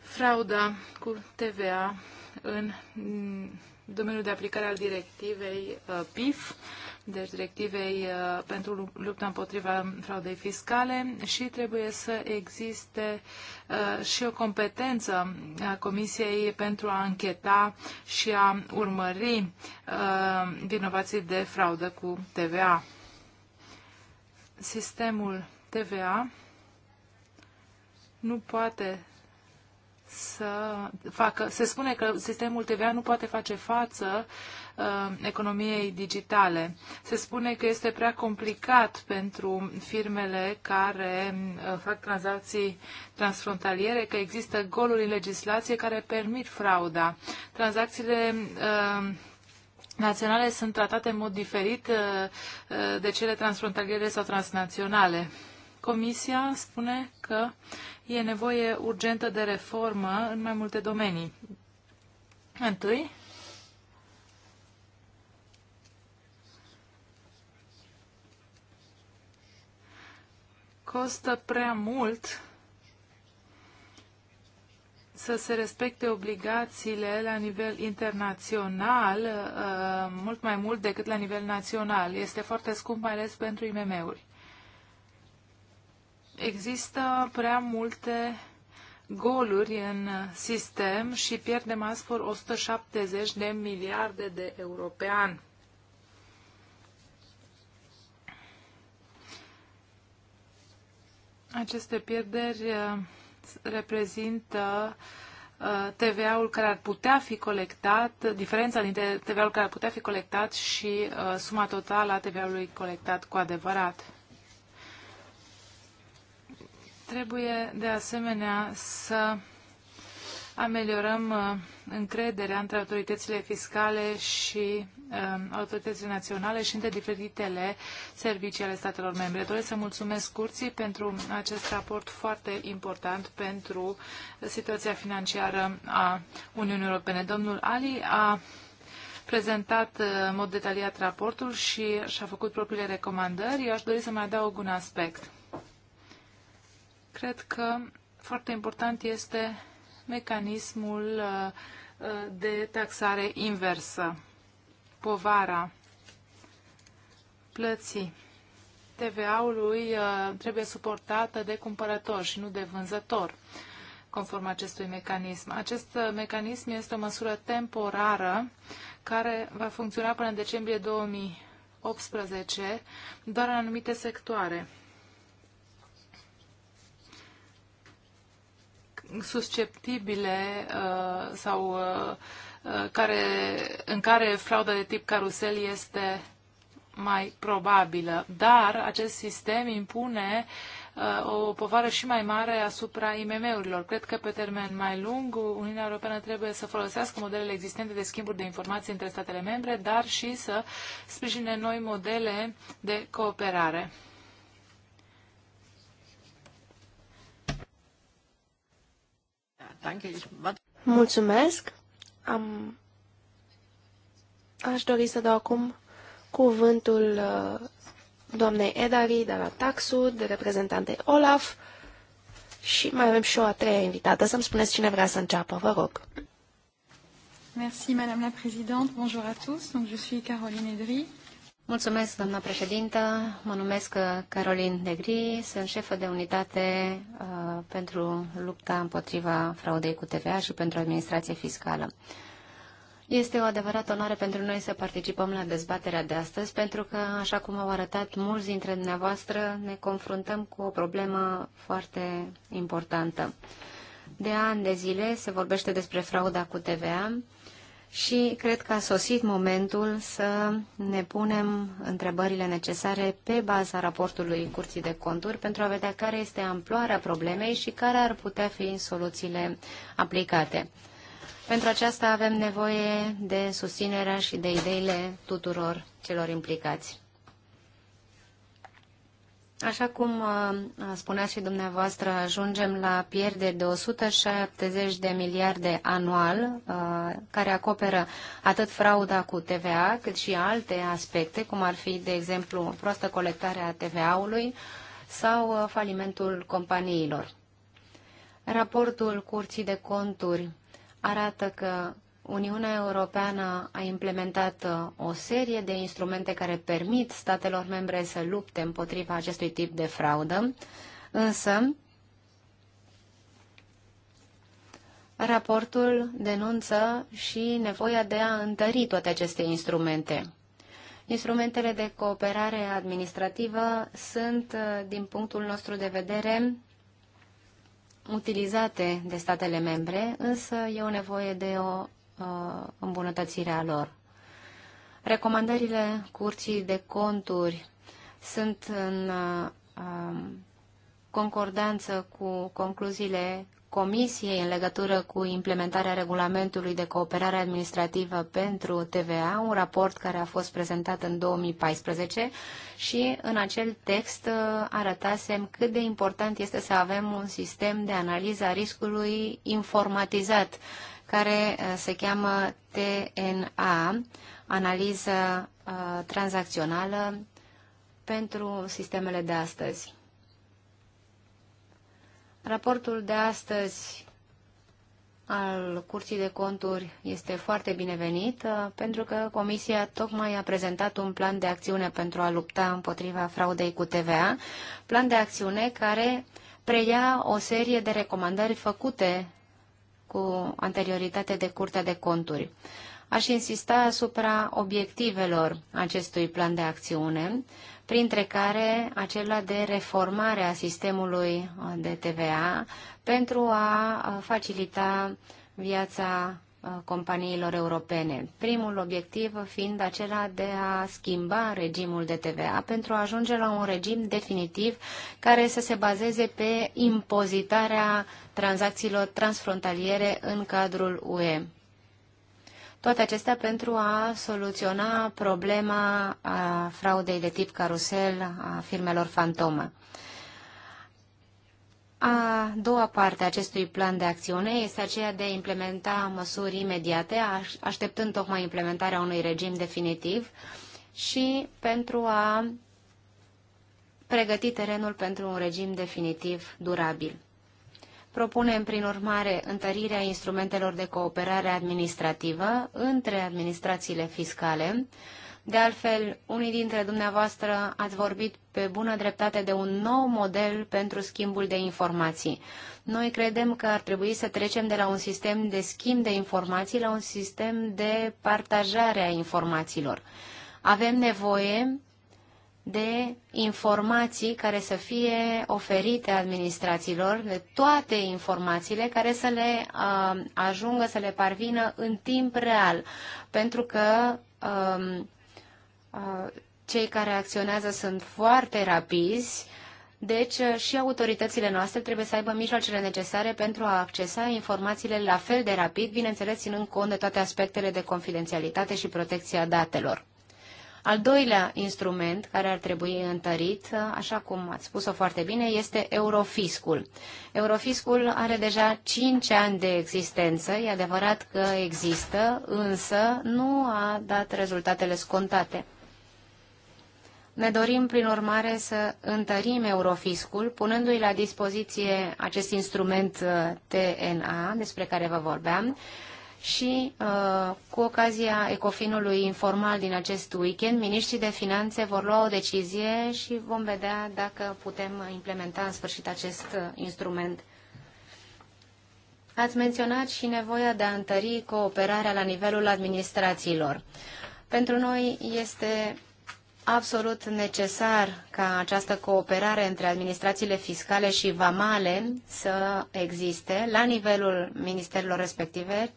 frauda cu TVA în domeniul de aplicare al directivei uh, PIF deci directivei uh, pentru lupta împotriva fraudei fiscale și trebuie să existe uh, și o competență a Comisiei pentru a încheta și a urmări uh, vinovații de fraudă cu TVA. Sistemul TVA nu poate să facă. Se spune că sistemul TVA nu poate face față Uh, economiei digitale. Se spune că este prea complicat pentru firmele care uh, fac tranzacții transfrontaliere, că există goluri în legislație care permit frauda. Tranzacțiile uh, naționale sunt tratate în mod diferit de cele transfrontaliere sau transnaționale. Comisia spune că e nevoie urgentă de reformă în mai multe domenii. Întâi, costă prea mult să se respecte obligațiile la nivel internațional, uh, mult mai mult decât la nivel național. Este foarte scump, mai ales pentru IMM-uri. Există prea multe goluri în sistem și pierdem astfel 170 de miliarde de euro pe an. Aceste pierderi uh, reprezintă uh, TVA-ul care ar putea fi colectat, diferența dintre TVA-ul care ar putea fi colectat și uh, suma totală a TVA-ului colectat cu adevărat. Trebuie de asemenea să ameliorăm uh, încrederea între autoritățile fiscale și um, autoritățile naționale și între diferitele servicii ale statelor membre. Doresc să mulțumesc curții pentru acest raport foarte important pentru situația financiară a Uniunii Europene. Domnul Ali a prezentat uh, în mod detaliat raportul și și-a făcut propriile recomandări. Eu aș dori să mai adaug un aspect. Cred că foarte important este mecanismul uh, uh, de taxare inversă, povara plății TVA-ului uh, trebuie suportată de cumpărător și nu de vânzător, conform acestui mecanism. Acest mecanism este o măsură temporară care va funcționa până în decembrie 2018, doar în anumite sectoare. susceptibile uh, sau uh, uh, care, în care frauda de tip carusel este mai probabilă. Dar acest sistem impune uh, o povară și mai mare asupra IMM-urilor. Cred că pe termen mai lung Uniunea Europeană trebuie să folosească modelele existente de schimburi de informații între statele membre, dar și să sprijine noi modele de cooperare. Mulțumesc. Am... Aș dori să dau acum cuvântul uh, doamnei Edari de la de reprezentante Olaf și mai avem și o a treia invitată. Să-mi spuneți cine vrea să înceapă, vă rog. Merci, Madame la Présidente. Bonjour à tous. Donc, je suis Caroline Edry. Mulțumesc, doamna președintă. Mă numesc uh, Carolin Degri, sunt șefă de unitate uh, pentru lupta împotriva fraudei cu TVA și pentru administrație fiscală. Este o adevărată onoare pentru noi să participăm la dezbaterea de astăzi, pentru că, așa cum au arătat mulți dintre dumneavoastră, ne confruntăm cu o problemă foarte importantă. De ani de zile se vorbește despre frauda cu TVA, și cred că a sosit momentul să ne punem întrebările necesare pe baza raportului Curții de Conturi pentru a vedea care este amploarea problemei și care ar putea fi soluțiile aplicate. Pentru aceasta avem nevoie de susținerea și de ideile tuturor celor implicați. Așa cum uh, spunea și dumneavoastră, ajungem la pierderi de 170 de miliarde anual, uh, care acoperă atât frauda cu TVA, cât și alte aspecte, cum ar fi, de exemplu, proastă colectare a TVA-ului sau uh, falimentul companiilor. Raportul Curții de Conturi arată că Uniunea Europeană a implementat uh, o serie de instrumente care permit statelor membre să lupte împotriva acestui tip de fraudă, însă raportul denunță și nevoia de a întări toate aceste instrumente. Instrumentele de cooperare administrativă sunt, uh, din punctul nostru de vedere, utilizate de statele membre, însă e o nevoie de o Uh, îmbunătățirea lor. Recomandările curții de conturi sunt în uh, um, concordanță cu concluziile Comisiei în legătură cu implementarea regulamentului de cooperare administrativă pentru TVA, un raport care a fost prezentat în 2014 și în acel text uh, arătasem cât de important este să avem un sistem de analiză a riscului informatizat care uh, se cheamă TNA, analiză uh, tranzacțională pentru sistemele de astăzi. Raportul de astăzi al Curții de Conturi este foarte binevenit, uh, pentru că Comisia tocmai a prezentat un plan de acțiune pentru a lupta împotriva fraudei cu TVA, plan de acțiune care preia o serie de recomandări făcute cu anterioritate de Curtea de Conturi. Aș insista asupra obiectivelor acestui plan de acțiune, printre care acela de reformare a sistemului uh, de TVA pentru a uh, facilita viața Uh, companiilor europene. Primul obiectiv fiind acela de a schimba regimul de TVA pentru a ajunge la un regim definitiv care să se bazeze pe impozitarea tranzacțiilor transfrontaliere în cadrul UE. Toate acestea pentru a soluționa problema a fraudei de tip carusel a firmelor fantomă. A doua parte a acestui plan de acțiune este aceea de a implementa măsuri imediate, așteptând tocmai implementarea unui regim definitiv și pentru a pregăti terenul pentru un regim definitiv durabil. Propunem, prin urmare, întărirea instrumentelor de cooperare administrativă între administrațiile fiscale, de altfel, unii dintre dumneavoastră ați vorbit pe bună dreptate de un nou model pentru schimbul de informații. Noi credem că ar trebui să trecem de la un sistem de schimb de informații la un sistem de partajare a informațiilor. Avem nevoie de informații care să fie oferite administrațiilor, de toate informațiile care să le uh, ajungă, să le parvină în timp real. Pentru că uh, cei care acționează sunt foarte rapizi, deci uh, și autoritățile noastre trebuie să aibă mijloacele necesare pentru a accesa informațiile la fel de rapid, bineînțeles ținând cont de toate aspectele de confidențialitate și protecția datelor. Al doilea instrument care ar trebui întărit, uh, așa cum ați spus-o foarte bine, este Eurofiscul. Eurofiscul are deja 5 ani de existență, e adevărat că există, însă nu a dat rezultatele scontate. Ne dorim, prin urmare, să întărim Eurofiscul, punându-i la dispoziție acest instrument uh, TNA, despre care vă vorbeam, și uh, cu ocazia ecofinului informal din acest weekend, miniștrii de finanțe vor lua o decizie și vom vedea dacă putem implementa în sfârșit acest uh, instrument. Ați menționat și nevoia de a întări cooperarea la nivelul administrațiilor. Pentru noi este absolut necesar ca această cooperare între administrațiile fiscale și vamale să existe la nivelul ministerilor respective,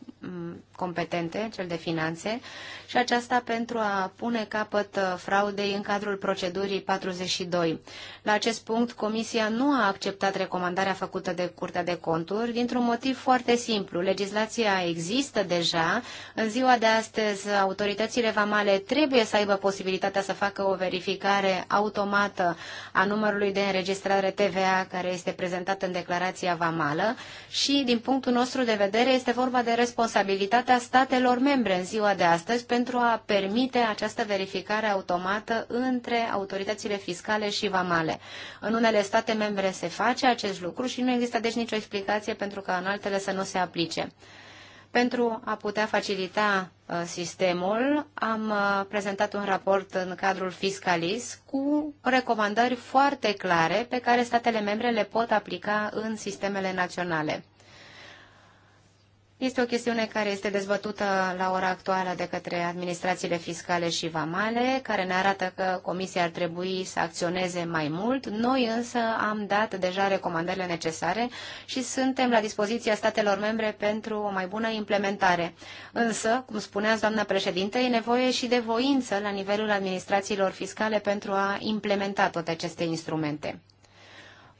competente, cel de finanțe, și aceasta pentru a pune capăt uh, fraudei în cadrul procedurii 42. La acest punct, Comisia nu a acceptat recomandarea făcută de Curtea de Conturi dintr-un motiv foarte simplu. Legislația există deja. În ziua de astăzi, autoritățile vamale trebuie să aibă posibilitatea să facă o verificare automată a numărului de înregistrare TVA care este prezentat în declarația vamală și, din punctul nostru de vedere, este vorba de responsabilitatea partea statelor membre în ziua de astăzi pentru a permite această verificare automată între autoritățile fiscale și vamale. În unele state membre se face acest lucru și nu există deci nicio explicație pentru ca în altele să nu se aplice. Pentru a putea facilita uh, sistemul, am uh, prezentat un raport în cadrul Fiscalis cu recomandări foarte clare pe care statele membre le pot aplica în sistemele naționale. Este o chestiune care este dezbătută la ora actuală de către administrațiile fiscale și vamale, care ne arată că Comisia ar trebui să acționeze mai mult. Noi însă am dat deja recomandările necesare și suntem la dispoziția statelor membre pentru o mai bună implementare. Însă, cum spuneați, doamna președinte, e nevoie și de voință la nivelul administrațiilor fiscale pentru a implementa toate aceste instrumente.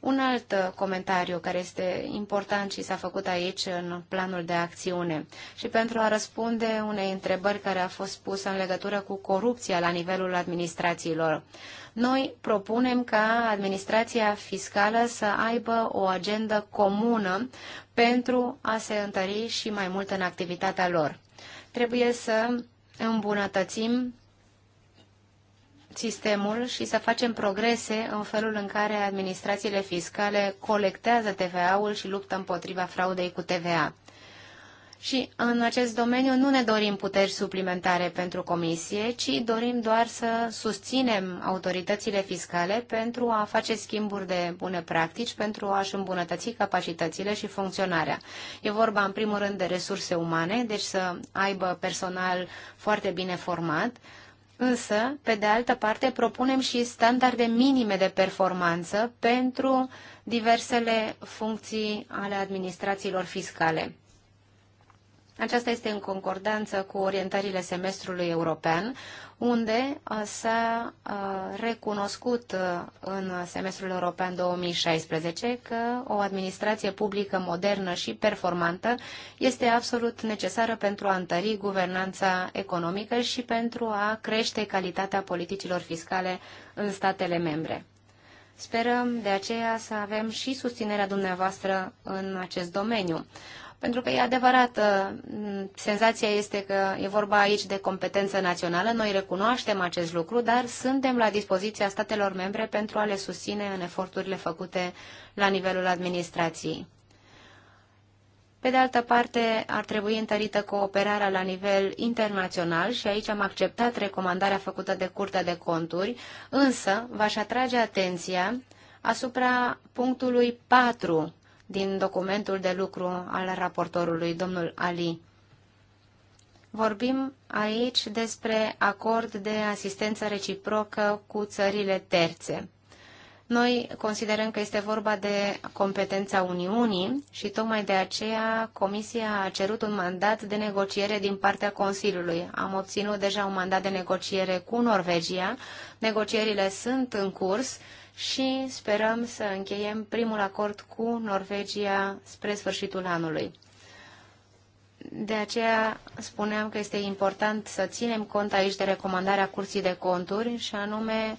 Un alt uh, comentariu care este important și s-a făcut aici în planul de acțiune și pentru a răspunde unei întrebări care a fost pusă în legătură cu corupția la nivelul administrațiilor. Noi propunem ca administrația fiscală să aibă o agendă comună pentru a se întări și mai mult în activitatea lor. Trebuie să îmbunătățim sistemul și să facem progrese în felul în care administrațiile fiscale colectează TVA-ul și luptă împotriva fraudei cu TVA. Și în acest domeniu nu ne dorim puteri suplimentare pentru comisie, ci dorim doar să susținem autoritățile fiscale pentru a face schimburi de bune practici, pentru a-și îmbunătăți capacitățile și funcționarea. E vorba în primul rând de resurse umane, deci să aibă personal foarte bine format, Însă, pe de altă parte, propunem și standarde minime de performanță pentru diversele funcții ale administrațiilor fiscale. Aceasta este în concordanță cu orientările semestrului european, unde uh, s-a uh, recunoscut uh, în semestrul european 2016 că o administrație publică modernă și performantă este absolut necesară pentru a întări guvernanța economică și pentru a crește calitatea politicilor fiscale în statele membre. Sperăm de aceea să avem și susținerea dumneavoastră în acest domeniu. Pentru că e adevărat, uh, senzația este că e vorba aici de competență națională, noi recunoaștem acest lucru, dar suntem la dispoziția statelor membre pentru a le susține în eforturile făcute la nivelul administrației. Pe de altă parte, ar trebui întărită cooperarea la nivel internațional și aici am acceptat recomandarea făcută de Curtea de Conturi, însă v-aș atrage atenția asupra punctului 4 din documentul de lucru al raportorului, domnul Ali. Vorbim aici despre acord de asistență reciprocă cu țările terțe. Noi considerăm că este vorba de competența Uniunii și tocmai de aceea Comisia a cerut un mandat de negociere din partea Consiliului. Am obținut deja un mandat de negociere cu Norvegia. Negocierile sunt în curs și sperăm să încheiem primul acord cu Norvegia spre sfârșitul anului. De aceea spuneam că este important să ținem cont aici de recomandarea Curții de Conturi și anume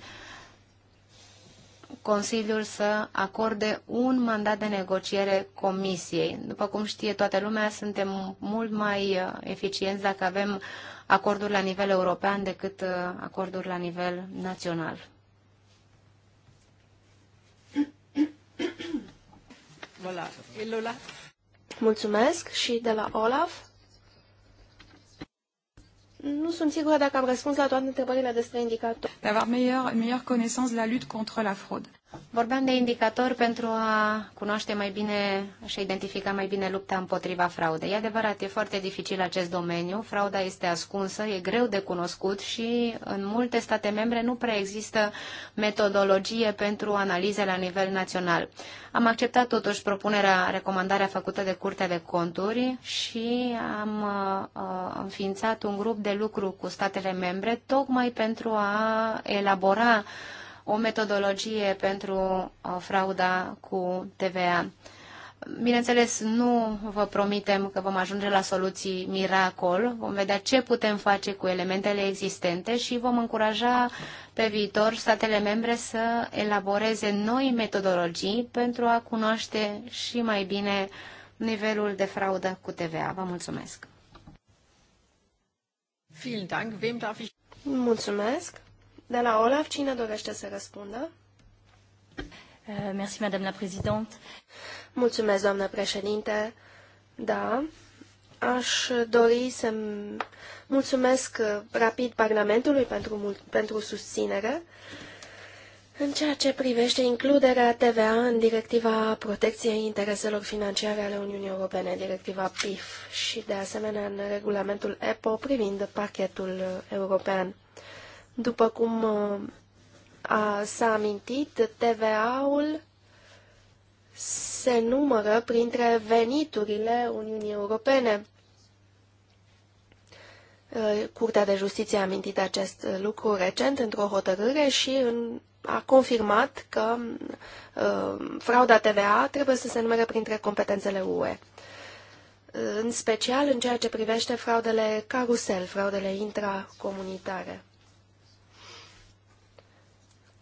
Consiliul să acorde un mandat de negociere comisiei. După cum știe toată lumea, suntem mult mai uh, eficienți dacă avem acorduri la nivel european decât uh, acorduri la nivel național. Voilà. Mulțumesc și de la Olaf. Nu sunt sigură dacă am răspuns la toate întrebările despre indicator. D'avoir meilleure, meilleure connaissance de la lutte contre la fraude. Vorbeam de indicator pentru a cunoaște mai bine și a identifica mai bine lupta împotriva fraudei. E adevărat, e foarte dificil acest domeniu, frauda este ascunsă, e greu de cunoscut și în multe state membre nu prea există metodologie pentru analize la nivel național. Am acceptat totuși propunerea, recomandarea făcută de Curtea de Conturi și am uh, uh înființat un grup de lucru cu statele membre tocmai pentru a elabora o metodologie pentru uh, frauda cu TVA. Bineînțeles, nu vă promitem că vom ajunge la soluții miracol, vom vedea ce putem face cu elementele existente și vom încuraja pe viitor statele membre să elaboreze noi metodologii pentru a cunoaște și mai bine nivelul de fraudă cu TVA. Vă mulțumesc! Mulțumesc! De la Olaf, cine dorește să răspundă? Uh, merci, Madame la Présidente. Mulțumesc, doamnă președinte. Da, aș dori să mulțumesc rapid Parlamentului pentru, pentru susținere în ceea ce privește includerea TVA în directiva protecției intereselor financiare ale Uniunii Europene, directiva PIF și de asemenea în regulamentul EPO privind pachetul european. După cum uh, s-a amintit, TVA-ul se numără printre veniturile Uniunii Europene. Uh, Curtea de Justiție a amintit acest lucru recent într-o hotărâre și în, a confirmat că uh, frauda TVA trebuie să se numere printre competențele UE. Uh, în special în ceea ce privește fraudele carusel, fraudele intracomunitare.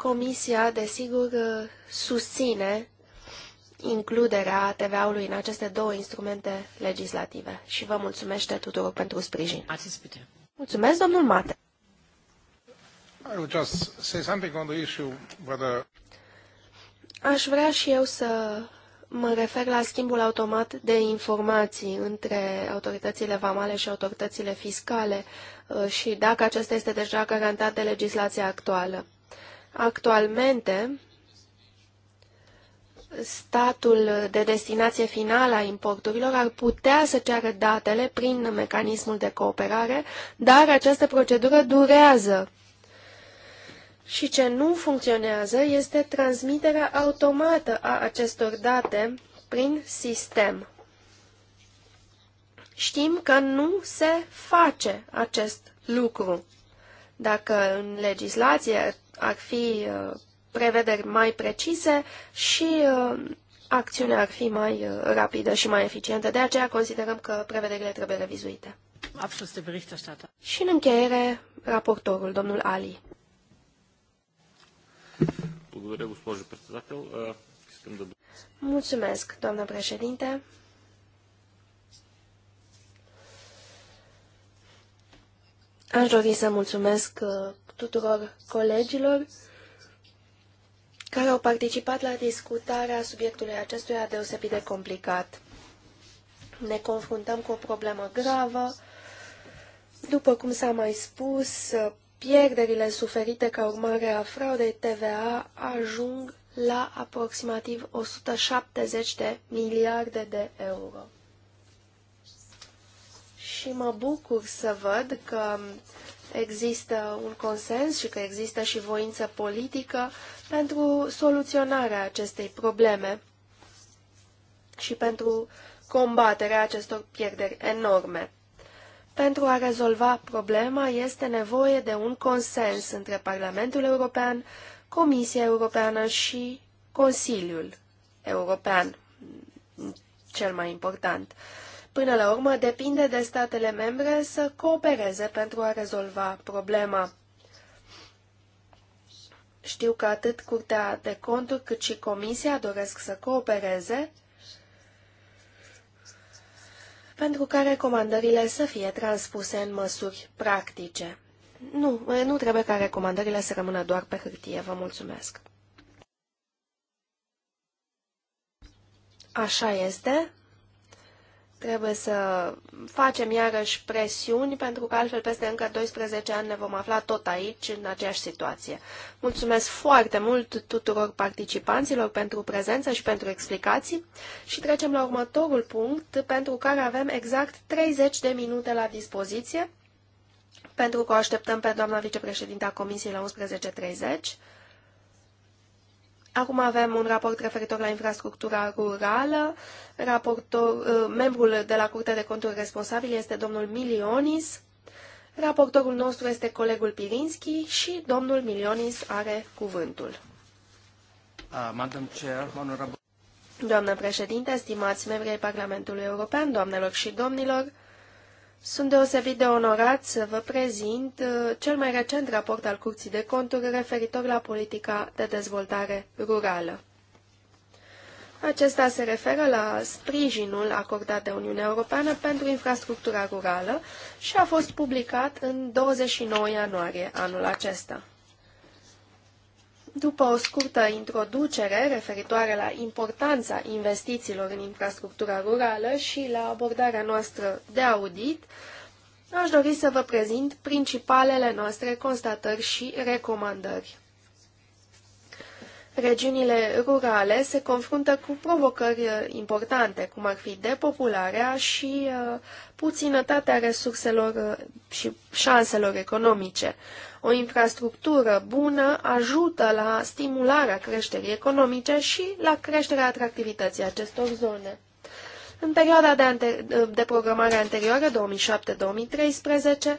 Comisia, desigur, susține includerea TVA-ului în aceste două instrumente legislative și vă mulțumește tuturor pentru sprijin. Mulțumesc, domnul Mate. Aș vrea și eu să mă refer la schimbul automat de informații între autoritățile vamale și autoritățile fiscale uh, și dacă acesta este deja garantat de legislația actuală. Actualmente, statul de destinație finală a importurilor ar putea să ceară datele prin mecanismul de cooperare, dar această procedură durează. Și ce nu funcționează este transmiterea automată a acestor date prin sistem. Știm că nu se face acest lucru. Dacă în legislație ar fi uh, prevederi mai precise și uh, acțiunea ar fi mai uh, rapidă și mai eficientă. De aceea considerăm că prevederile trebuie revizuite. Și în încheiere, raportorul, domnul Ali. Mulțumesc, doamnă președinte. Aș dori să mulțumesc tuturor colegilor care au participat la discutarea subiectului acestuia deosebit de complicat. Ne confruntăm cu o problemă gravă. După cum s-a mai spus, pierderile suferite ca urmare a fraudei TVA ajung la aproximativ 170 de miliarde de euro. Și mă bucur să văd că există un consens și că există și voință politică pentru soluționarea acestei probleme și pentru combaterea acestor pierderi enorme. Pentru a rezolva problema este nevoie de un consens între Parlamentul European, Comisia Europeană și Consiliul European, cel mai important. Până la urmă, depinde de statele membre să coopereze pentru a rezolva problema. Știu că atât Curtea de Conturi cât și Comisia doresc să coopereze pentru ca recomandările să fie transpuse în măsuri practice. Nu, nu trebuie ca recomandările să rămână doar pe hârtie. Vă mulțumesc. Așa este. Trebuie să facem iarăși presiuni, pentru că altfel peste încă 12 ani ne vom afla tot aici, în aceeași situație. Mulțumesc foarte mult tuturor participanților pentru prezență și pentru explicații și trecem la următorul punct, pentru care avem exact 30 de minute la dispoziție, pentru că o așteptăm pe doamna vicepreședinta Comisiei la 11.30. Acum avem un raport referitor la infrastructura rurală. Raportor, uh, membrul de la Curtea de Conturi responsabil este domnul Milionis. Raportorul nostru este colegul Pirinski și domnul Milionis are cuvântul. Uh, Doamnă președinte, stimați membrii Parlamentului European, doamnelor și domnilor, sunt deosebit de onorat să vă prezint uh, cel mai recent raport al Curții de Conturi referitor la politica de dezvoltare rurală. Acesta se referă la sprijinul acordat de Uniunea Europeană pentru infrastructura rurală și a fost publicat în 29 ianuarie anul acesta. După o scurtă introducere referitoare la importanța investițiilor în infrastructura rurală și la abordarea noastră de audit, aș dori să vă prezint principalele noastre constatări și recomandări. Regiunile rurale se confruntă cu provocări uh, importante, cum ar fi depopularea și uh, puținătatea resurselor uh, și șanselor economice. O infrastructură bună ajută la stimularea creșterii economice și la creșterea atractivității acestor zone. În perioada de, anter de programare anterioară, 2007-2013,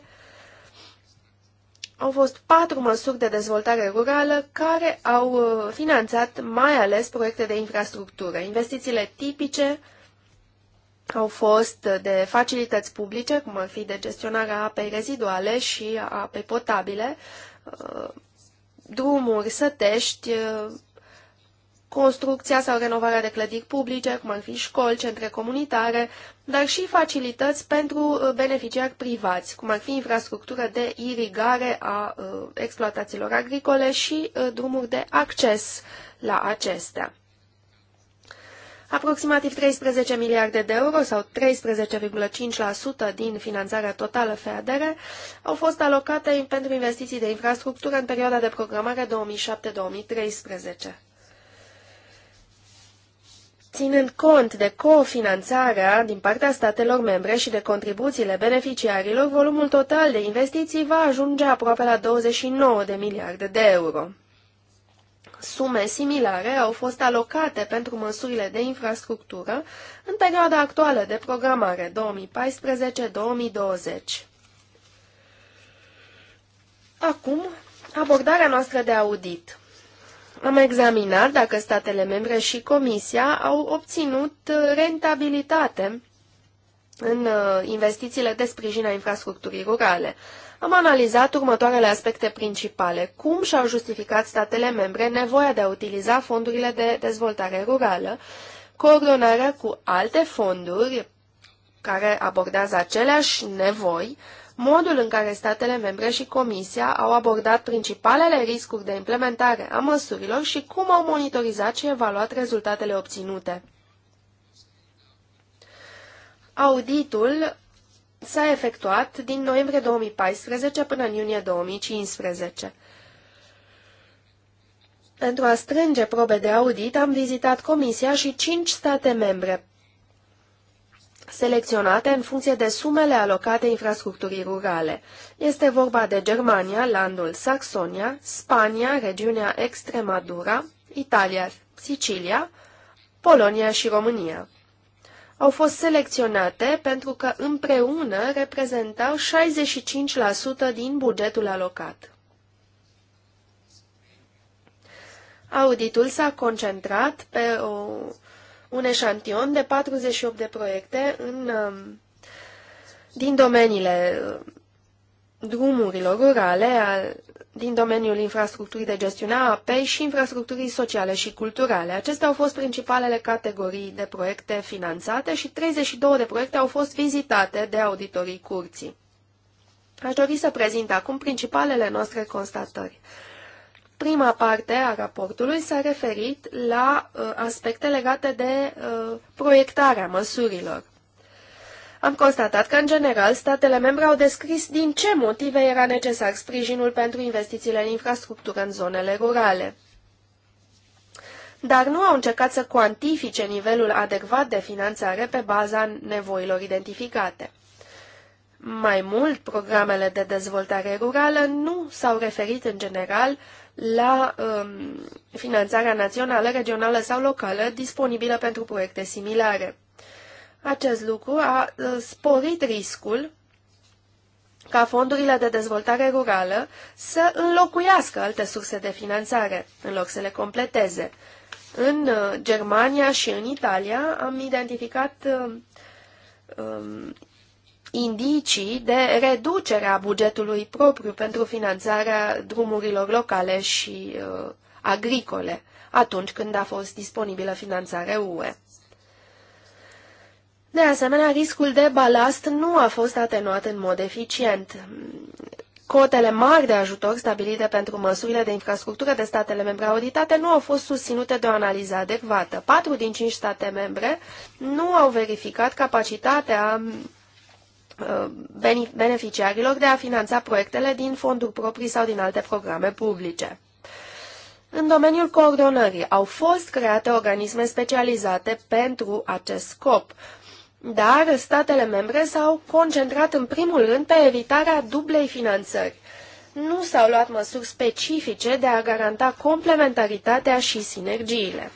au fost patru măsuri de dezvoltare rurală care au uh, finanțat mai ales proiecte de infrastructură, investițiile tipice au fost de facilități publice, cum ar fi de gestionarea apei reziduale și apei potabile, uh, drumuri, sătești, uh, construcția sau renovarea de clădiri publice, cum ar fi școli, centre comunitare, dar și facilități pentru uh, beneficiari privați, cum ar fi infrastructură de irigare a exploatațiilor agricole și drumuri de acces la acestea. Aproximativ 13 miliarde de euro sau 13,5% din finanțarea totală FEADR au fost alocate pentru investiții de infrastructură în perioada de programare 2007-2013. Ținând cont de cofinanțarea din partea statelor membre și de contribuțiile beneficiarilor, volumul total de investiții va ajunge aproape la 29 de miliarde de euro. Sume similare au fost alocate pentru măsurile de infrastructură în perioada actuală de programare 2014-2020. Acum, abordarea noastră de audit. Am examinat dacă statele membre și Comisia au obținut uh, rentabilitate în uh, investițiile de sprijin a infrastructurii rurale am analizat următoarele aspecte principale. Cum și-au justificat statele membre nevoia de a utiliza fondurile de dezvoltare rurală, coordonarea cu alte fonduri care abordează aceleași nevoi, modul în care statele membre și Comisia au abordat principalele riscuri de implementare a măsurilor și cum au monitorizat și evaluat rezultatele obținute. Auditul s-a efectuat din noiembrie 2014 până în iunie 2015. Pentru a strânge probe de audit, am vizitat Comisia și cinci state membre, selecționate în funcție de sumele alocate infrastructurii rurale. Este vorba de Germania, landul Saxonia, Spania, regiunea Extremadura, Italia, Sicilia, Polonia și România au fost selecționate pentru că împreună reprezentau 65% din bugetul alocat. Auditul s-a concentrat pe o, un eșantion de 48 de proiecte în, um, din domeniile um, drumurilor rurale, al din domeniul infrastructurii de gestiune a apei și infrastructurii sociale și culturale. Acestea au fost principalele categorii de proiecte finanțate și 32 de proiecte au fost vizitate de auditorii curții. Aș dori să prezint acum principalele noastre constatări. Prima parte a raportului s-a referit la uh, aspecte legate de uh, proiectarea măsurilor. Am constatat că, în general, statele membre au descris din ce motive era necesar sprijinul pentru investițiile în infrastructură în zonele rurale. Dar nu au încercat să cuantifice nivelul adecvat de finanțare pe baza nevoilor identificate. Mai mult, programele de dezvoltare rurală nu s-au referit în general la um, finanțarea națională, regională sau locală disponibilă pentru proiecte similare. Acest lucru a sporit riscul ca fondurile de dezvoltare rurală să înlocuiască alte surse de finanțare, în loc să le completeze. În uh, Germania și în Italia am identificat uh, um, indicii de reducere a bugetului propriu pentru finanțarea drumurilor locale și uh, agricole, atunci când a fost disponibilă finanțarea UE. De asemenea, riscul de balast nu a fost atenuat în mod eficient. Cotele mari de ajutor stabilite pentru măsurile de infrastructură de statele membre auditate nu au fost susținute de o analiză adecvată. Patru din cinci state membre nu au verificat capacitatea uh, beneficiarilor de a finanța proiectele din fonduri proprii sau din alte programe publice. În domeniul coordonării au fost create organisme specializate pentru acest scop. Dar statele membre s-au concentrat în primul rând pe evitarea dublei finanțări. Nu s-au luat măsuri specifice de a garanta complementaritatea și sinergiile.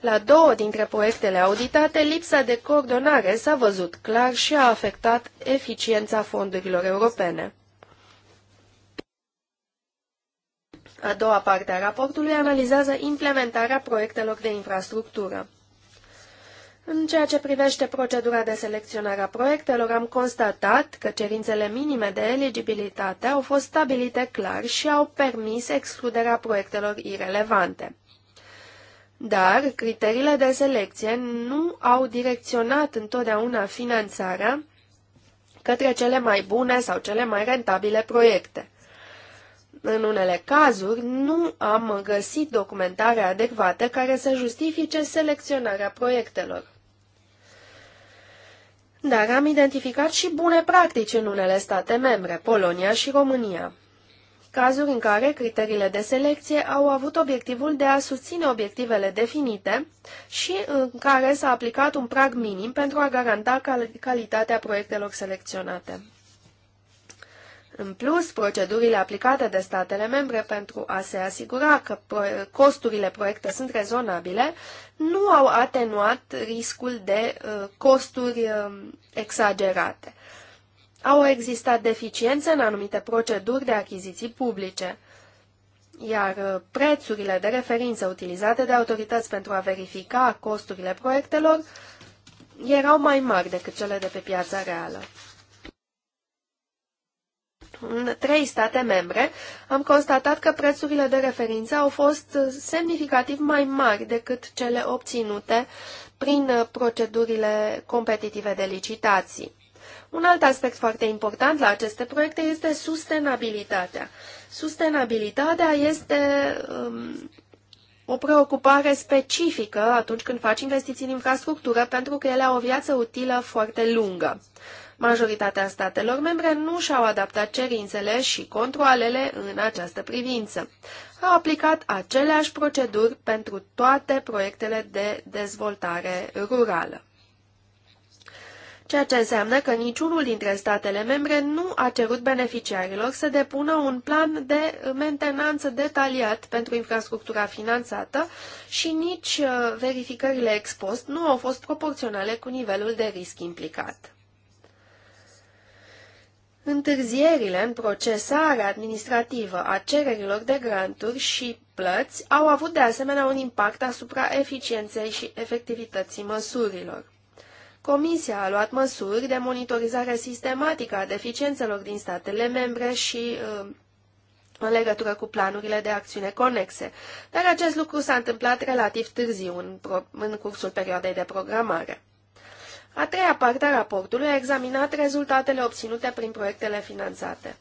La două dintre proiectele auditate, lipsa de coordonare s-a văzut clar și a afectat eficiența fondurilor europene. A doua parte a raportului analizează implementarea proiectelor de infrastructură. În ceea ce privește procedura de selecționare a proiectelor, am constatat că cerințele minime de eligibilitate au fost stabilite clar și au permis excluderea proiectelor irelevante. Dar criteriile de selecție nu au direcționat întotdeauna finanțarea către cele mai bune sau cele mai rentabile proiecte. În unele cazuri, nu am găsit documentare adecvată care să justifice selecționarea proiectelor. Dar am identificat și bune practici în unele state membre, Polonia și România. Cazuri în care criteriile de selecție au avut obiectivul de a susține obiectivele definite și în care s-a aplicat un prag minim pentru a garanta cal calitatea proiectelor selecționate. În plus, procedurile aplicate de statele membre pentru a se asigura că costurile proiecte sunt rezonabile nu au atenuat riscul de uh, costuri um, exagerate. Au existat deficiențe în anumite proceduri de achiziții publice, iar uh, prețurile de referință utilizate de autorități pentru a verifica costurile proiectelor erau mai mari decât cele de pe piața reală în trei state membre, am constatat că prețurile de referință au fost semnificativ mai mari decât cele obținute prin procedurile competitive de licitații. Un alt aspect foarte important la aceste proiecte este sustenabilitatea. Sustenabilitatea este um, o preocupare specifică atunci când faci investiții în infrastructură, pentru că ele au o viață utilă foarte lungă. Majoritatea statelor membre nu și-au adaptat cerințele și controalele în această privință. Au aplicat aceleași proceduri pentru toate proiectele de dezvoltare rurală ceea ce înseamnă că niciunul dintre statele membre nu a cerut beneficiarilor să depună un plan de mentenanță detaliat pentru infrastructura finanțată și nici uh, verificările expost nu au fost proporționale cu nivelul de risc implicat. Întârzierile în procesarea administrativă a cererilor de granturi și plăți au avut de asemenea un impact asupra eficienței și efectivității măsurilor. Comisia a luat măsuri de monitorizare sistematică a deficiențelor din statele membre și uh, în legătură cu planurile de acțiune conexe, dar acest lucru s-a întâmplat relativ târziu în, în cursul perioadei de programare. A treia parte a raportului a examinat rezultatele obținute prin proiectele finanțate.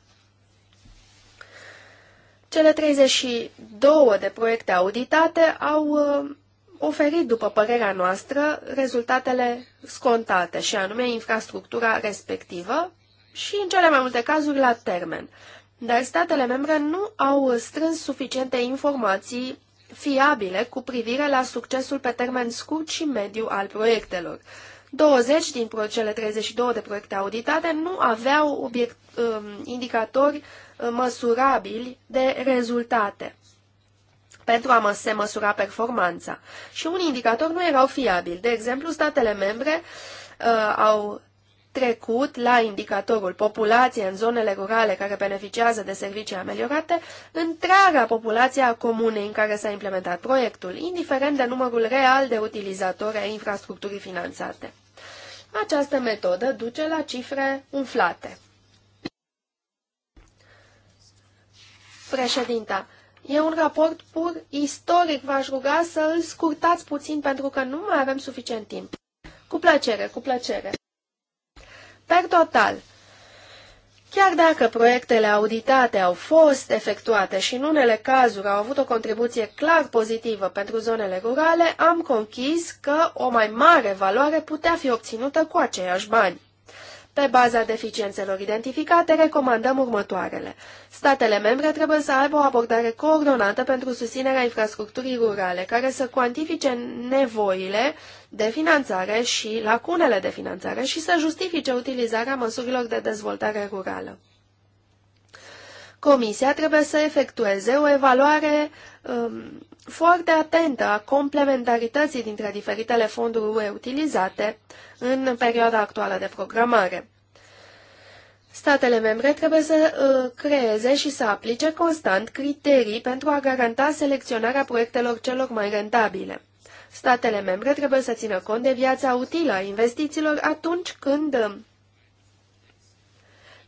Cele 32 de proiecte auditate au uh, oferit, după părerea noastră, rezultatele scontate, și anume infrastructura respectivă și, în cele mai multe cazuri, la termen. Dar statele membre nu au strâns suficiente informații fiabile cu privire la succesul pe termen scurt și mediu al proiectelor. 20 din cele 32 de proiecte auditate nu aveau obiect, um, indicatori uh, măsurabili de rezultate pentru a se măsura performanța. Și un indicator nu erau fiabil. De exemplu, statele membre uh, au trecut la indicatorul populație în zonele rurale care beneficiază de servicii ameliorate întreaga populație a comunei în care s-a implementat proiectul, indiferent de numărul real de utilizatori ai infrastructurii finanțate. Această metodă duce la cifre umflate. Președinta, e un raport pur istoric, v-aș ruga să îl scurtați puțin pentru că nu mai avem suficient timp. Cu plăcere, cu plăcere per total. Chiar dacă proiectele auditate au fost efectuate și în unele cazuri au avut o contribuție clar pozitivă pentru zonele rurale, am conchis că o mai mare valoare putea fi obținută cu aceiași bani. Pe baza deficiențelor identificate, recomandăm următoarele. Statele membre trebuie să aibă o abordare coordonată pentru susținerea infrastructurii rurale, care să cuantifice nevoile de finanțare și lacunele de finanțare și să justifice utilizarea măsurilor de dezvoltare rurală. Comisia trebuie să efectueze o evaluare um, foarte atentă a complementarității dintre diferitele fonduri UE utilizate în perioada actuală de programare. Statele membre trebuie să uh, creeze și să aplice constant criterii pentru a garanta selecționarea proiectelor celor mai rentabile. Statele membre trebuie să țină cont de viața utilă a investițiilor atunci când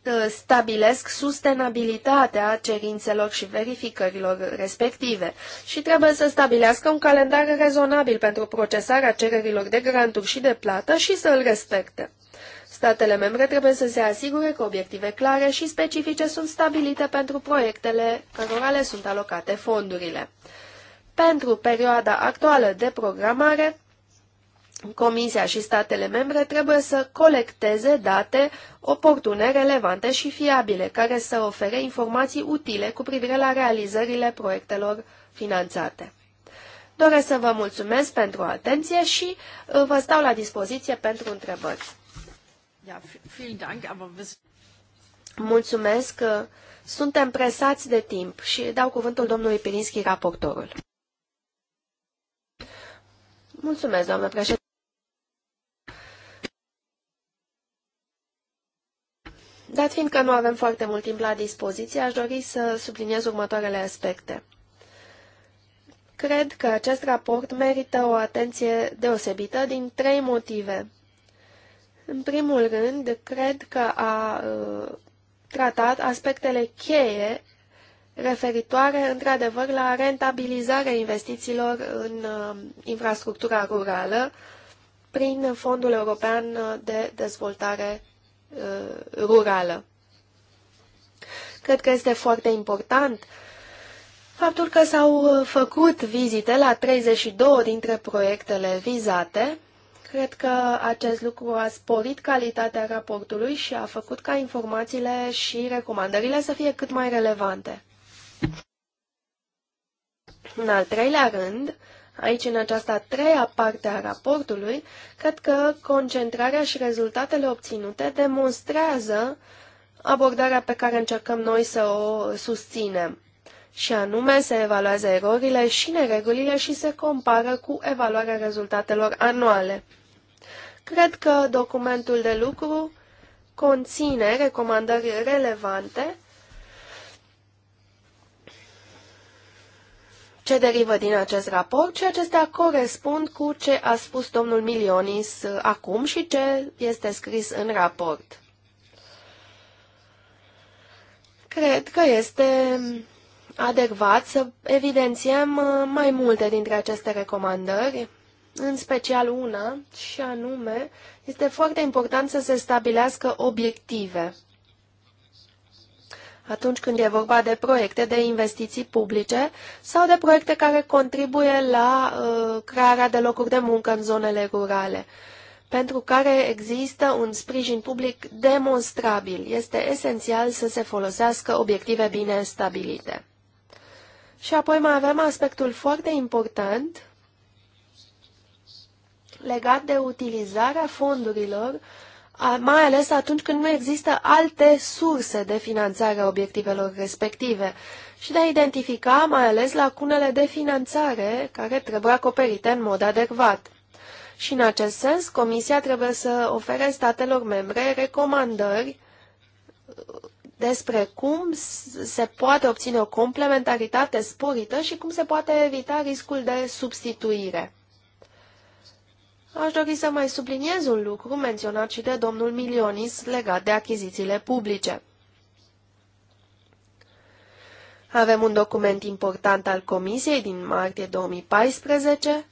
Uh, stabilesc sustenabilitatea cerințelor și verificărilor respective și trebuie să stabilească un calendar rezonabil pentru procesarea cererilor de granturi și de plată și să îl respecte. Statele membre trebuie să se asigure că obiective clare și specifice sunt stabilite pentru proiectele cărora le sunt alocate fondurile. Pentru perioada actuală de programare, Comisia și statele membre trebuie să colecteze date oportune, relevante și fiabile, care să ofere informații utile cu privire la realizările proiectelor finanțate. Doresc să vă mulțumesc pentru atenție și uh, vă stau la dispoziție pentru întrebări. Mulțumesc, uh, suntem presați de timp și dau cuvântul domnului Pirinski, raportorul. Mulțumesc, doamnă președinte. Dat fiindcă nu avem foarte mult timp la dispoziție, aș dori să subliniez următoarele aspecte. Cred că acest raport merită o atenție deosebită din trei motive. În primul rând, cred că a uh, tratat aspectele cheie referitoare, într-adevăr, la rentabilizarea investițiilor în uh, infrastructura rurală prin Fondul European de Dezvoltare Uh, rurală. Cred că este foarte important faptul că s-au uh, făcut vizite la 32 dintre proiectele vizate. Cred că acest lucru a sporit calitatea raportului și a făcut ca informațiile și recomandările să fie cât mai relevante. În al treilea rând, aici în această a treia parte a raportului, cred că concentrarea și rezultatele obținute demonstrează abordarea pe care încercăm noi să o susținem. Și anume, se evaluează erorile și neregulile și se compară cu evaluarea rezultatelor anuale. Cred că documentul de lucru conține recomandări relevante ce derivă din acest raport și acestea corespund cu ce a spus domnul Milionis uh, acum și ce este scris în raport. Cred că este adecvat să evidențiem uh, mai multe dintre aceste recomandări, în special una, și anume, este foarte important să se stabilească obiective atunci când e vorba de proiecte de investiții publice sau de proiecte care contribuie la uh, crearea de locuri de muncă în zonele rurale, pentru care există un sprijin public demonstrabil. Este esențial să se folosească obiective bine stabilite. Și apoi mai avem aspectul foarte important legat de utilizarea fondurilor mai ales atunci când nu există alte surse de finanțare a obiectivelor respective și de a identifica mai ales lacunele de finanțare care trebuie acoperite în mod adecvat. Și în acest sens, Comisia trebuie să ofere statelor membre recomandări despre cum se poate obține o complementaritate sporită și cum se poate evita riscul de substituire. Aș dori să mai subliniez un lucru menționat și de domnul Milionis legat de achizițiile publice. Avem un document important al Comisiei din martie 2014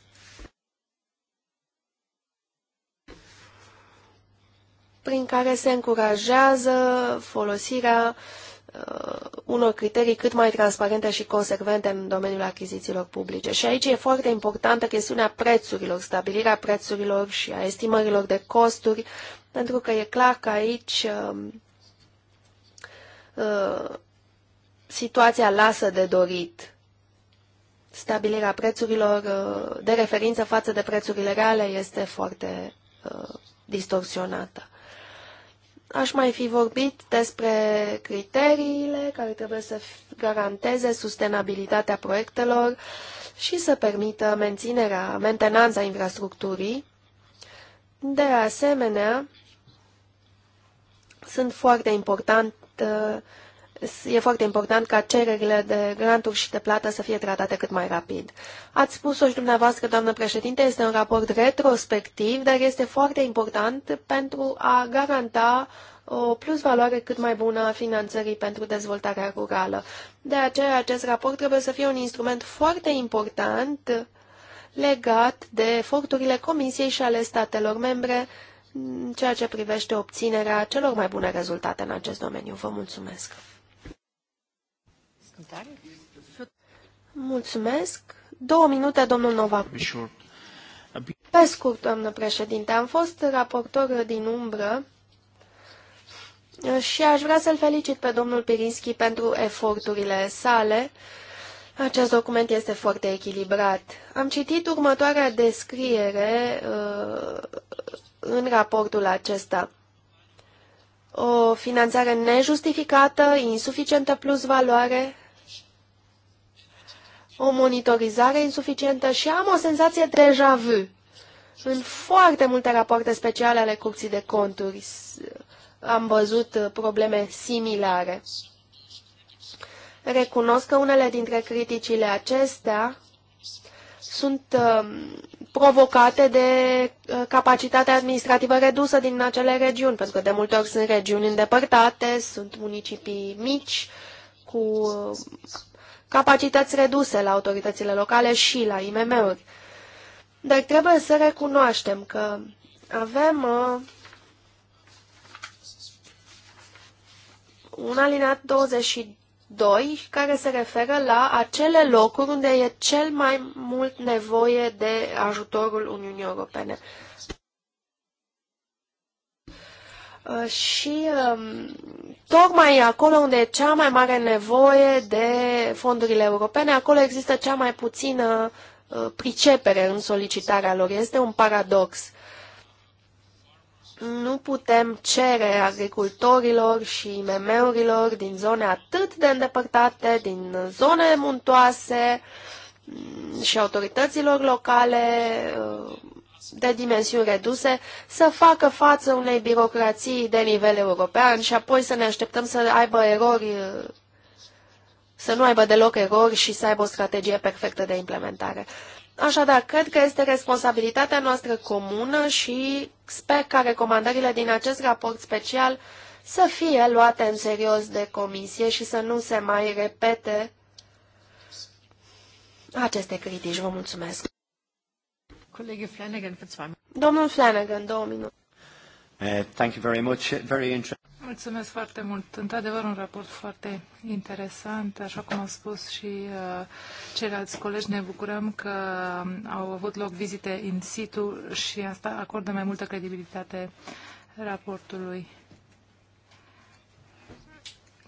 prin care se încurajează folosirea uh, Uh, unor criterii cât mai transparente și consecvente în domeniul achizițiilor publice. Și aici e foarte importantă chestiunea prețurilor, stabilirea prețurilor și a estimărilor de costuri, pentru că e clar că aici um, uh, situația lasă de dorit. Stabilirea prețurilor uh, de referință față de prețurile reale este foarte uh, distorsionată. Aș mai fi vorbit despre criteriile care trebuie să garanteze sustenabilitatea proiectelor și să permită menținerea, mentenanța infrastructurii. De asemenea, sunt foarte uh, e foarte important ca cererile de granturi și de plată să fie tratate cât mai rapid. Ați spus-o și dumneavoastră, doamnă președinte, este un raport retrospectiv, dar este foarte important pentru a garanta o plus valoare cât mai bună a finanțării pentru dezvoltarea rurală. De aceea, acest raport trebuie să fie un instrument foarte important legat de eforturile Comisiei și ale statelor membre în ceea ce privește obținerea celor mai bune rezultate în acest domeniu. Vă mulțumesc! Mulțumesc. Două minute, domnul Novak. Pe scurt, doamnă președinte, am fost raportor din umbră și aș vrea să-l felicit pe domnul Pirinski pentru eforturile sale. Acest document este foarte echilibrat. Am citit următoarea descriere uh, în raportul acesta. O finanțare nejustificată, insuficientă plus valoare, o monitorizare insuficientă și am o senzație deja vu. În foarte multe rapoarte speciale ale Curții de Conturi am văzut uh, probleme similare. Recunosc că unele dintre criticile acestea sunt uh, provocate de uh, capacitatea administrativă redusă din acele regiuni, pentru că de multe ori sunt regiuni îndepărtate, sunt municipii mici cu capacități reduse la autoritățile locale și la IMM-uri. Dar deci trebuie să recunoaștem că avem uh, un alineat 22 care se referă la acele locuri unde e cel mai mult nevoie de ajutorul Uniunii Europene. Uh, și um, tocmai acolo unde e cea mai mare nevoie de fondurile europene, acolo există cea mai puțină uh, pricepere în solicitarea lor. Este un paradox. Nu putem cere agricultorilor și IMM-urilor din zone atât de îndepărtate, din zone muntoase mm, și autorităților locale uh, de dimensiuni reduse să facă față unei birocrații de nivel european și apoi să ne așteptăm să aibă erori, să nu aibă deloc erori și să aibă o strategie perfectă de implementare. Așadar, cred că este responsabilitatea noastră comună și sper ca recomandările din acest raport special să fie luate în serios de comisie și să nu se mai repete aceste critici. Vă mulțumesc! Colegii Flanagan, Domnul Flanagan, două minute. Uh, thank you very much. Very interesting. Mulțumesc foarte mult. Într-adevăr, un raport foarte interesant. Așa cum au spus și uh, ceilalți colegi, ne bucurăm că mm, au avut loc vizite in situ și asta acordă mai multă credibilitate raportului.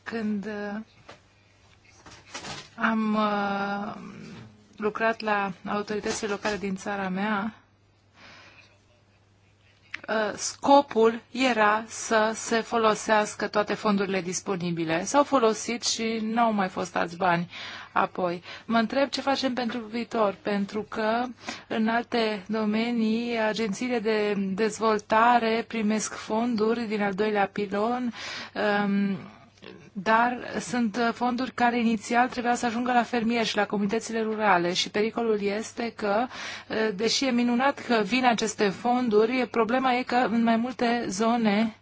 Când uh, am uh, lucrat la autoritățile locale din țara mea, ă, scopul era să se folosească toate fondurile disponibile. S-au folosit și nu au mai fost alți bani apoi. Mă întreb ce facem pentru viitor, pentru că în alte domenii agențiile de dezvoltare primesc fonduri din al doilea pilon. Um, dar sunt uh, fonduri care inițial trebuia să ajungă la fermieri și la comunitățile rurale și pericolul este că, uh, deși e minunat că vin aceste fonduri, problema e că în mai multe zone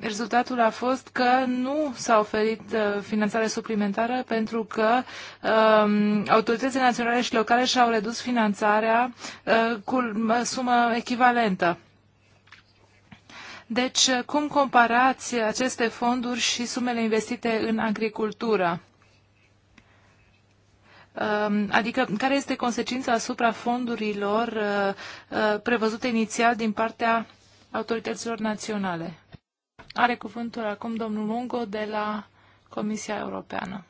Rezultatul a fost că nu s-a oferit uh, finanțare suplimentară pentru că um, autoritățile naționale și locale și-au redus finanțarea uh, cu sumă echivalentă. Deci, cum comparați aceste fonduri și sumele investite în agricultură? Um, adică, care este consecința asupra fondurilor uh, uh, prevăzute inițial din partea autorităților naționale? Are cuvântul acum domnul Lungo de la Comisia Europeană.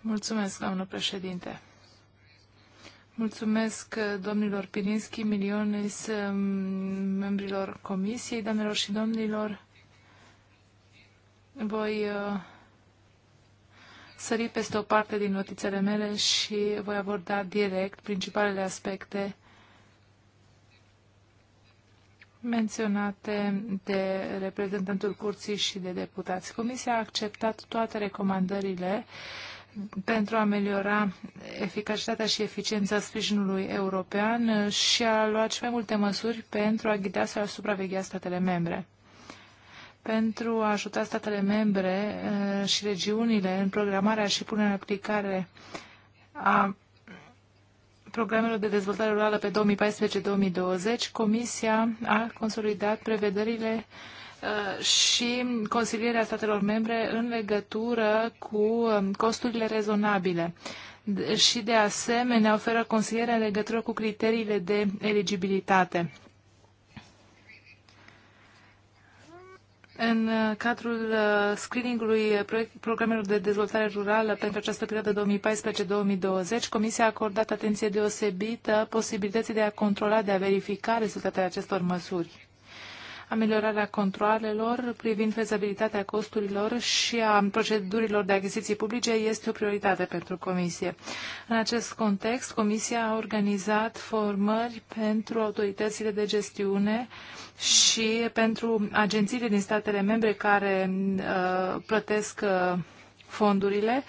Mulțumesc, doamnă președinte. Mulțumesc uh, domnilor Pirinski, milionis, um, membrilor comisiei, doamnelor și domnilor. Voi uh, sări peste o parte din notițele mele și voi aborda direct principalele aspecte menționate de reprezentantul curții și de deputați. Comisia a acceptat toate recomandările uh, pentru a ameliora eficacitatea și eficiența sprijinului european și a lua și mai multe măsuri pentru a ghida sau a supraveghea statele membre pentru a ajuta statele membre eh, și regiunile în programarea și punerea în aplicare a programelor de dezvoltare rurală pe 2014-2020, Comisia a consolidat prevederile Uh, și consilierea statelor membre în legătură cu um, costurile rezonabile și de asemenea oferă consiliere în legătură cu criteriile de eligibilitate. În uh, cadrul uh, screeningului programelor de dezvoltare rurală pentru această perioadă 2014-2020, Comisia a acordat atenție deosebită posibilității de a controla, de a verifica rezultatele acestor măsuri ameliorarea controalelor privind fezabilitatea costurilor și a procedurilor de achiziții publice este o prioritate pentru Comisie. În acest context, Comisia a organizat formări pentru autoritățile de gestiune și pentru agențiile din statele membre care uh, plătesc uh, fondurile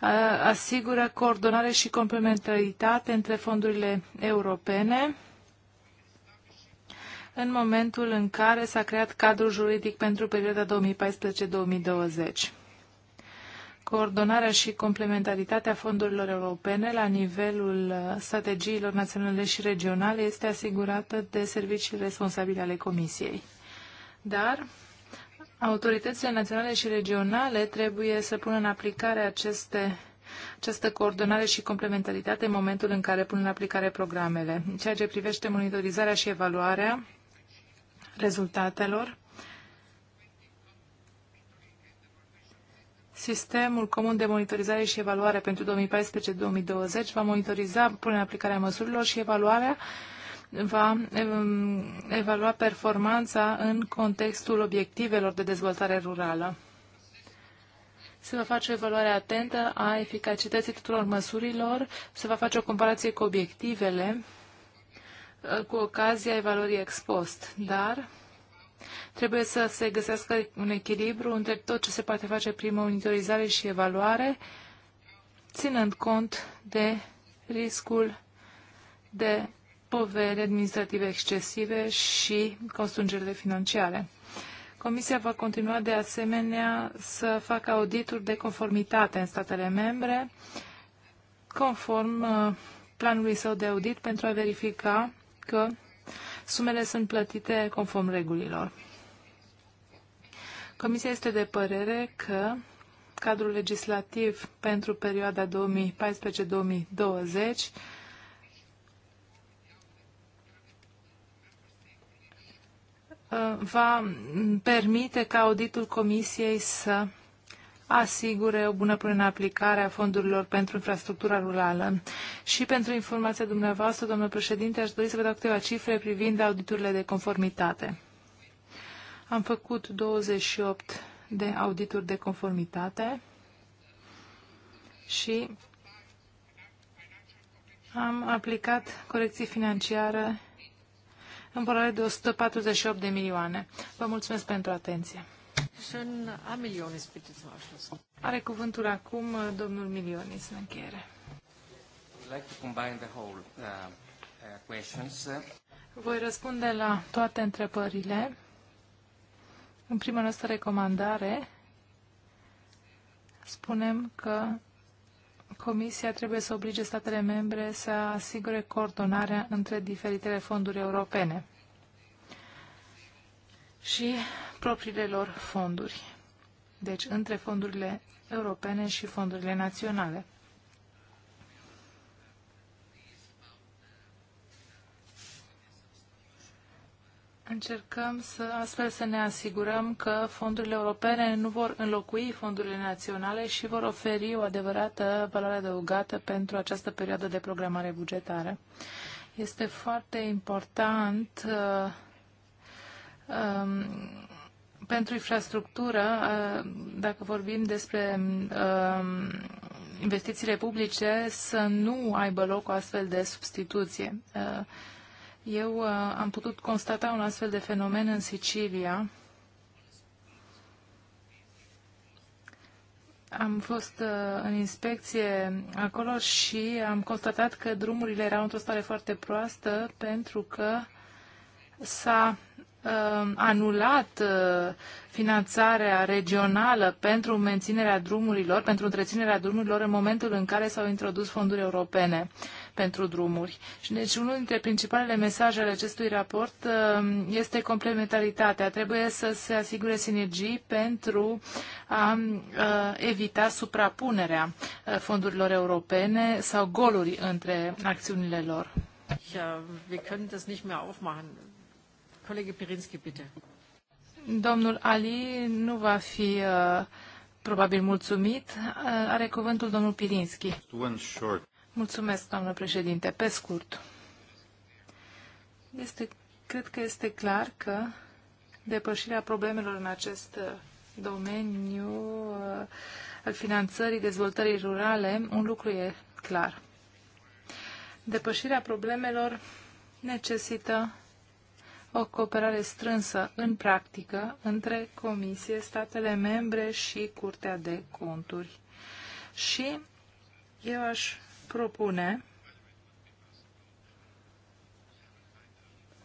uh, asigură coordonare și complementaritate între fondurile europene în momentul în care s-a creat cadrul juridic pentru perioada 2014-2020. Coordonarea și complementaritatea fondurilor europene la nivelul uh, strategiilor naționale și regionale este asigurată de serviciile responsabile ale Comisiei. Dar autoritățile naționale și regionale trebuie să pună în aplicare aceste această coordonare și complementaritate în momentul în care pun în aplicare programele. În ceea ce privește monitorizarea și evaluarea, rezultatelor. Sistemul comun de monitorizare și evaluare pentru 2014-2020 va monitoriza punerea aplicarea măsurilor și evaluarea va um, evalua performanța în contextul obiectivelor de dezvoltare rurală. Se va face o evaluare atentă a eficacității tuturor măsurilor, se va face o comparație cu obiectivele Uh, cu ocazia evaluării ex post, dar trebuie să se găsească un echilibru între tot ce se poate face prin monitorizare și evaluare, ținând cont de riscul de povere administrative excesive și constrângerile financiare. Comisia va continua de asemenea să facă audituri de conformitate în statele membre, conform uh, planului său de audit pentru a verifica că sumele sunt plătite conform regulilor. Comisia este de părere că cadrul legislativ pentru perioada 2014-2020 va permite ca auditul Comisiei să asigure o bună punere în aplicare a fondurilor pentru infrastructura rurală. Și pentru informația dumneavoastră, domnule președinte, aș dori să vă dau câteva cifre privind auditurile de conformitate. Am făcut 28 de audituri de conformitate și am aplicat corecții financiare în valoare de 148 de milioane. Vă mulțumesc pentru atenție. Schön, ah, Milionis, bitte zum Abschluss. Are cuvântul acum uh, domnul Milionis în încheiere. Uh, uh, Voi răspunde la toate întrebările. În prima noastră recomandare spunem că Comisia trebuie să oblige statele membre să asigure coordonarea între diferitele fonduri europene și propriile lor fonduri. Deci, între fondurile europene și fondurile naționale. Încercăm să, astfel să ne asigurăm că fondurile europene nu vor înlocui fondurile naționale și vor oferi o adevărată valoare adăugată pentru această perioadă de programare bugetară. Este foarte important uh, Um, pentru infrastructură, uh, dacă vorbim despre um, investițiile publice, să nu aibă loc o astfel de substituție. Uh, eu uh, am putut constata un astfel de fenomen în Sicilia. Am fost în inspecție acolo și am constatat că drumurile erau într-o stare foarte proastă pentru că s-a Uh, anulat uh, finanțarea regională pentru menținerea drumurilor, pentru întreținerea drumurilor în momentul în care s-au introdus fonduri europene pentru drumuri. Și deci unul dintre principalele mesaje ale acestui raport uh, este complementaritatea. Trebuie să se asigure sinergii pentru a evita suprapunerea fondurilor europene sau goluri între acțiunile lor. Ja, wir können das nicht mehr aufmachen. Pirinski, bitte. Domnul Ali nu va fi uh, probabil mulțumit. Uh, are cuvântul domnul Pirinski. Mulțumesc, doamnă președinte. Pe scurt, este, cred că este clar că depășirea problemelor în acest uh, domeniu uh, al finanțării dezvoltării rurale, un lucru e clar. Depășirea problemelor necesită o cooperare strânsă în practică între Comisie, statele membre și Curtea de Conturi. Și eu aș propune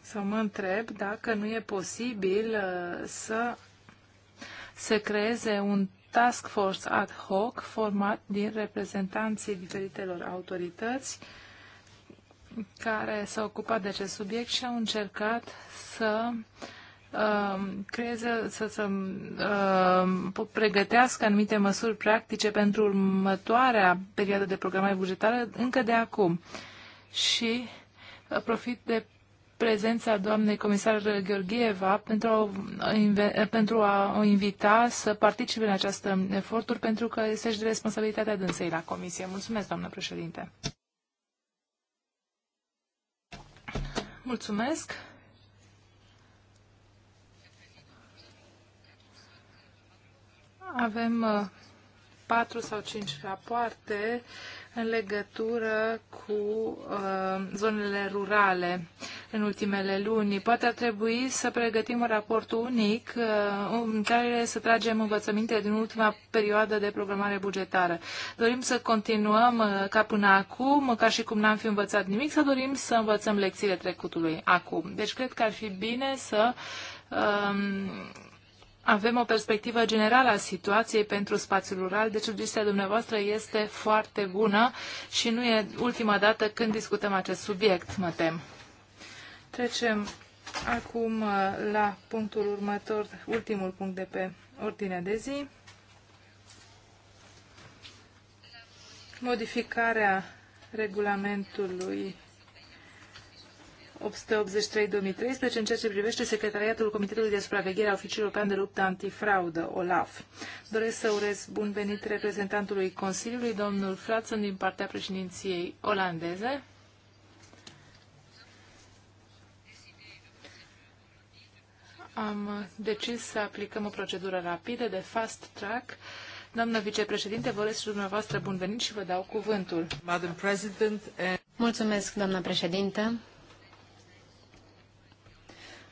să mă întreb dacă nu e posibil uh, să se creeze un task force ad hoc format din reprezentanții diferitelor autorități uh, care s-a ocupat de acest subiect și au încercat să um, creeze, să, să uh, pregătească anumite măsuri practice pentru următoarea perioadă de programare bugetară încă de acum. Și uh, profit de prezența doamnei comisar Gheorgheva pentru a, uh, pentru a o invita să participe în această eforturi pentru că este și de responsabilitatea dânsei la comisie. Mulțumesc, doamnă președinte. Mulțumesc. Avem uh, 4 sau 5 rapoarte în legătură cu uh, zonele rurale în ultimele luni. Poate ar trebui să pregătim un raport unic uh, în care să tragem învățăminte din ultima perioadă de programare bugetară. Dorim să continuăm uh, ca până acum, ca și cum n-am fi învățat nimic, să dorim să învățăm lecțiile trecutului acum. Deci cred că ar fi bine să uh, avem o perspectivă generală a situației pentru spațiul rural, deci sugestiunea dumneavoastră este foarte bună și nu e ultima dată când discutăm acest subiect, mă tem. Trecem acum uh, la punctul următor, ultimul punct de pe ordinea de zi. Modificarea regulamentului 883-2013 în ceea ce privește Secretariatul Comitetului de Supraveghere a Oficiului European de Luptă Antifraudă, OLAF. Doresc să urez bun venit reprezentantului Consiliului, domnul Frațân, din partea președinției olandeze. Am decis să aplicăm o procedură rapidă de fast track Doamnă vicepreședinte, vă și dumneavoastră bun venit și vă dau cuvântul. Eh, Mulțumesc, doamnă președintă.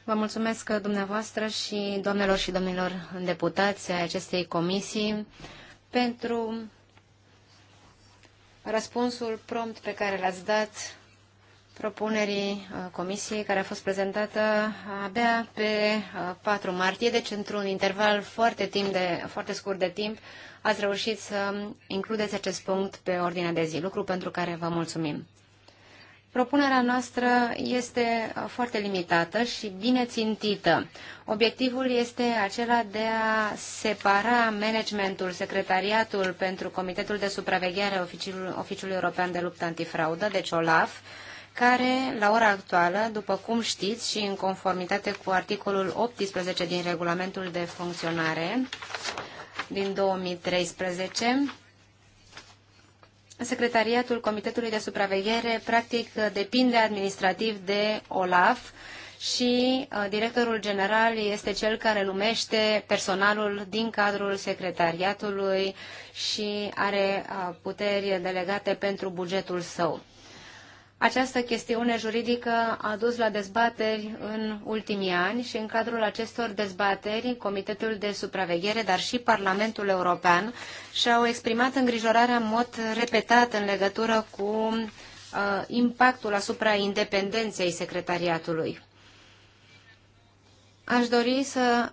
Vă mulțumesc dumneavoastră și doamnelor și domnilor deputați ai acestei comisii pentru răspunsul prompt pe care l-ați dat propunerii uh, comisiei care a fost prezentată abia pe 4 uh, martie, deci într-un interval foarte, timp de, foarte scurt de timp ați reușit să includeți acest punct pe ordinea de zi, lucru pentru care vă mulțumim. Propunerea noastră este uh, foarte limitată și bine țintită. Obiectivul este acela de a separa managementul, secretariatul pentru Comitetul de Supraveghere Oficiul, Oficiului European de Luptă Antifraudă, deci OLAF, care, la ora actuală, după cum știți și în conformitate cu articolul 18 din regulamentul de funcționare din 2013, Secretariatul Comitetului de Supraveghere practic depinde administrativ de OLAF și uh, directorul general este cel care numește personalul din cadrul secretariatului și are uh, puteri delegate pentru bugetul său. Această chestiune juridică a dus la dezbateri în ultimii ani și în cadrul acestor dezbateri, Comitetul de Supraveghere, dar și Parlamentul European și-au exprimat îngrijorarea în mod repetat în legătură cu uh, impactul asupra independenței secretariatului. Aș dori să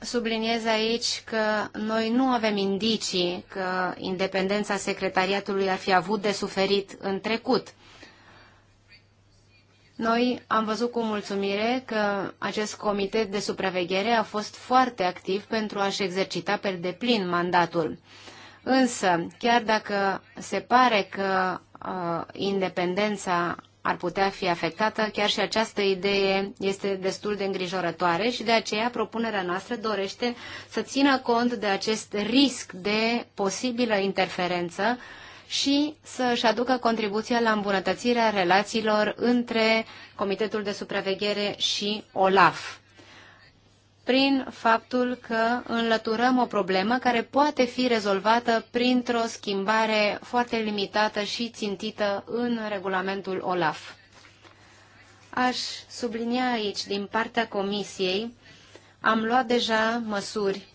subliniez aici că noi nu avem indicii că independența secretariatului ar fi avut de suferit în trecut. Noi am văzut cu mulțumire că acest comitet de supraveghere a fost foarte activ pentru a-și exercita pe deplin mandatul. Însă, chiar dacă se pare că uh, independența ar putea fi afectată, chiar și această idee este destul de îngrijorătoare și de aceea propunerea noastră dorește să țină cont de acest risc de posibilă interferență uh, și să-și aducă contribuția la îmbunătățirea relațiilor între Comitetul de Supraveghere și OLAF prin faptul că înlăturăm o problemă care poate fi rezolvată printr-o schimbare foarte limitată și țintită în regulamentul OLAF. Aș sublinia aici, din partea Comisiei, am luat deja măsuri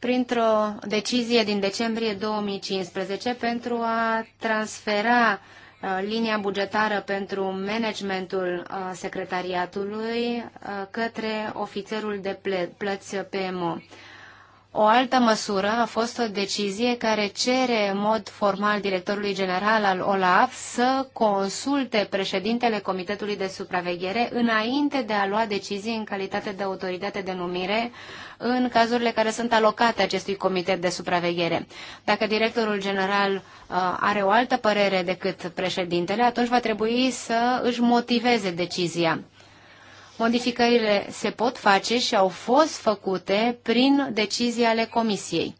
printr-o decizie din decembrie 2015 pentru a transfera uh, linia bugetară pentru managementul uh, secretariatului uh, către ofițerul de plăți PMO. O altă măsură a fost o decizie care cere în mod formal directorului general al OLAF să consulte președintele Comitetului de Supraveghere înainte de a lua decizii în calitate de autoritate de numire în cazurile care sunt alocate acestui Comitet de Supraveghere. Dacă directorul general uh, are o altă părere decât președintele, atunci va trebui să își motiveze decizia. Modificările se pot face și au fost făcute prin decizii ale Comisiei.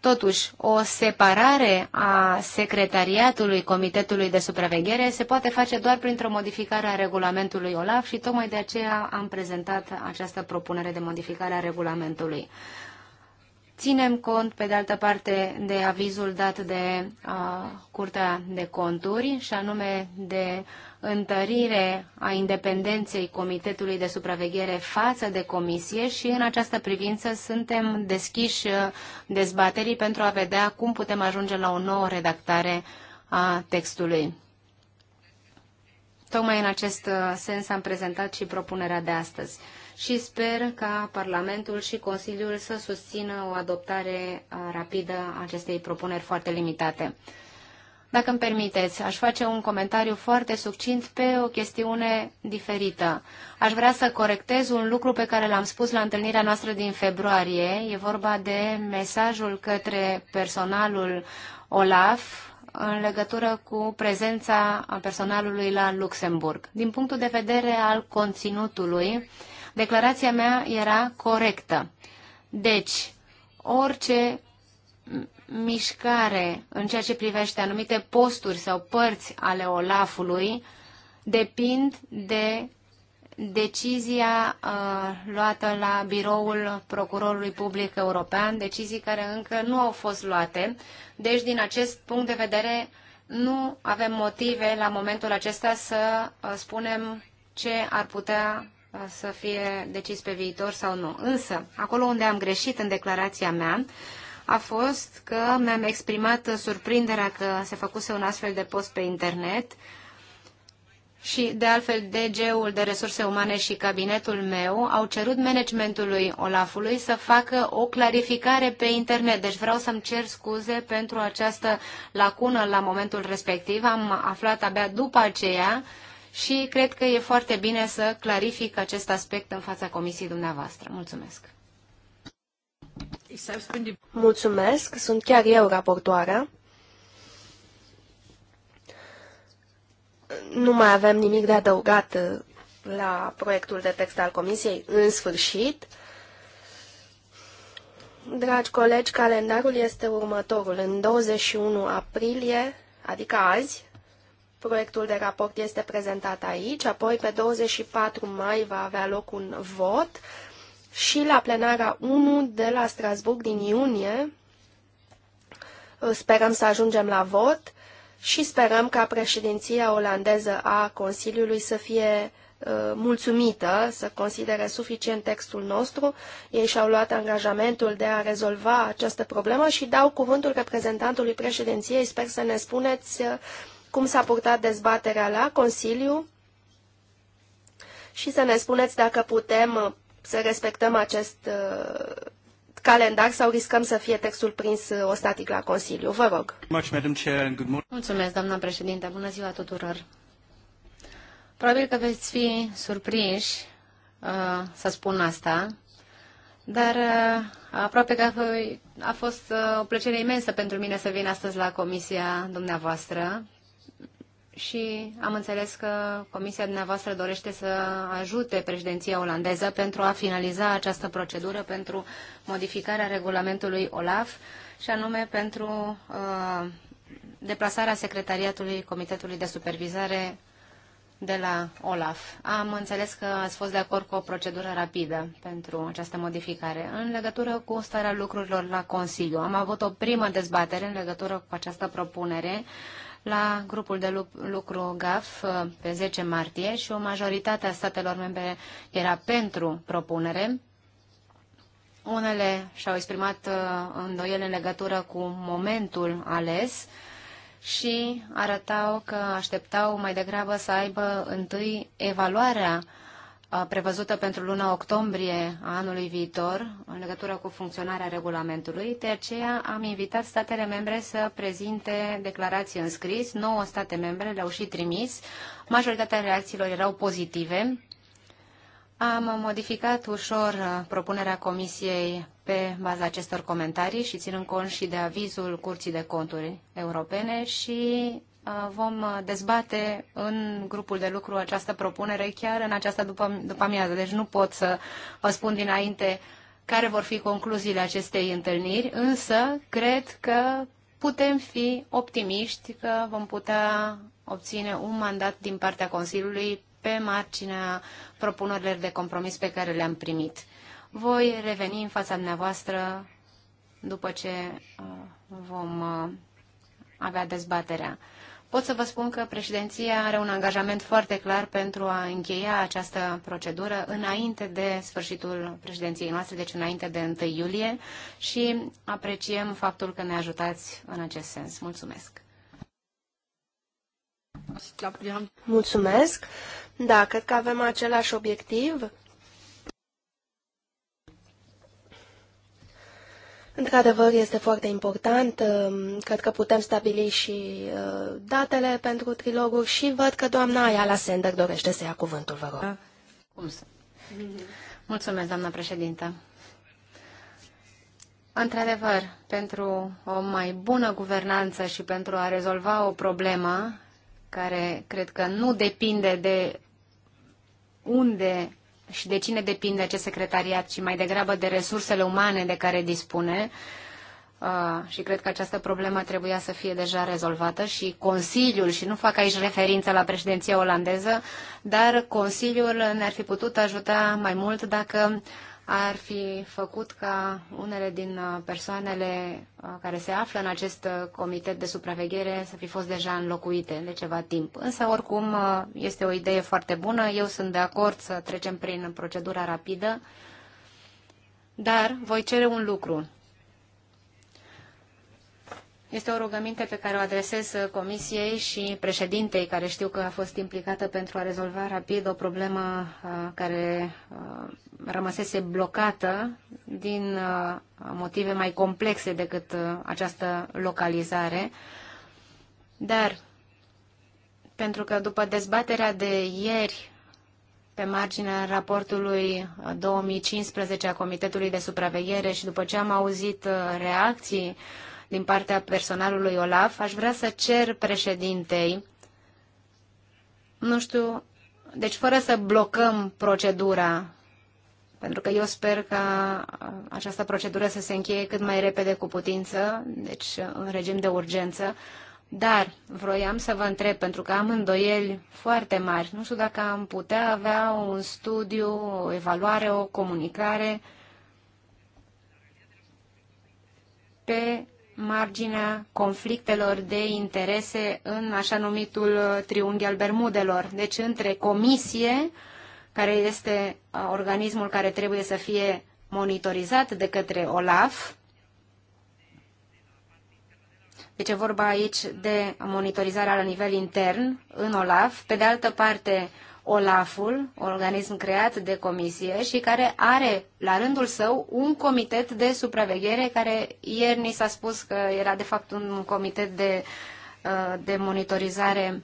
Totuși, o separare a secretariatului Comitetului de Supraveghere se poate face doar printr-o modificare a regulamentului OLAF și tocmai de aceea am prezentat această propunere de modificare a regulamentului. Ținem cont, pe de altă parte, de avizul dat de uh, Curtea de Conturi și anume de uh, întărire a independenței Comitetului de Supraveghere față de Comisie și în această privință suntem deschiși dezbaterii pentru a vedea cum putem ajunge la o nouă redactare a textului. Tocmai în acest sens am prezentat și propunerea de astăzi și sper ca Parlamentul și Consiliul să susțină o adoptare rapidă a acestei propuneri foarte limitate. Dacă îmi permiteți, aș face un comentariu foarte succint pe o chestiune diferită. Aș vrea să corectez un lucru pe care l-am spus la întâlnirea noastră din februarie. E vorba de mesajul către personalul OLAF în legătură cu prezența personalului la Luxemburg. Din punctul de vedere al conținutului, declarația mea era corectă. Deci, orice mișcare în ceea ce privește anumite posturi sau părți ale Olafului depind de decizia uh, luată la biroul Procurorului Public European, decizii care încă nu au fost luate. Deci, din acest punct de vedere, nu avem motive la momentul acesta să uh, spunem ce ar putea uh, să fie decis pe viitor sau nu. Însă, acolo unde am greșit în declarația mea, uh, a fost că mi-am exprimat surprinderea că se făcuse un astfel de post pe internet și, de altfel, DG-ul de resurse umane și cabinetul meu au cerut managementului Olafului să facă o clarificare pe internet. Deci vreau să-mi cer scuze pentru această lacună la momentul respectiv. Am aflat abia după aceea și cred că e foarte bine să clarific acest aspect în fața comisiei dumneavoastră. Mulțumesc! Mulțumesc, sunt chiar eu raportoarea. Nu mai avem nimic de adăugat uh, la proiectul de text al Comisiei, în sfârșit. Dragi colegi, calendarul este următorul. În 21 aprilie, adică azi, proiectul de raport este prezentat aici, apoi pe 24 mai va avea loc un vot și la plenara 1 de la Strasburg din iunie. Sperăm să ajungem la vot și sperăm ca președinția olandeză a Consiliului să fie uh, mulțumită, să considere suficient textul nostru. Ei și-au luat angajamentul de a rezolva această problemă și dau cuvântul reprezentantului președinției. Sper să ne spuneți uh, cum s-a purtat dezbaterea la Consiliu și să ne spuneți dacă putem uh, să respectăm acest uh, calendar sau riscăm să fie textul prins uh, ostatic la Consiliu. Vă rog. Mulțumesc, doamna președinte. Bună ziua tuturor. Probabil că veți fi surprinși uh, să spun asta, dar uh, aproape că a fost uh, o plăcere imensă pentru mine să vin astăzi la comisia dumneavoastră și am înțeles că comisia dumneavoastră dorește să ajute președinția olandeză pentru a finaliza această procedură pentru modificarea regulamentului OLAF și anume pentru uh, deplasarea secretariatului Comitetului de Supervizare de la OLAF. Am înțeles că ați fost de acord cu o procedură rapidă pentru această modificare. În legătură cu starea lucrurilor la Consiliu, am avut o primă dezbatere în legătură cu această propunere uh, la grupul de lucru GAF uh, pe 10 martie și o majoritate a statelor membre era pentru propunere. Unele și-au exprimat uh, îndoiele în legătură cu momentul ales și arătau că așteptau mai degrabă să aibă întâi evaluarea uh, prevăzută pentru luna octombrie a anului viitor în legătură cu funcționarea regulamentului. De aceea am invitat statele membre să prezinte declarații în scris. 9 state membre le-au și trimis. Majoritatea reacțiilor erau pozitive. Am modificat ușor propunerea Comisiei pe baza acestor comentarii și ținând cont și de avizul Curții de Conturi Europene și Uh, vom uh, dezbate în grupul de lucru această propunere chiar în această după, după amiază. Deci nu pot să vă spun dinainte care vor fi concluziile acestei întâlniri, însă cred că putem fi optimiști că vom putea obține un mandat din partea Consiliului pe marginea propunerilor de compromis pe care le-am primit. Voi reveni în fața dumneavoastră după ce uh, vom avea dezbaterea. Pot să vă spun că președinția are un angajament foarte clar pentru a încheia această procedură înainte de sfârșitul președinției noastre, deci înainte de 1 iulie și apreciem faptul că ne ajutați în acest sens. Mulțumesc! Mulțumesc! Da, cred că avem același obiectiv Într-adevăr, este foarte important. Um, cred că putem stabili și uh, datele pentru triloguri și văd că doamna Ayala Sender dorește să ia cuvântul, vă rog. Cum să? Mulțumesc, doamna președintă. Într-adevăr, pentru o mai bună guvernanță și pentru a rezolva o problemă care cred că nu depinde de unde și de cine depinde acest secretariat, ci mai degrabă de resursele umane de care dispune. Uh, și cred că această problemă trebuia să fie deja rezolvată și Consiliul, și nu fac aici referință la președinția olandeză, dar Consiliul ne-ar fi putut ajuta mai mult dacă uh, ar fi făcut ca unele din uh, persoanele uh, care se află în acest uh, comitet de supraveghere să fi fost deja înlocuite de ceva timp. Însă, oricum, este o idee foarte bună. Eu sunt de acord să trecem prin procedura rapidă, dar voi cere un lucru. Este o rugăminte pe care o adresez uh, Comisiei și președintei, care știu că a fost implicată pentru a rezolva rapid o problemă uh, care uh, rămăsese blocată din motive mai complexe decât această localizare. Dar, pentru că după dezbaterea de ieri pe marginea raportului 2015 a Comitetului de Supraveghere și după ce am auzit reacții din partea personalului OLAF, aș vrea să cer președintei, nu știu, deci fără să blocăm procedura, pentru că eu sper că această procedură să se încheie cât mai repede cu putință, deci în regim de urgență, dar vroiam să vă întreb, pentru că am îndoieli foarte mari, nu știu dacă am putea avea un studiu, o evaluare, o comunicare pe marginea conflictelor de interese în așa numitul uh, triunghi al Bermudelor. Deci între comisie, care este uh, organismul care trebuie să fie monitorizat de către OLAF, deci e vorba aici de monitorizarea la nivel intern în OLAF, pe de altă parte OLAF-ul, organism creat de comisie și care are la rândul său un comitet de supraveghere care ieri ni s-a spus că era de fapt un comitet de, uh, de monitorizare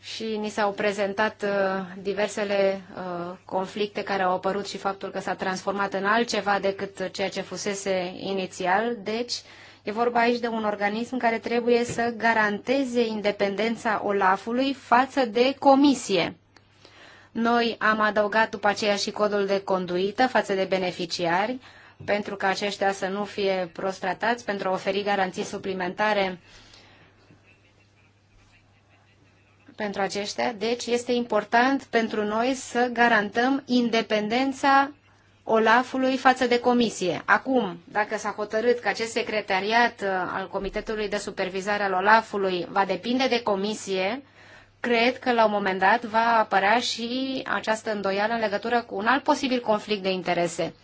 și ni s-au prezentat uh, diversele uh, conflicte care au apărut și faptul că s-a transformat în altceva decât ceea ce fusese inițial. Deci, E vorba aici de un organism care trebuie să garanteze independența Olafului față de comisie. Noi am adăugat după aceea și codul de conduită față de beneficiari, pentru ca aceștia să nu fie prostratați, pentru a oferi garanții suplimentare pentru aceștia. Deci este important pentru noi să garantăm independența Olafului față de comisie. Acum, dacă s-a hotărât că acest secretariat uh, al Comitetului de Supervizare al Olafului va depinde de comisie, cred că la un moment dat va apărea și această îndoială în legătură cu un alt posibil conflict de interese.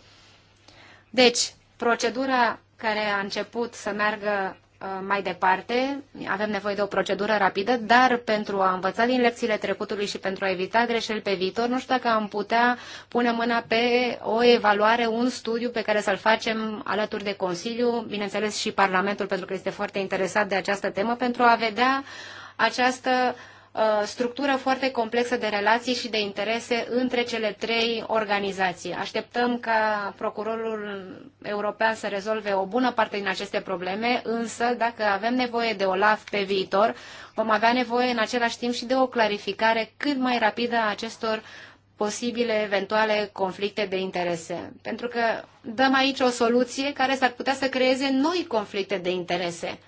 Deci, procedura care a început să meargă Uh, mai departe. Avem nevoie de o procedură rapidă, dar pentru a învăța din lecțiile trecutului și pentru a evita greșeli pe viitor, nu știu dacă am putea pune mâna pe o evaluare, un studiu pe care să-l facem alături de Consiliu, bineînțeles și Parlamentul, pentru că este foarte interesat de această temă, pentru a vedea această Uh, structură foarte complexă de relații și de interese între cele trei organizații. Așteptăm ca procurorul european să rezolve o bună parte din aceste probleme, însă dacă avem nevoie de OLAF pe viitor, vom avea nevoie în același timp și de o clarificare cât mai rapidă a acestor posibile eventuale conflicte de interese. Pentru că dăm aici o soluție care s-ar putea să creeze noi conflicte de interese.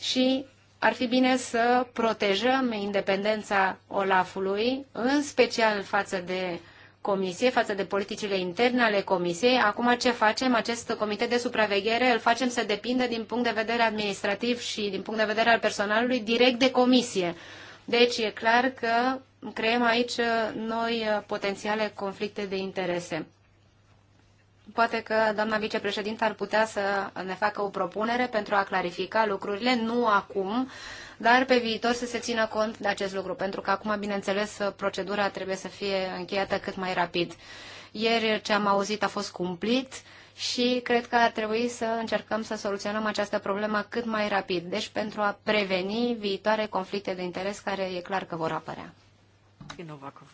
Și ar fi bine să protejăm independența Olafului, în special față de comisie, față de politicile interne ale comisiei. Acum ce facem? Acest comitet de supraveghere îl facem să depindă din punct de vedere administrativ și din punct de vedere al personalului direct de comisie. Deci e clar că creăm aici uh, noi uh, potențiale conflicte de interese. Poate că doamna vicepreședintă ar putea să ne facă o propunere pentru a clarifica lucrurile, nu acum, dar pe viitor să se țină cont de acest lucru, pentru că acum, bineînțeles, procedura trebuie să fie încheiată cât mai rapid. Ieri ce am auzit a fost cumplit și cred că ar trebui să încercăm să soluționăm această problemă cât mai rapid, deci pentru a preveni viitoare conflicte de interes care e clar că vor apărea. Novakov,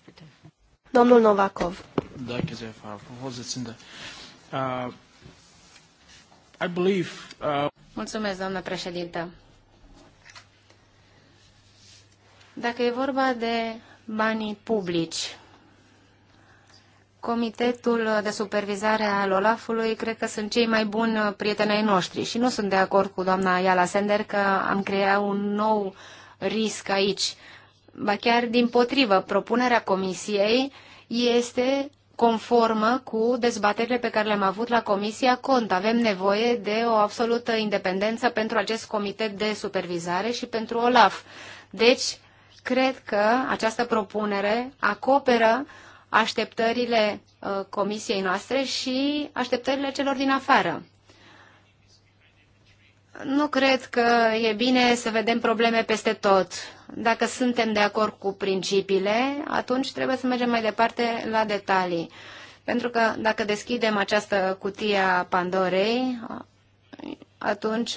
Domnul Novakov. Danke Uh, I believe, uh... Mulțumesc, doamnă președintă. Dacă e vorba de banii publici, Comitetul de Supervizare al Olafului cred că sunt cei mai buni prietenei noștri și nu sunt de acord cu doamna Iala Sender că am creat un nou risc aici. Ba chiar din potrivă, propunerea Comisiei este conformă cu dezbaterile pe care le-am avut la Comisia Cont. Avem nevoie de o absolută independență pentru acest comitet de supervizare și pentru OLAF. Deci, cred că această propunere acoperă așteptările uh, comisiei noastre și așteptările celor din afară nu cred că e bine să vedem probleme peste tot. Dacă suntem de acord cu principiile, atunci trebuie să mergem mai departe la detalii. Pentru că dacă deschidem această cutie a Pandorei, atunci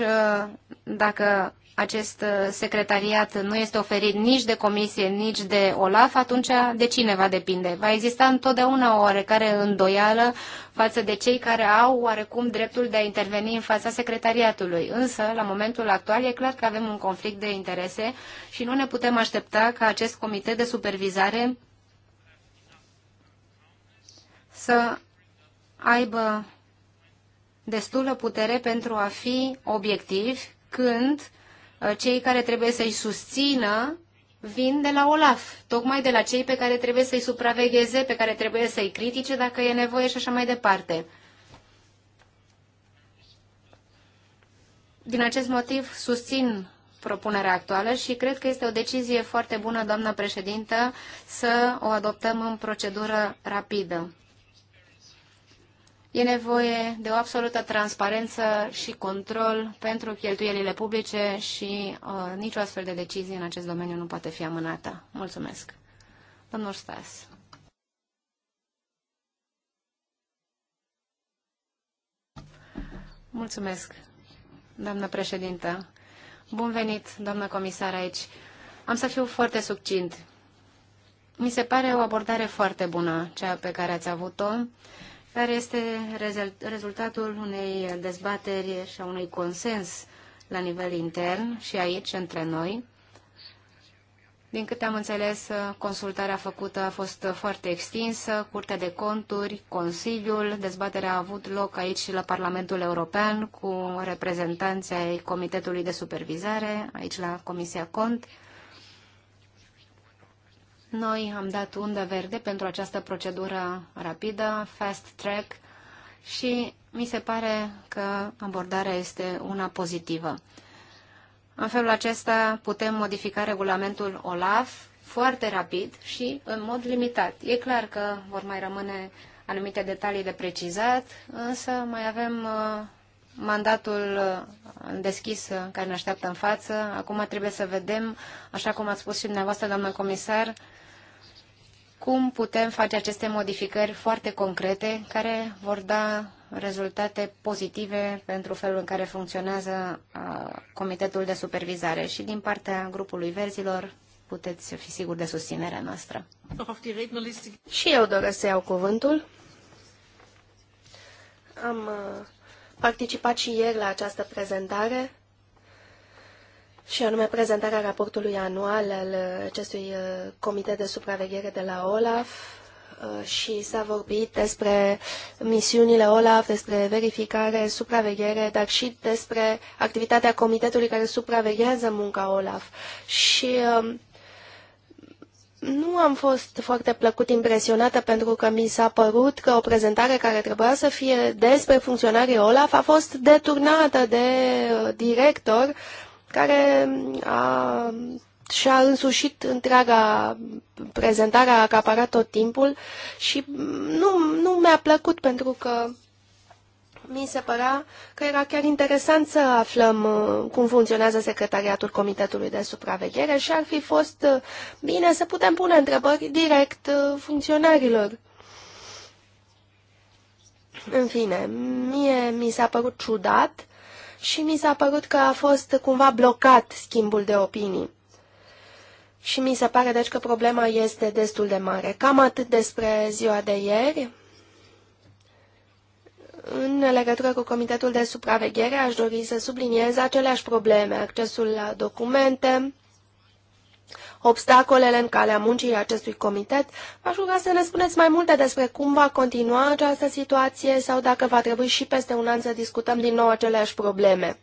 dacă acest uh, secretariat nu este oferit nici de comisie, nici de OLAF, atunci de cine va depinde? Va exista întotdeauna o oarecare îndoială față de cei care au oarecum dreptul de a interveni în fața secretariatului. Însă, la momentul actual, e clar că avem un conflict de interese și nu ne putem aștepta ca acest comitet de supervizare să aibă destulă putere pentru a fi obiectiv când Uh, cei care trebuie să-i susțină vin de la Olaf, tocmai de la cei pe care trebuie să-i supravegheze, pe care trebuie să-i critique dacă e nevoie și așa mai departe. Din acest motiv susțin propunerea actuală și cred că este o decizie foarte bună, doamnă președintă, să o adoptăm în procedură rapidă. E nevoie de o absolută transparență și control pentru cheltuielile publice și uh, nicio astfel de decizie în acest domeniu nu poate fi amânată. Mulțumesc. Domnul Stas. Mulțumesc, doamnă președintă. Bun venit, doamnă comisar, aici. Am să fiu foarte succint. Mi se pare o abordare foarte bună, cea pe care ați avut-o care este rezultatul unei dezbateri și a unui consens la nivel intern și aici, între noi. Din câte am înțeles, consultarea făcută a fost foarte extinsă, Curtea de Conturi, Consiliul, dezbaterea a avut loc aici și la Parlamentul European cu reprezentanții ai Comitetului de Supervizare, aici la Comisia Cont, noi am dat undă verde pentru această procedură rapidă, fast track, și mi se pare că abordarea este una pozitivă. În felul acesta putem modifica regulamentul OLAF foarte rapid și în mod limitat. E clar că vor mai rămâne anumite detalii de precizat, însă mai avem uh, mandatul uh, deschis uh, care ne așteaptă în față. Acum trebuie să vedem, așa cum ați spus și dumneavoastră, doamnă comisar, cum putem face aceste modificări foarte concrete care vor da rezultate pozitive pentru felul în care funcționează Comitetul de Supervizare și din partea grupului verzilor puteți fi sigur de susținerea noastră. Și eu doresc să iau cuvântul. Am participat și ieri la această prezentare și anume prezentarea raportului anual al acestui uh, comitet de supraveghere de la OLAF uh, și s-a vorbit despre misiunile OLAF, despre verificare, supraveghere, dar și despre activitatea comitetului care supraveghează munca OLAF. Și um, nu am fost foarte plăcut impresionată pentru că mi s-a părut că o prezentare care trebuia să fie despre funcționarii OLAF a fost deturnată de uh, director care a, și-a însușit întreaga prezentare, a acaparat tot timpul și nu, nu mi-a plăcut pentru că mi se părea că era chiar interesant să aflăm uh, cum funcționează secretariatul Comitetului de Supraveghere și ar fi fost uh, bine să putem pune întrebări direct uh, funcționarilor. În fine, mie mi s-a părut ciudat și mi s-a părut că a fost cumva blocat schimbul de opinii. Și mi se pare deci că problema este destul de mare. Cam atât despre ziua de ieri. În legătură cu Comitetul de Supraveghere aș dori să subliniez aceleași probleme, accesul la documente, obstacolele în calea muncii acestui comitet, v-aș ruga să ne spuneți mai multe despre cum va continua această situație sau dacă va trebui și peste un an să discutăm din nou aceleași probleme.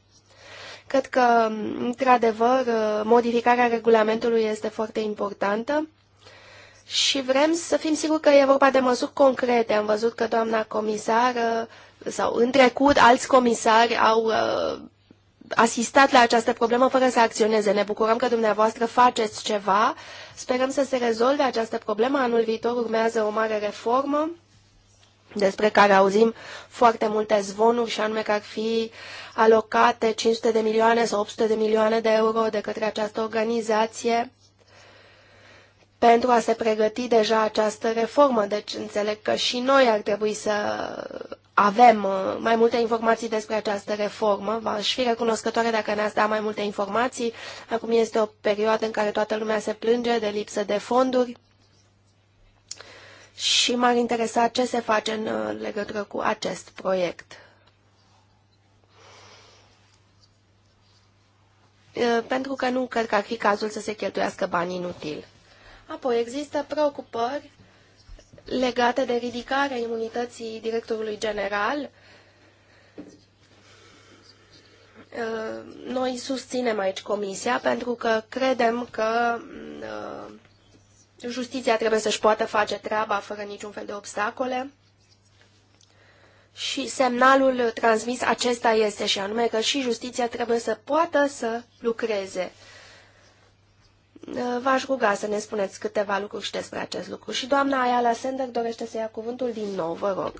Cred că, într-adevăr, modificarea regulamentului este foarte importantă și vrem să fim siguri că e vorba de măsuri concrete. Am văzut că doamna comisară sau în trecut alți comisari au uh, asistat la această problemă fără să acționeze. Ne bucurăm că dumneavoastră faceți ceva. Sperăm să se rezolve această problemă. Anul viitor urmează o mare reformă despre care auzim foarte multe zvonuri și anume că ar fi alocate 500 de milioane sau 800 de milioane de euro de către această organizație pentru a se pregăti deja această reformă. Deci înțeleg că și noi ar trebui să avem uh, mai multe informații despre această reformă. V-aș fi recunoscătoare dacă ne-ați da mai multe informații. Acum este o perioadă în care toată lumea se plânge de lipsă de fonduri și m-ar interesa ce se face în uh, legătură cu acest proiect. Uh, pentru că nu cred că ar fi cazul să se cheltuiască bani inutil. Apoi există preocupări legate de ridicarea imunității directorului general. Uh, noi susținem aici comisia pentru că credem că uh, justiția trebuie să-și poată face treaba fără niciun fel de obstacole. Și semnalul transmis acesta este și anume că și justiția trebuie să poată să lucreze. Uh, v-aș ruga să ne spuneți câteva lucruri și despre acest lucru. Și doamna Ayala Sender dorește să ia cuvântul din nou, vă rog.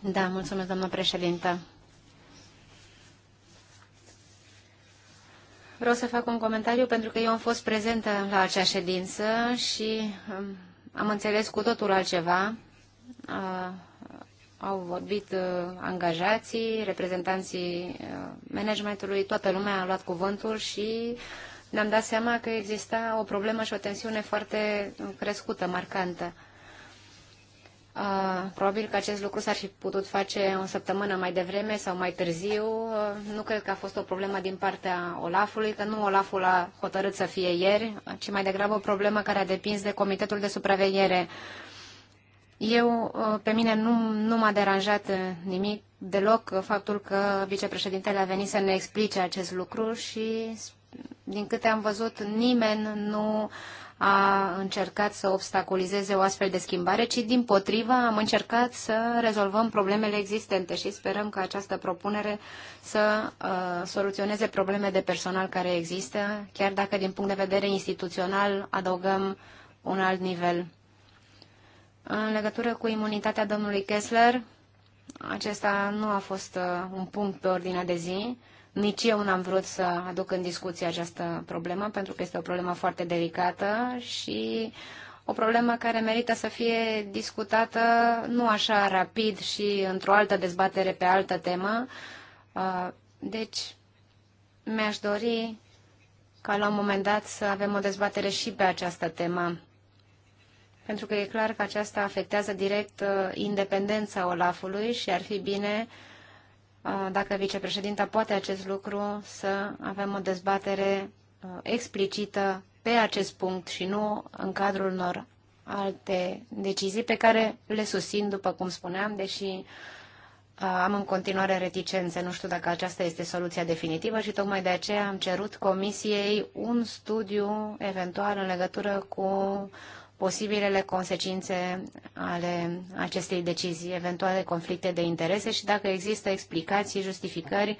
Da, mulțumesc, doamna președintă. Vreau să fac un comentariu pentru că eu am fost prezentă la acea ședință și um, am înțeles cu totul altceva. Uh, au vorbit uh, angajații, reprezentanții managementului, toată lumea a luat cuvântul și uh, ne-am dat seama că exista o problemă și o tensiune foarte crescută, marcantă. Probabil că acest lucru s-ar fi putut face o săptămână mai devreme sau mai târziu. Nu cred că a fost o problemă din partea Olafului, că nu Olaful a hotărât să fie ieri, ci mai degrabă o problemă care a depins de Comitetul de Supraveghere. Eu, pe mine, nu, nu m-a deranjat nimic deloc faptul că vicepreședintele a venit să ne explice acest lucru și din câte am văzut, nimeni nu a încercat să obstacolizeze o astfel de schimbare, ci din potriva am încercat să rezolvăm problemele existente și sperăm că această propunere să uh, soluționeze probleme de personal care există, chiar dacă din punct de vedere instituțional adăugăm un alt nivel. În legătură cu imunitatea domnului Kessler, acesta nu a fost uh, un punct pe ordinea de zi. Nici eu n-am vrut să aduc în discuție această problemă, pentru că este o problemă foarte delicată și o problemă care merită să fie discutată nu așa rapid și într-o altă dezbatere pe altă temă. Uh, deci, mi-aș dori ca la un moment dat să avem o dezbatere și pe această temă. Pentru că e clar că aceasta afectează direct uh, independența Olafului și ar fi bine uh, Uh, dacă vicepreședinta poate acest lucru, să avem o dezbatere uh, explicită pe acest punct și nu în cadrul unor alte decizii pe care le susțin, după cum spuneam, deși uh, am în continuare reticențe, nu știu dacă aceasta este soluția definitivă și tocmai de aceea am cerut comisiei un studiu eventual în legătură cu posibilele consecințe ale acestei decizii, eventuale conflicte de interese și dacă există explicații, justificări.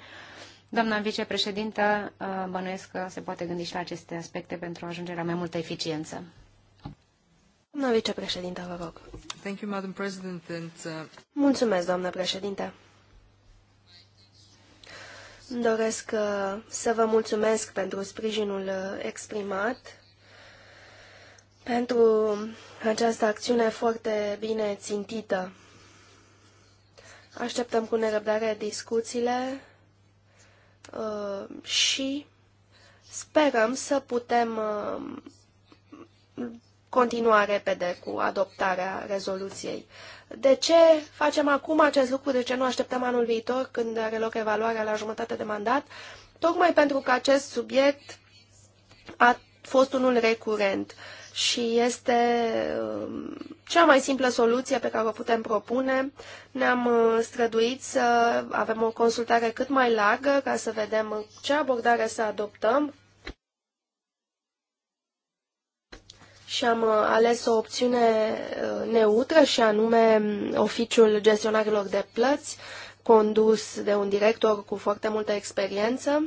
Doamna vicepreședintă, uh, bănuiesc că se poate gândi și la aceste aspecte pentru a ajunge la mai multă eficiență. Doamna vicepreședintă, vă rog. Thank you, Madam President, and, uh... Mulțumesc, doamnă președinte. Doresc uh, să vă mulțumesc pentru sprijinul uh, exprimat pentru această acțiune foarte bine țintită. Așteptăm cu nerăbdare discuțiile uh, și sperăm să putem uh, continua repede cu adoptarea rezoluției. De ce facem acum acest lucru? De ce nu așteptăm anul viitor când are loc evaluarea la jumătate de mandat? Tocmai pentru că acest subiect a fost unul recurent. Uh, și este um, cea mai simplă soluție pe care o putem propune. Ne-am uh, străduit să avem o consultare cât mai largă ca să vedem ce abordare să adoptăm și am uh, ales o opțiune uh, neutră și anume um, oficiul gestionarilor de plăți condus de un director cu foarte multă experiență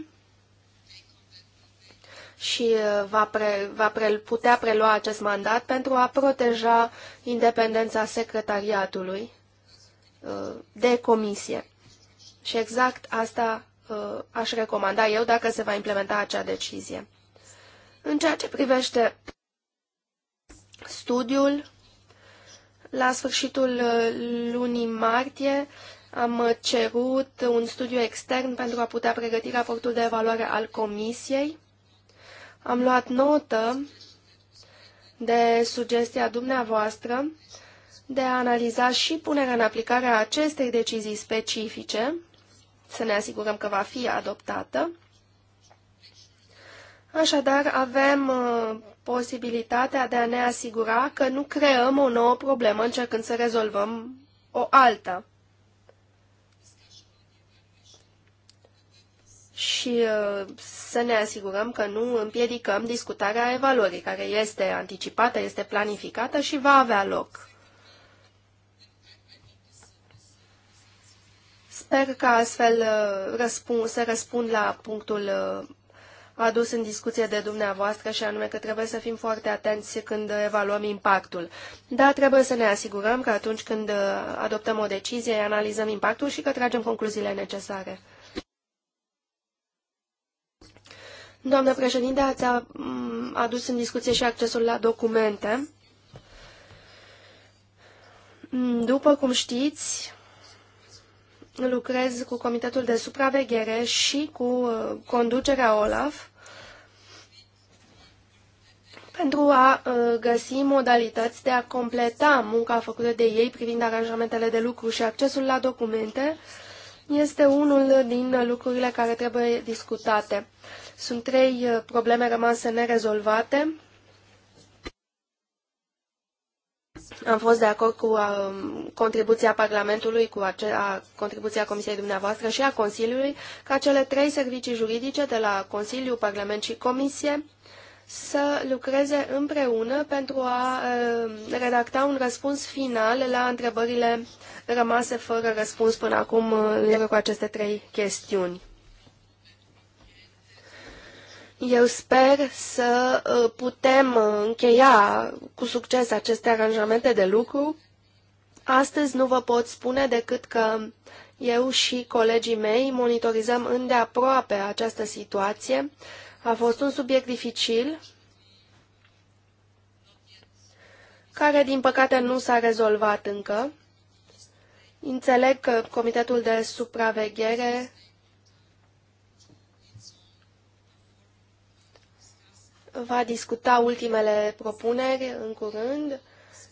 și uh, va, pre, va pre, putea prelua acest mandat pentru a proteja independența secretariatului uh, de comisie. Și exact asta uh, aș recomanda eu dacă se va implementa acea decizie. În ceea ce privește studiul, la sfârșitul lunii martie am cerut un studiu extern pentru a putea pregăti raportul de evaluare al comisiei am luat notă de sugestia dumneavoastră de a analiza și punerea în aplicare a acestei decizii specifice, să ne asigurăm că va fi adoptată. Așadar, avem uh, posibilitatea de a ne asigura că nu creăm o nouă problemă încercând să rezolvăm o alta. și uh, să ne asigurăm că nu împiedicăm discutarea evaluării, care este anticipată, este planificată și va avea loc. Sper că astfel uh, răspund, să răspund la punctul uh, adus în discuție de dumneavoastră și anume că trebuie să fim foarte atenți când evaluăm impactul. Da, trebuie să ne asigurăm că atunci când adoptăm o decizie, analizăm impactul și că tragem concluziile necesare. Doamnă președinte, ați adus în discuție și accesul la documente. După cum știți, lucrez cu Comitetul de Supraveghere și cu uh, conducerea OLAF pentru a uh, găsi modalități de a completa munca făcută de ei privind aranjamentele de lucru și accesul la documente este unul din lucrurile care trebuie discutate. Sunt trei uh, probleme rămase nerezolvate. Am fost de acord cu uh, contribuția Parlamentului, cu a, contribuția Comisiei dumneavoastră și a Consiliului, ca cele trei servicii juridice de la Consiliu, Parlament și Comisie să lucreze împreună pentru a uh, redacta un răspuns final la întrebările rămase fără răspuns până acum în legătură cu aceste trei chestiuni. Eu sper să uh, putem încheia cu succes aceste aranjamente de lucru. Astăzi nu vă pot spune decât că eu și colegii mei monitorizăm îndeaproape această situație. A fost un subiect dificil, care din păcate nu s-a rezolvat încă. Înțeleg că Comitetul de Supraveghere va discuta ultimele propuneri în curând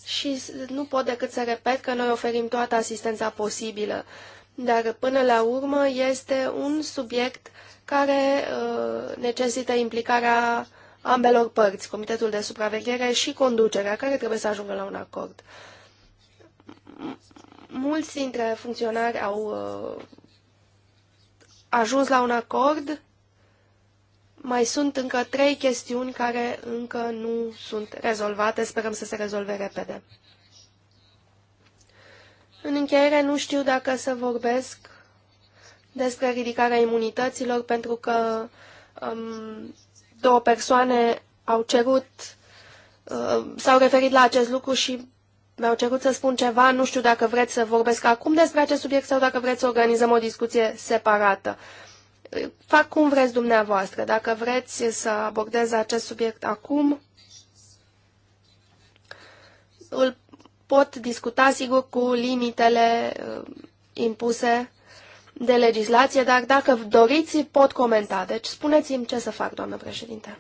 și nu pot decât să repet că noi oferim toată asistența posibilă. Dar până la urmă este un subiect care uh, necesită implicarea ambelor părți, Comitetul de Supraveghere și conducerea, care trebuie să ajungă la un acord. Mulți dintre funcționari au uh, ajuns la un acord mai sunt încă trei chestiuni care încă nu sunt rezolvate. Sperăm să se rezolve repede. În încheiere, nu știu dacă să vorbesc despre ridicarea imunităților, pentru că um, două persoane au cerut, uh, s-au referit la acest lucru și mi-au cerut să spun ceva. Nu știu dacă vreți să vorbesc acum despre acest subiect sau dacă vreți să organizăm o discuție separată. Uh, fac cum vreți dumneavoastră. Dacă vreți să abordez acest subiect acum, îl pot discuta, sigur, cu limitele uh, impuse de legislație, dar dacă doriți, pot comenta. Deci spuneți-mi ce să fac, doamnă președinte.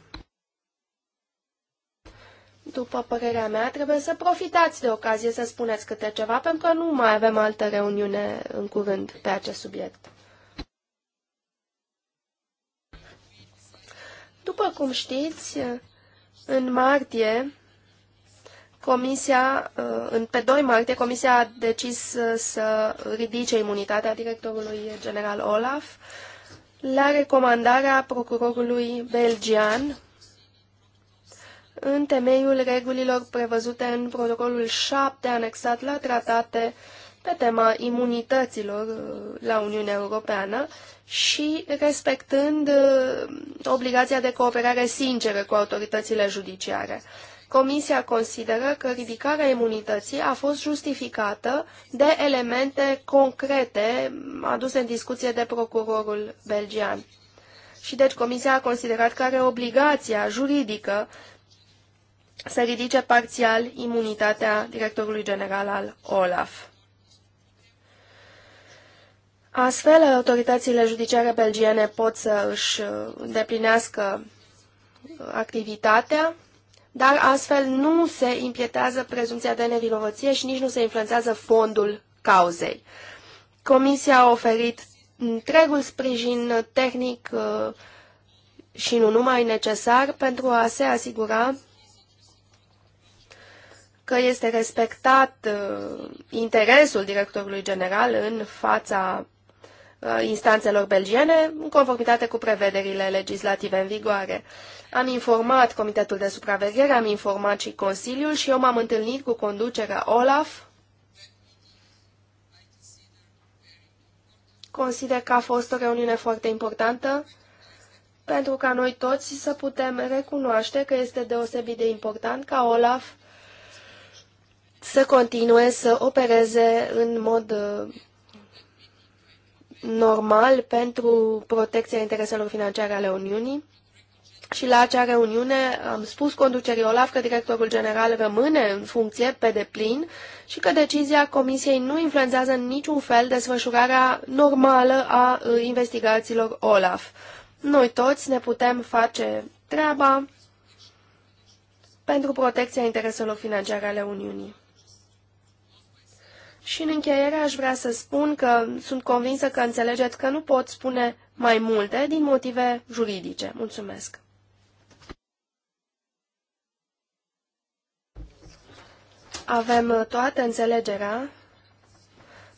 După părerea mea, trebuie să profitați de ocazie să spuneți câte ceva, pentru că nu mai avem altă reuniune în curând pe acest subiect. După cum știți, în martie, Comisia, uh, în pe 2 martie, Comisia a decis uh, să ridice imunitatea directorului general Olaf la recomandarea procurorului belgian în temeiul regulilor prevăzute în protocolul 7 anexat la tratate pe tema imunităților uh, la Uniunea Europeană și respectând uh, obligația de cooperare sinceră cu autoritățile judiciare. Comisia consideră că ridicarea imunității a fost justificată de elemente concrete aduse în discuție de procurorul belgian. Și deci Comisia a considerat că are obligația juridică să ridice parțial imunitatea directorului general al OLAF. Astfel, autoritățile judiciare belgiene pot să își uh, deplinească uh, activitatea, dar astfel nu se impietează prezumția de nevinovăție și nici nu se influențează fondul cauzei. Comisia a oferit întregul sprijin tehnic uh, și nu numai necesar pentru a se asigura că este respectat interesul directorului general în fața Uh, instanțelor belgiene, în conformitate cu prevederile legislative în vigoare. Am informat Comitetul de Supraveghere, am informat și Consiliul și eu m-am întâlnit cu conducerea OLAF. Consider că a fost o reuniune foarte importantă pentru ca noi toți să putem recunoaște că este deosebit de important ca OLAF să continue să opereze în mod uh, normal pentru protecția intereselor financiare ale Uniunii. Și la acea reuniune am spus conducerii OLAF că directorul general rămâne în funcție pe deplin și că decizia comisiei nu influențează în niciun fel desfășurarea normală a uh, investigațiilor OLAF. Noi toți ne putem face treaba pentru protecția intereselor financiare ale Uniunii. Și în încheiere aș vrea să spun că sunt convinsă că înțelegeți că nu pot spune mai multe din motive juridice. Mulțumesc! Avem toată înțelegerea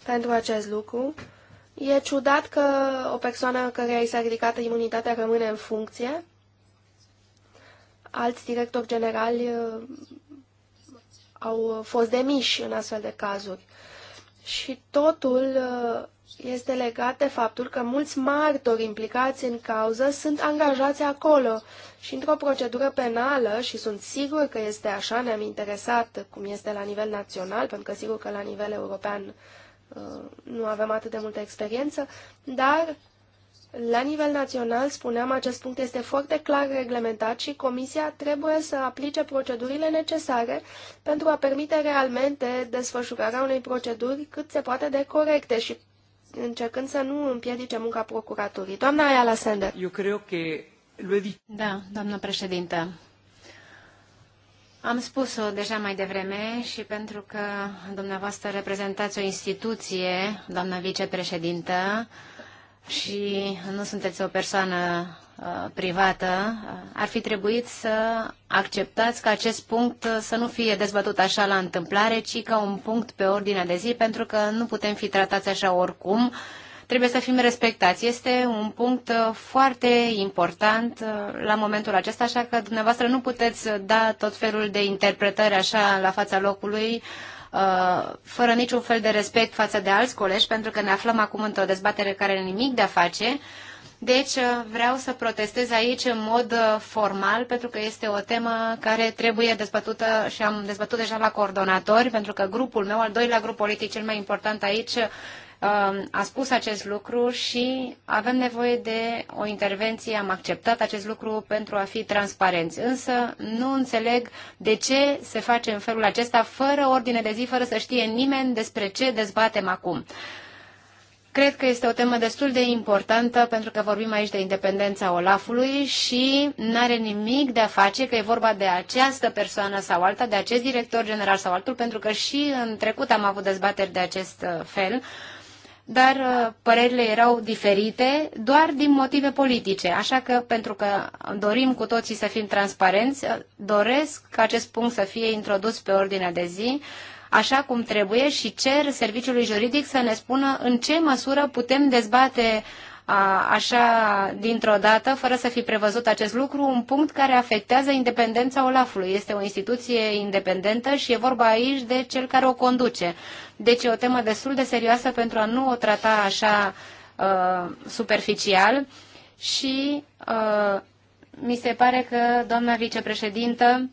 pentru acest lucru. E ciudat că o persoană care i s-a ridicat imunitatea rămâne în funcție. Alți directori generali uh, au fost demiși în astfel de cazuri. Și totul uh, este legat de faptul că mulți martori implicați în cauză sunt angajați acolo și într-o procedură penală, și sunt sigur că este așa, ne-am interesat cum este la nivel național, pentru că sigur că la nivel european uh, nu avem atât de multă experiență, dar la nivel național, spuneam, acest punct este foarte clar reglementat și Comisia trebuie să aplice procedurile necesare pentru a permite realmente desfășurarea unei proceduri cât se poate de corecte și încercând să nu împiedice munca procuraturii. Doamna Ayala Sender. Eu cred că... Da, doamnă președintă. Am spus-o deja mai devreme și pentru că dumneavoastră reprezentați o instituție, doamna vicepreședintă, și nu sunteți o persoană uh, privată, ar fi trebuit să acceptați că acest punct uh, să nu fie dezbătut așa la întâmplare, ci ca un punct pe ordinea de zi, pentru că nu putem fi tratați așa oricum. Trebuie să fim respectați. Este un punct uh, foarte important la momentul acesta, așa că dumneavoastră nu puteți da tot felul de interpretări așa la fața locului Uh, fără niciun fel de respect față de alți colegi, pentru că ne aflăm acum într-o dezbatere care are nimic de a face. Deci uh, vreau să protestez aici în mod uh, formal, pentru că este o temă care trebuie dezbătută și am dezbătut deja la coordonatori, pentru că grupul meu, al doilea grup politic cel mai important aici, Um, a spus acest lucru și avem nevoie de o intervenție, am acceptat acest lucru pentru a fi transparenți. Însă nu înțeleg de ce se face în felul acesta, fără ordine de zi, fără să știe nimeni despre ce dezbatem acum. Cred că este o temă destul de importantă pentru că vorbim aici de independența Olafului și nu are nimic de a face că e vorba de această persoană sau alta, de acest director general sau altul, pentru că și în trecut am avut dezbateri de acest uh, fel. Uh, dar uh, părerile erau diferite doar din motive politice. Așa că, pentru că dorim cu toții să fim transparenți, uh, doresc ca acest punct să fie introdus pe ordinea de zi, așa cum trebuie și cer serviciului juridic să ne spună în ce măsură putem dezbate așa dintr-o dată, fără să fi prevăzut acest lucru, un punct care afectează independența Olafului. Este o instituție independentă și e vorba aici de cel care o conduce. Deci e o temă destul de serioasă pentru a nu o trata așa uh, superficial și uh, mi se pare că doamna vicepreședintă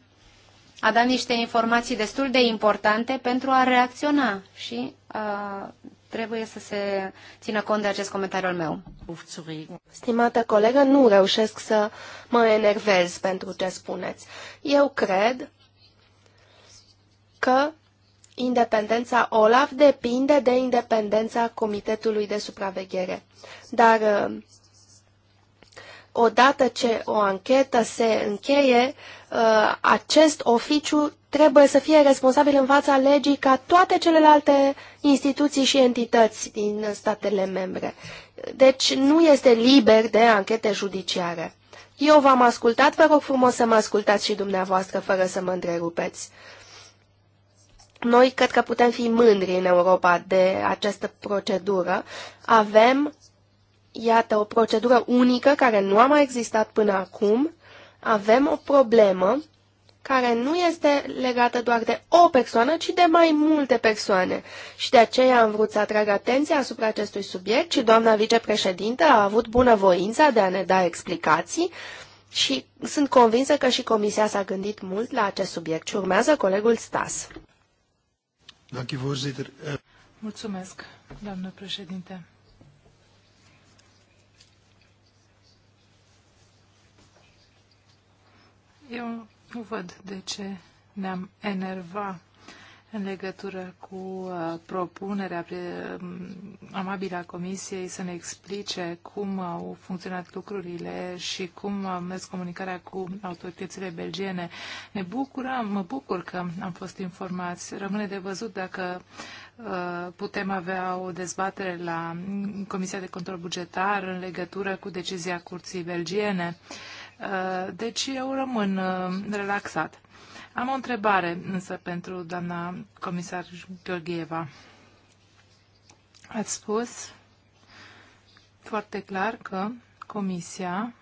a dat niște informații destul de importante pentru a reacționa și uh, trebuie să se țină cont de acest comentariu al meu. Stimată colegă, nu reușesc să mă enervez pentru ce spuneți. Eu cred că independența OLAF depinde de independența Comitetului de Supraveghere. Dar uh, odată ce o anchetă se încheie, uh, acest oficiu trebuie să fie responsabil în fața legii ca toate celelalte instituții și entități din statele membre. Deci nu este liber de anchete judiciare. Eu v-am ascultat, vă rog frumos să mă ascultați și dumneavoastră fără să mă întrerupeți. Noi cred că putem fi mândri în Europa de această procedură. Avem, iată, o procedură unică care nu a mai existat până acum. Avem o problemă care nu este legată doar de o persoană, ci de mai multe persoane. Și de aceea am vrut să atrag atenția asupra acestui subiect și doamna vicepreședintă a avut bună voință de a ne da explicații și sunt convinsă că și Comisia s-a gândit mult la acest subiect și urmează colegul Stas. Eh, Mulțumesc, doamnă președinte. Eu nu văd de ce ne-am enerva în legătură cu uh, propunerea um, amabilă a Comisiei să ne explice cum au funcționat lucrurile și cum a uh, mers comunicarea cu autoritățile belgiene. Ne bucură, mă bucur că am fost informați. Rămâne de văzut dacă uh, putem avea o dezbatere la Comisia de Control Bugetar în legătură cu decizia Curții Belgiene. Uh, deci eu rămân uh, relaxat. Am o întrebare însă pentru doamna comisar Gheorgheva. Ați spus foarte clar că Comisia,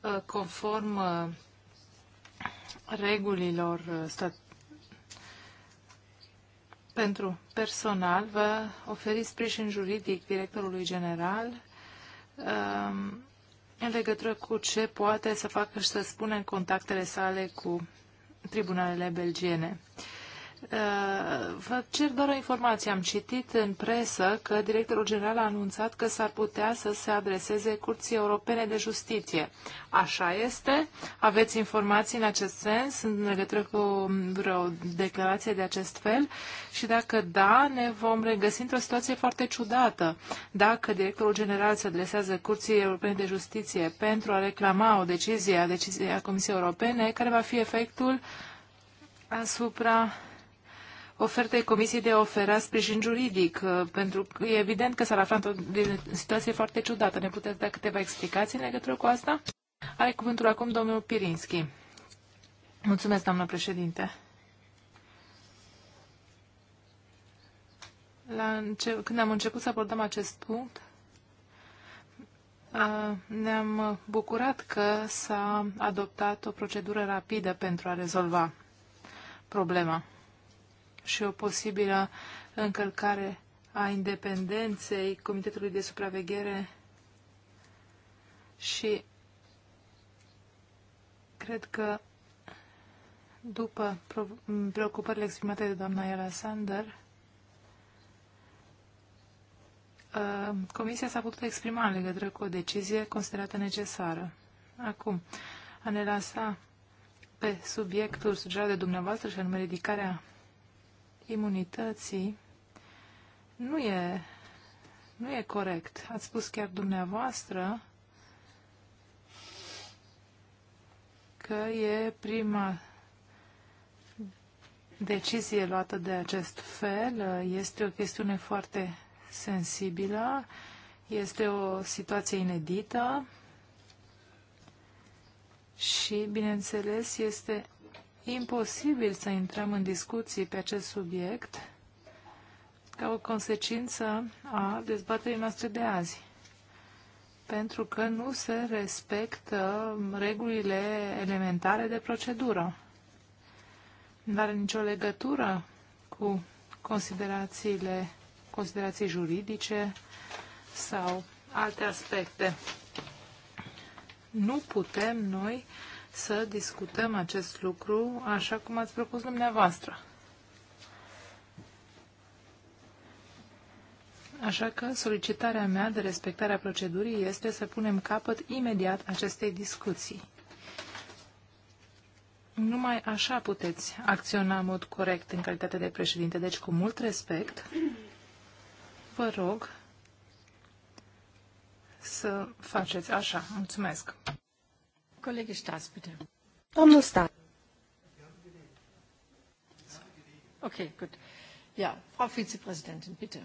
uh, conform regulilor stat pentru personal, vă oferi sprijin juridic directorului general în legătură cu ce poate să facă și să spună în contactele sale cu tribunalele belgiene. Vă cer doar o informație. Am citit în presă că directorul general a anunțat că s-ar putea să se adreseze Curții Europene de Justiție. Așa este? Aveți informații în acest sens, în legătură cu vreo declarație de acest fel? Și dacă da, ne vom regăsi într-o situație foarte ciudată. Dacă directorul general se adresează Curții Europene de Justiție pentru a reclama o decizie a decizie a Comisiei Europene, care va fi efectul asupra ofertei Comisiei de a ofera sprijin juridic, uh, pentru că e evident că s-ar afla într-o situație foarte ciudată. Ne puteți da câteva explicații în legătură cu asta? Are cuvântul acum domnul Pirinski. Mulțumesc, doamnă președinte. La înce- când am început să abordăm acest punct, ne-am bucurat că s-a adoptat o procedură rapidă pentru a rezolva problema și o posibilă încălcare a independenței Comitetului de Supraveghere și cred că după preocupările exprimate de doamna Ela Sander, uh, Comisia s-a putut exprima în legătură cu o decizie considerată necesară. Acum, a ne lasa pe subiectul sugerat de dumneavoastră și anume ridicarea imunității nu e, nu e corect. Ați spus chiar dumneavoastră că e prima decizie luată de acest fel. Este o chestiune foarte sensibilă, este o situație inedită și, bineînțeles, este imposibil să intrăm în discuții pe acest subiect ca o consecință a dezbaterii noastre de azi. Pentru că nu se respectă regulile elementare de procedură. Nu are nicio legătură cu considerațiile, considerații juridice sau alte aspecte. Nu putem noi uh, să discutăm acest lucru așa cum ați propus dumneavoastră. Așa că solicitarea mea de respectarea procedurii este să punem capăt imediat acestei discuții. Numai așa puteți acționa în mod corect în calitate de președinte. Deci, cu mult respect, vă rog să faceți așa. Mulțumesc! Colegii Stas, bitte. Domnul Stas. Ok, gut. Ja, Frau Vizepräsidentin, bitte.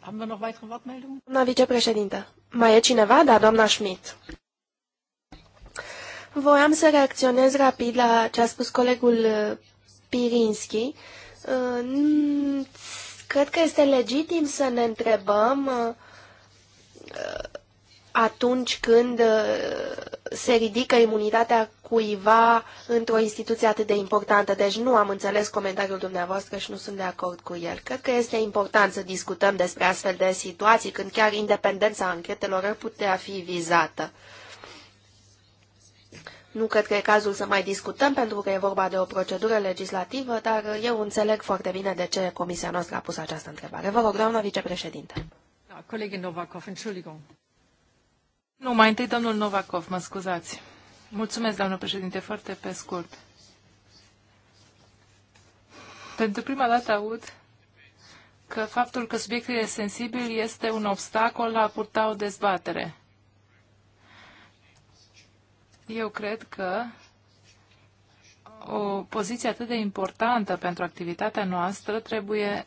haben wir noch weitere Wortmeldungen? Doamna vicepreședintă, mai e cineva? Da, doamna Schmidt. Voiam să reacționez rapid la ce a spus colegul uh, Pirinski. Uh, cred că este legitim să ne întrebăm uh, atunci când uh, se ridică imunitatea cuiva într-o instituție atât de importantă. Deci nu am înțeles comentariul dumneavoastră și nu sunt de acord cu el. Cred că este important să discutăm despre astfel de situații când chiar independența anchetelor ar putea fi vizată. Nu cred că e cazul să mai discutăm pentru că e vorba de o procedură legislativă, dar eu înțeleg foarte bine de ce comisia noastră a pus această întrebare. Vă rog, doamna vicepreședinte. Da, colegii Novakov, Entschuldigung. Nu, mai întâi domnul Novakov, mă scuzați. Mulțumesc, doamnă președinte, foarte pe scurt. Pentru prima dată aud că faptul că subiectul e sensibil este un obstacol la a purta o dezbatere. Eu cred că o poziție atât de importantă pentru activitatea noastră trebuie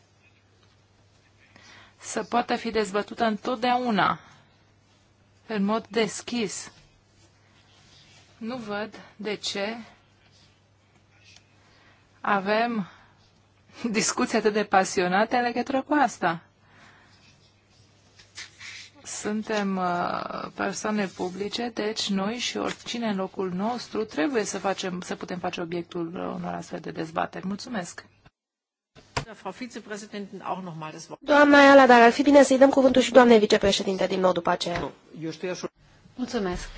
să poată fi dezbătută întotdeauna în mod deschis. Nu văd de ce avem discuții atât de pasionate în legătură cu asta. Suntem uh, persoane publice, deci noi și oricine în locul nostru trebuie să, facem, să putem face obiectul unor astfel de dezbateri. Mulțumesc! Doamna Ayala, dar ar fi bine să-i dăm cuvântul și doamnei vicepreședinte din nou după aceea. Mulțumesc.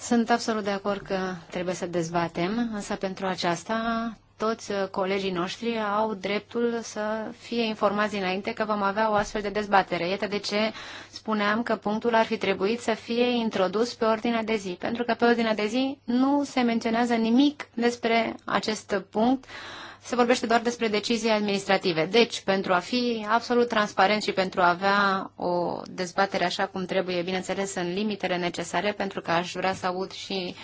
Sunt absolut de acord că trebuie să dezbatem, însă pentru aceasta toți colegii noștri au dreptul să fie informați înainte că vom avea o astfel de dezbatere. Iată de ce spuneam că punctul ar fi trebuit să fie introdus pe ordinea de zi, pentru că pe ordinea de zi nu se menționează nimic despre acest punct se vorbește doar despre decizii administrative. Deci, pentru a fi absolut transparent și pentru a avea o dezbatere așa cum trebuie, bineînțeles, în limitele necesare, pentru că aș vrea să aud și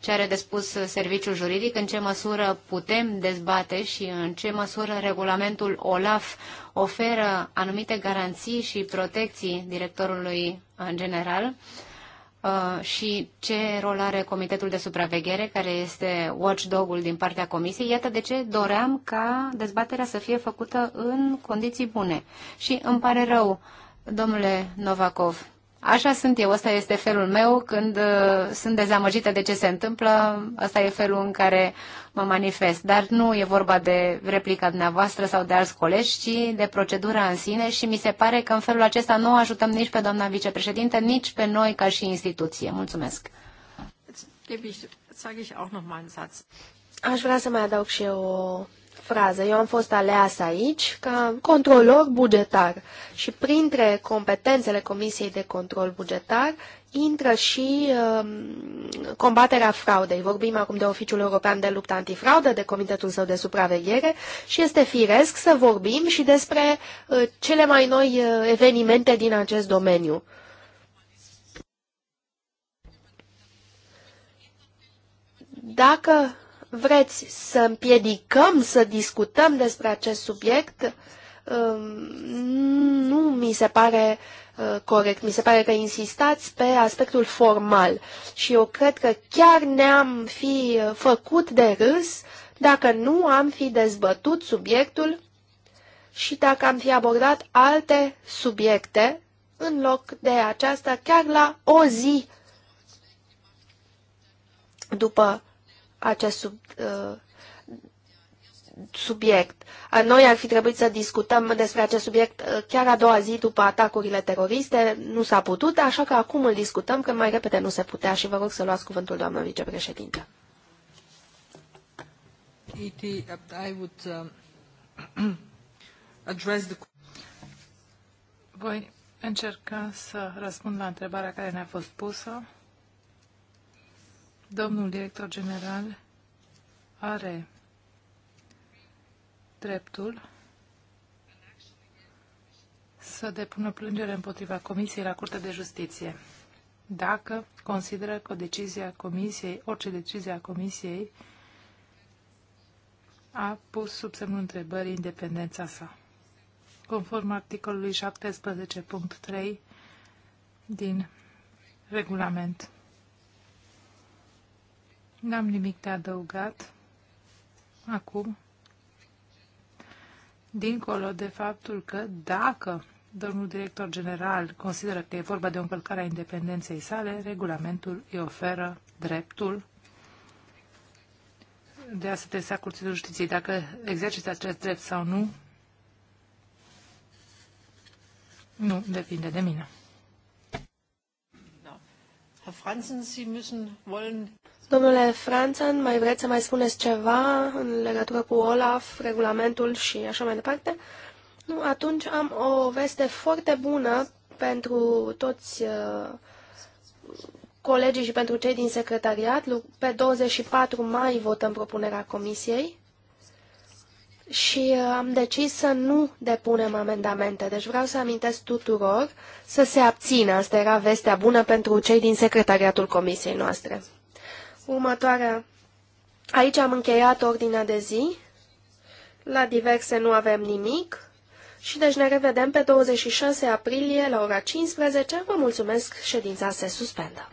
ce are de spus serviciul juridic, în ce măsură putem dezbate și în ce măsură regulamentul OLAF oferă anumite garanții și protecții directorului în general Uh, și ce rol are Comitetul de Supraveghere, care este watchdog-ul din partea Comisiei. Iată de ce doream ca dezbaterea să fie făcută în condiții bune. Și îmi pare rău, domnule Novakov, Așa sunt eu, ăsta este felul meu când uh, sunt dezamăgită de ce se întâmplă, ăsta e felul în care mă manifest. Dar nu e vorba de replica dumneavoastră sau de alți colegi, ci de procedura în sine și mi se pare că în felul acesta nu ajutăm nici pe doamna vicepreședinte, nici pe noi ca și instituție. Mulțumesc. Aș vrea să mai adaug și eu o frază. Eu am fost aleasă aici ca controlor bugetar și printre competențele Comisiei de Control Bugetar intră și uh, combaterea fraudei. Vorbim acum de Oficiul European de Luptă Antifraudă, de Comitetul său de supraveghere și este firesc să vorbim și despre uh, cele mai noi uh, evenimente din acest domeniu. Dacă vreți să împiedicăm să discutăm despre acest subiect, um, nu mi se pare uh, corect. Mi se pare că insistați pe aspectul formal și eu cred că chiar ne-am fi uh, făcut de râs dacă nu am fi dezbătut subiectul și dacă am fi abordat alte subiecte în loc de aceasta chiar la o zi după acest sub, uh, subiect. Uh, noi ar fi trebuit să discutăm despre acest subiect uh, chiar a doua zi după atacurile teroriste. Nu s-a putut, așa că acum îl discutăm, că mai repede nu se putea și vă rog să luați cuvântul, doamnă vicepreședinte. Um, Voi încerca să răspund la întrebarea care ne-a fost pusă Domnul director general are dreptul să depună plângere împotriva Comisiei la Curtea de Justiție. Dacă consideră că decizia Comisiei, orice decizie a Comisiei, a pus sub semnul întrebării independența sa. Conform articolului 17.3 din regulament. N-am nimic de adăugat acum, dincolo de faptul că dacă domnul director general consideră că e vorba de o încălcare a independenței sale, regulamentul îi oferă dreptul de a se adresa Curții de Justiție. Dacă exercită acest drept sau nu, nu depinde de mine. Herr Franzen, Sie müssen wollen Domnule Franțan, mai vreți să mai spuneți ceva în legătură cu OLAF, regulamentul și așa mai departe? Nu, atunci am o veste foarte bună pentru toți uh, colegii și pentru cei din secretariat. Pe 24 mai votăm propunerea comisiei și uh, am decis să nu depunem amendamente. Deci vreau să amintesc tuturor să se abțină. Asta era vestea bună pentru cei din secretariatul comisiei noastre. Următoarea. Aici am încheiat ordinea de zi. La diverse nu avem nimic. Și deci ne revedem pe 26 aprilie la ora 15. Vă mulțumesc, ședința se suspendă.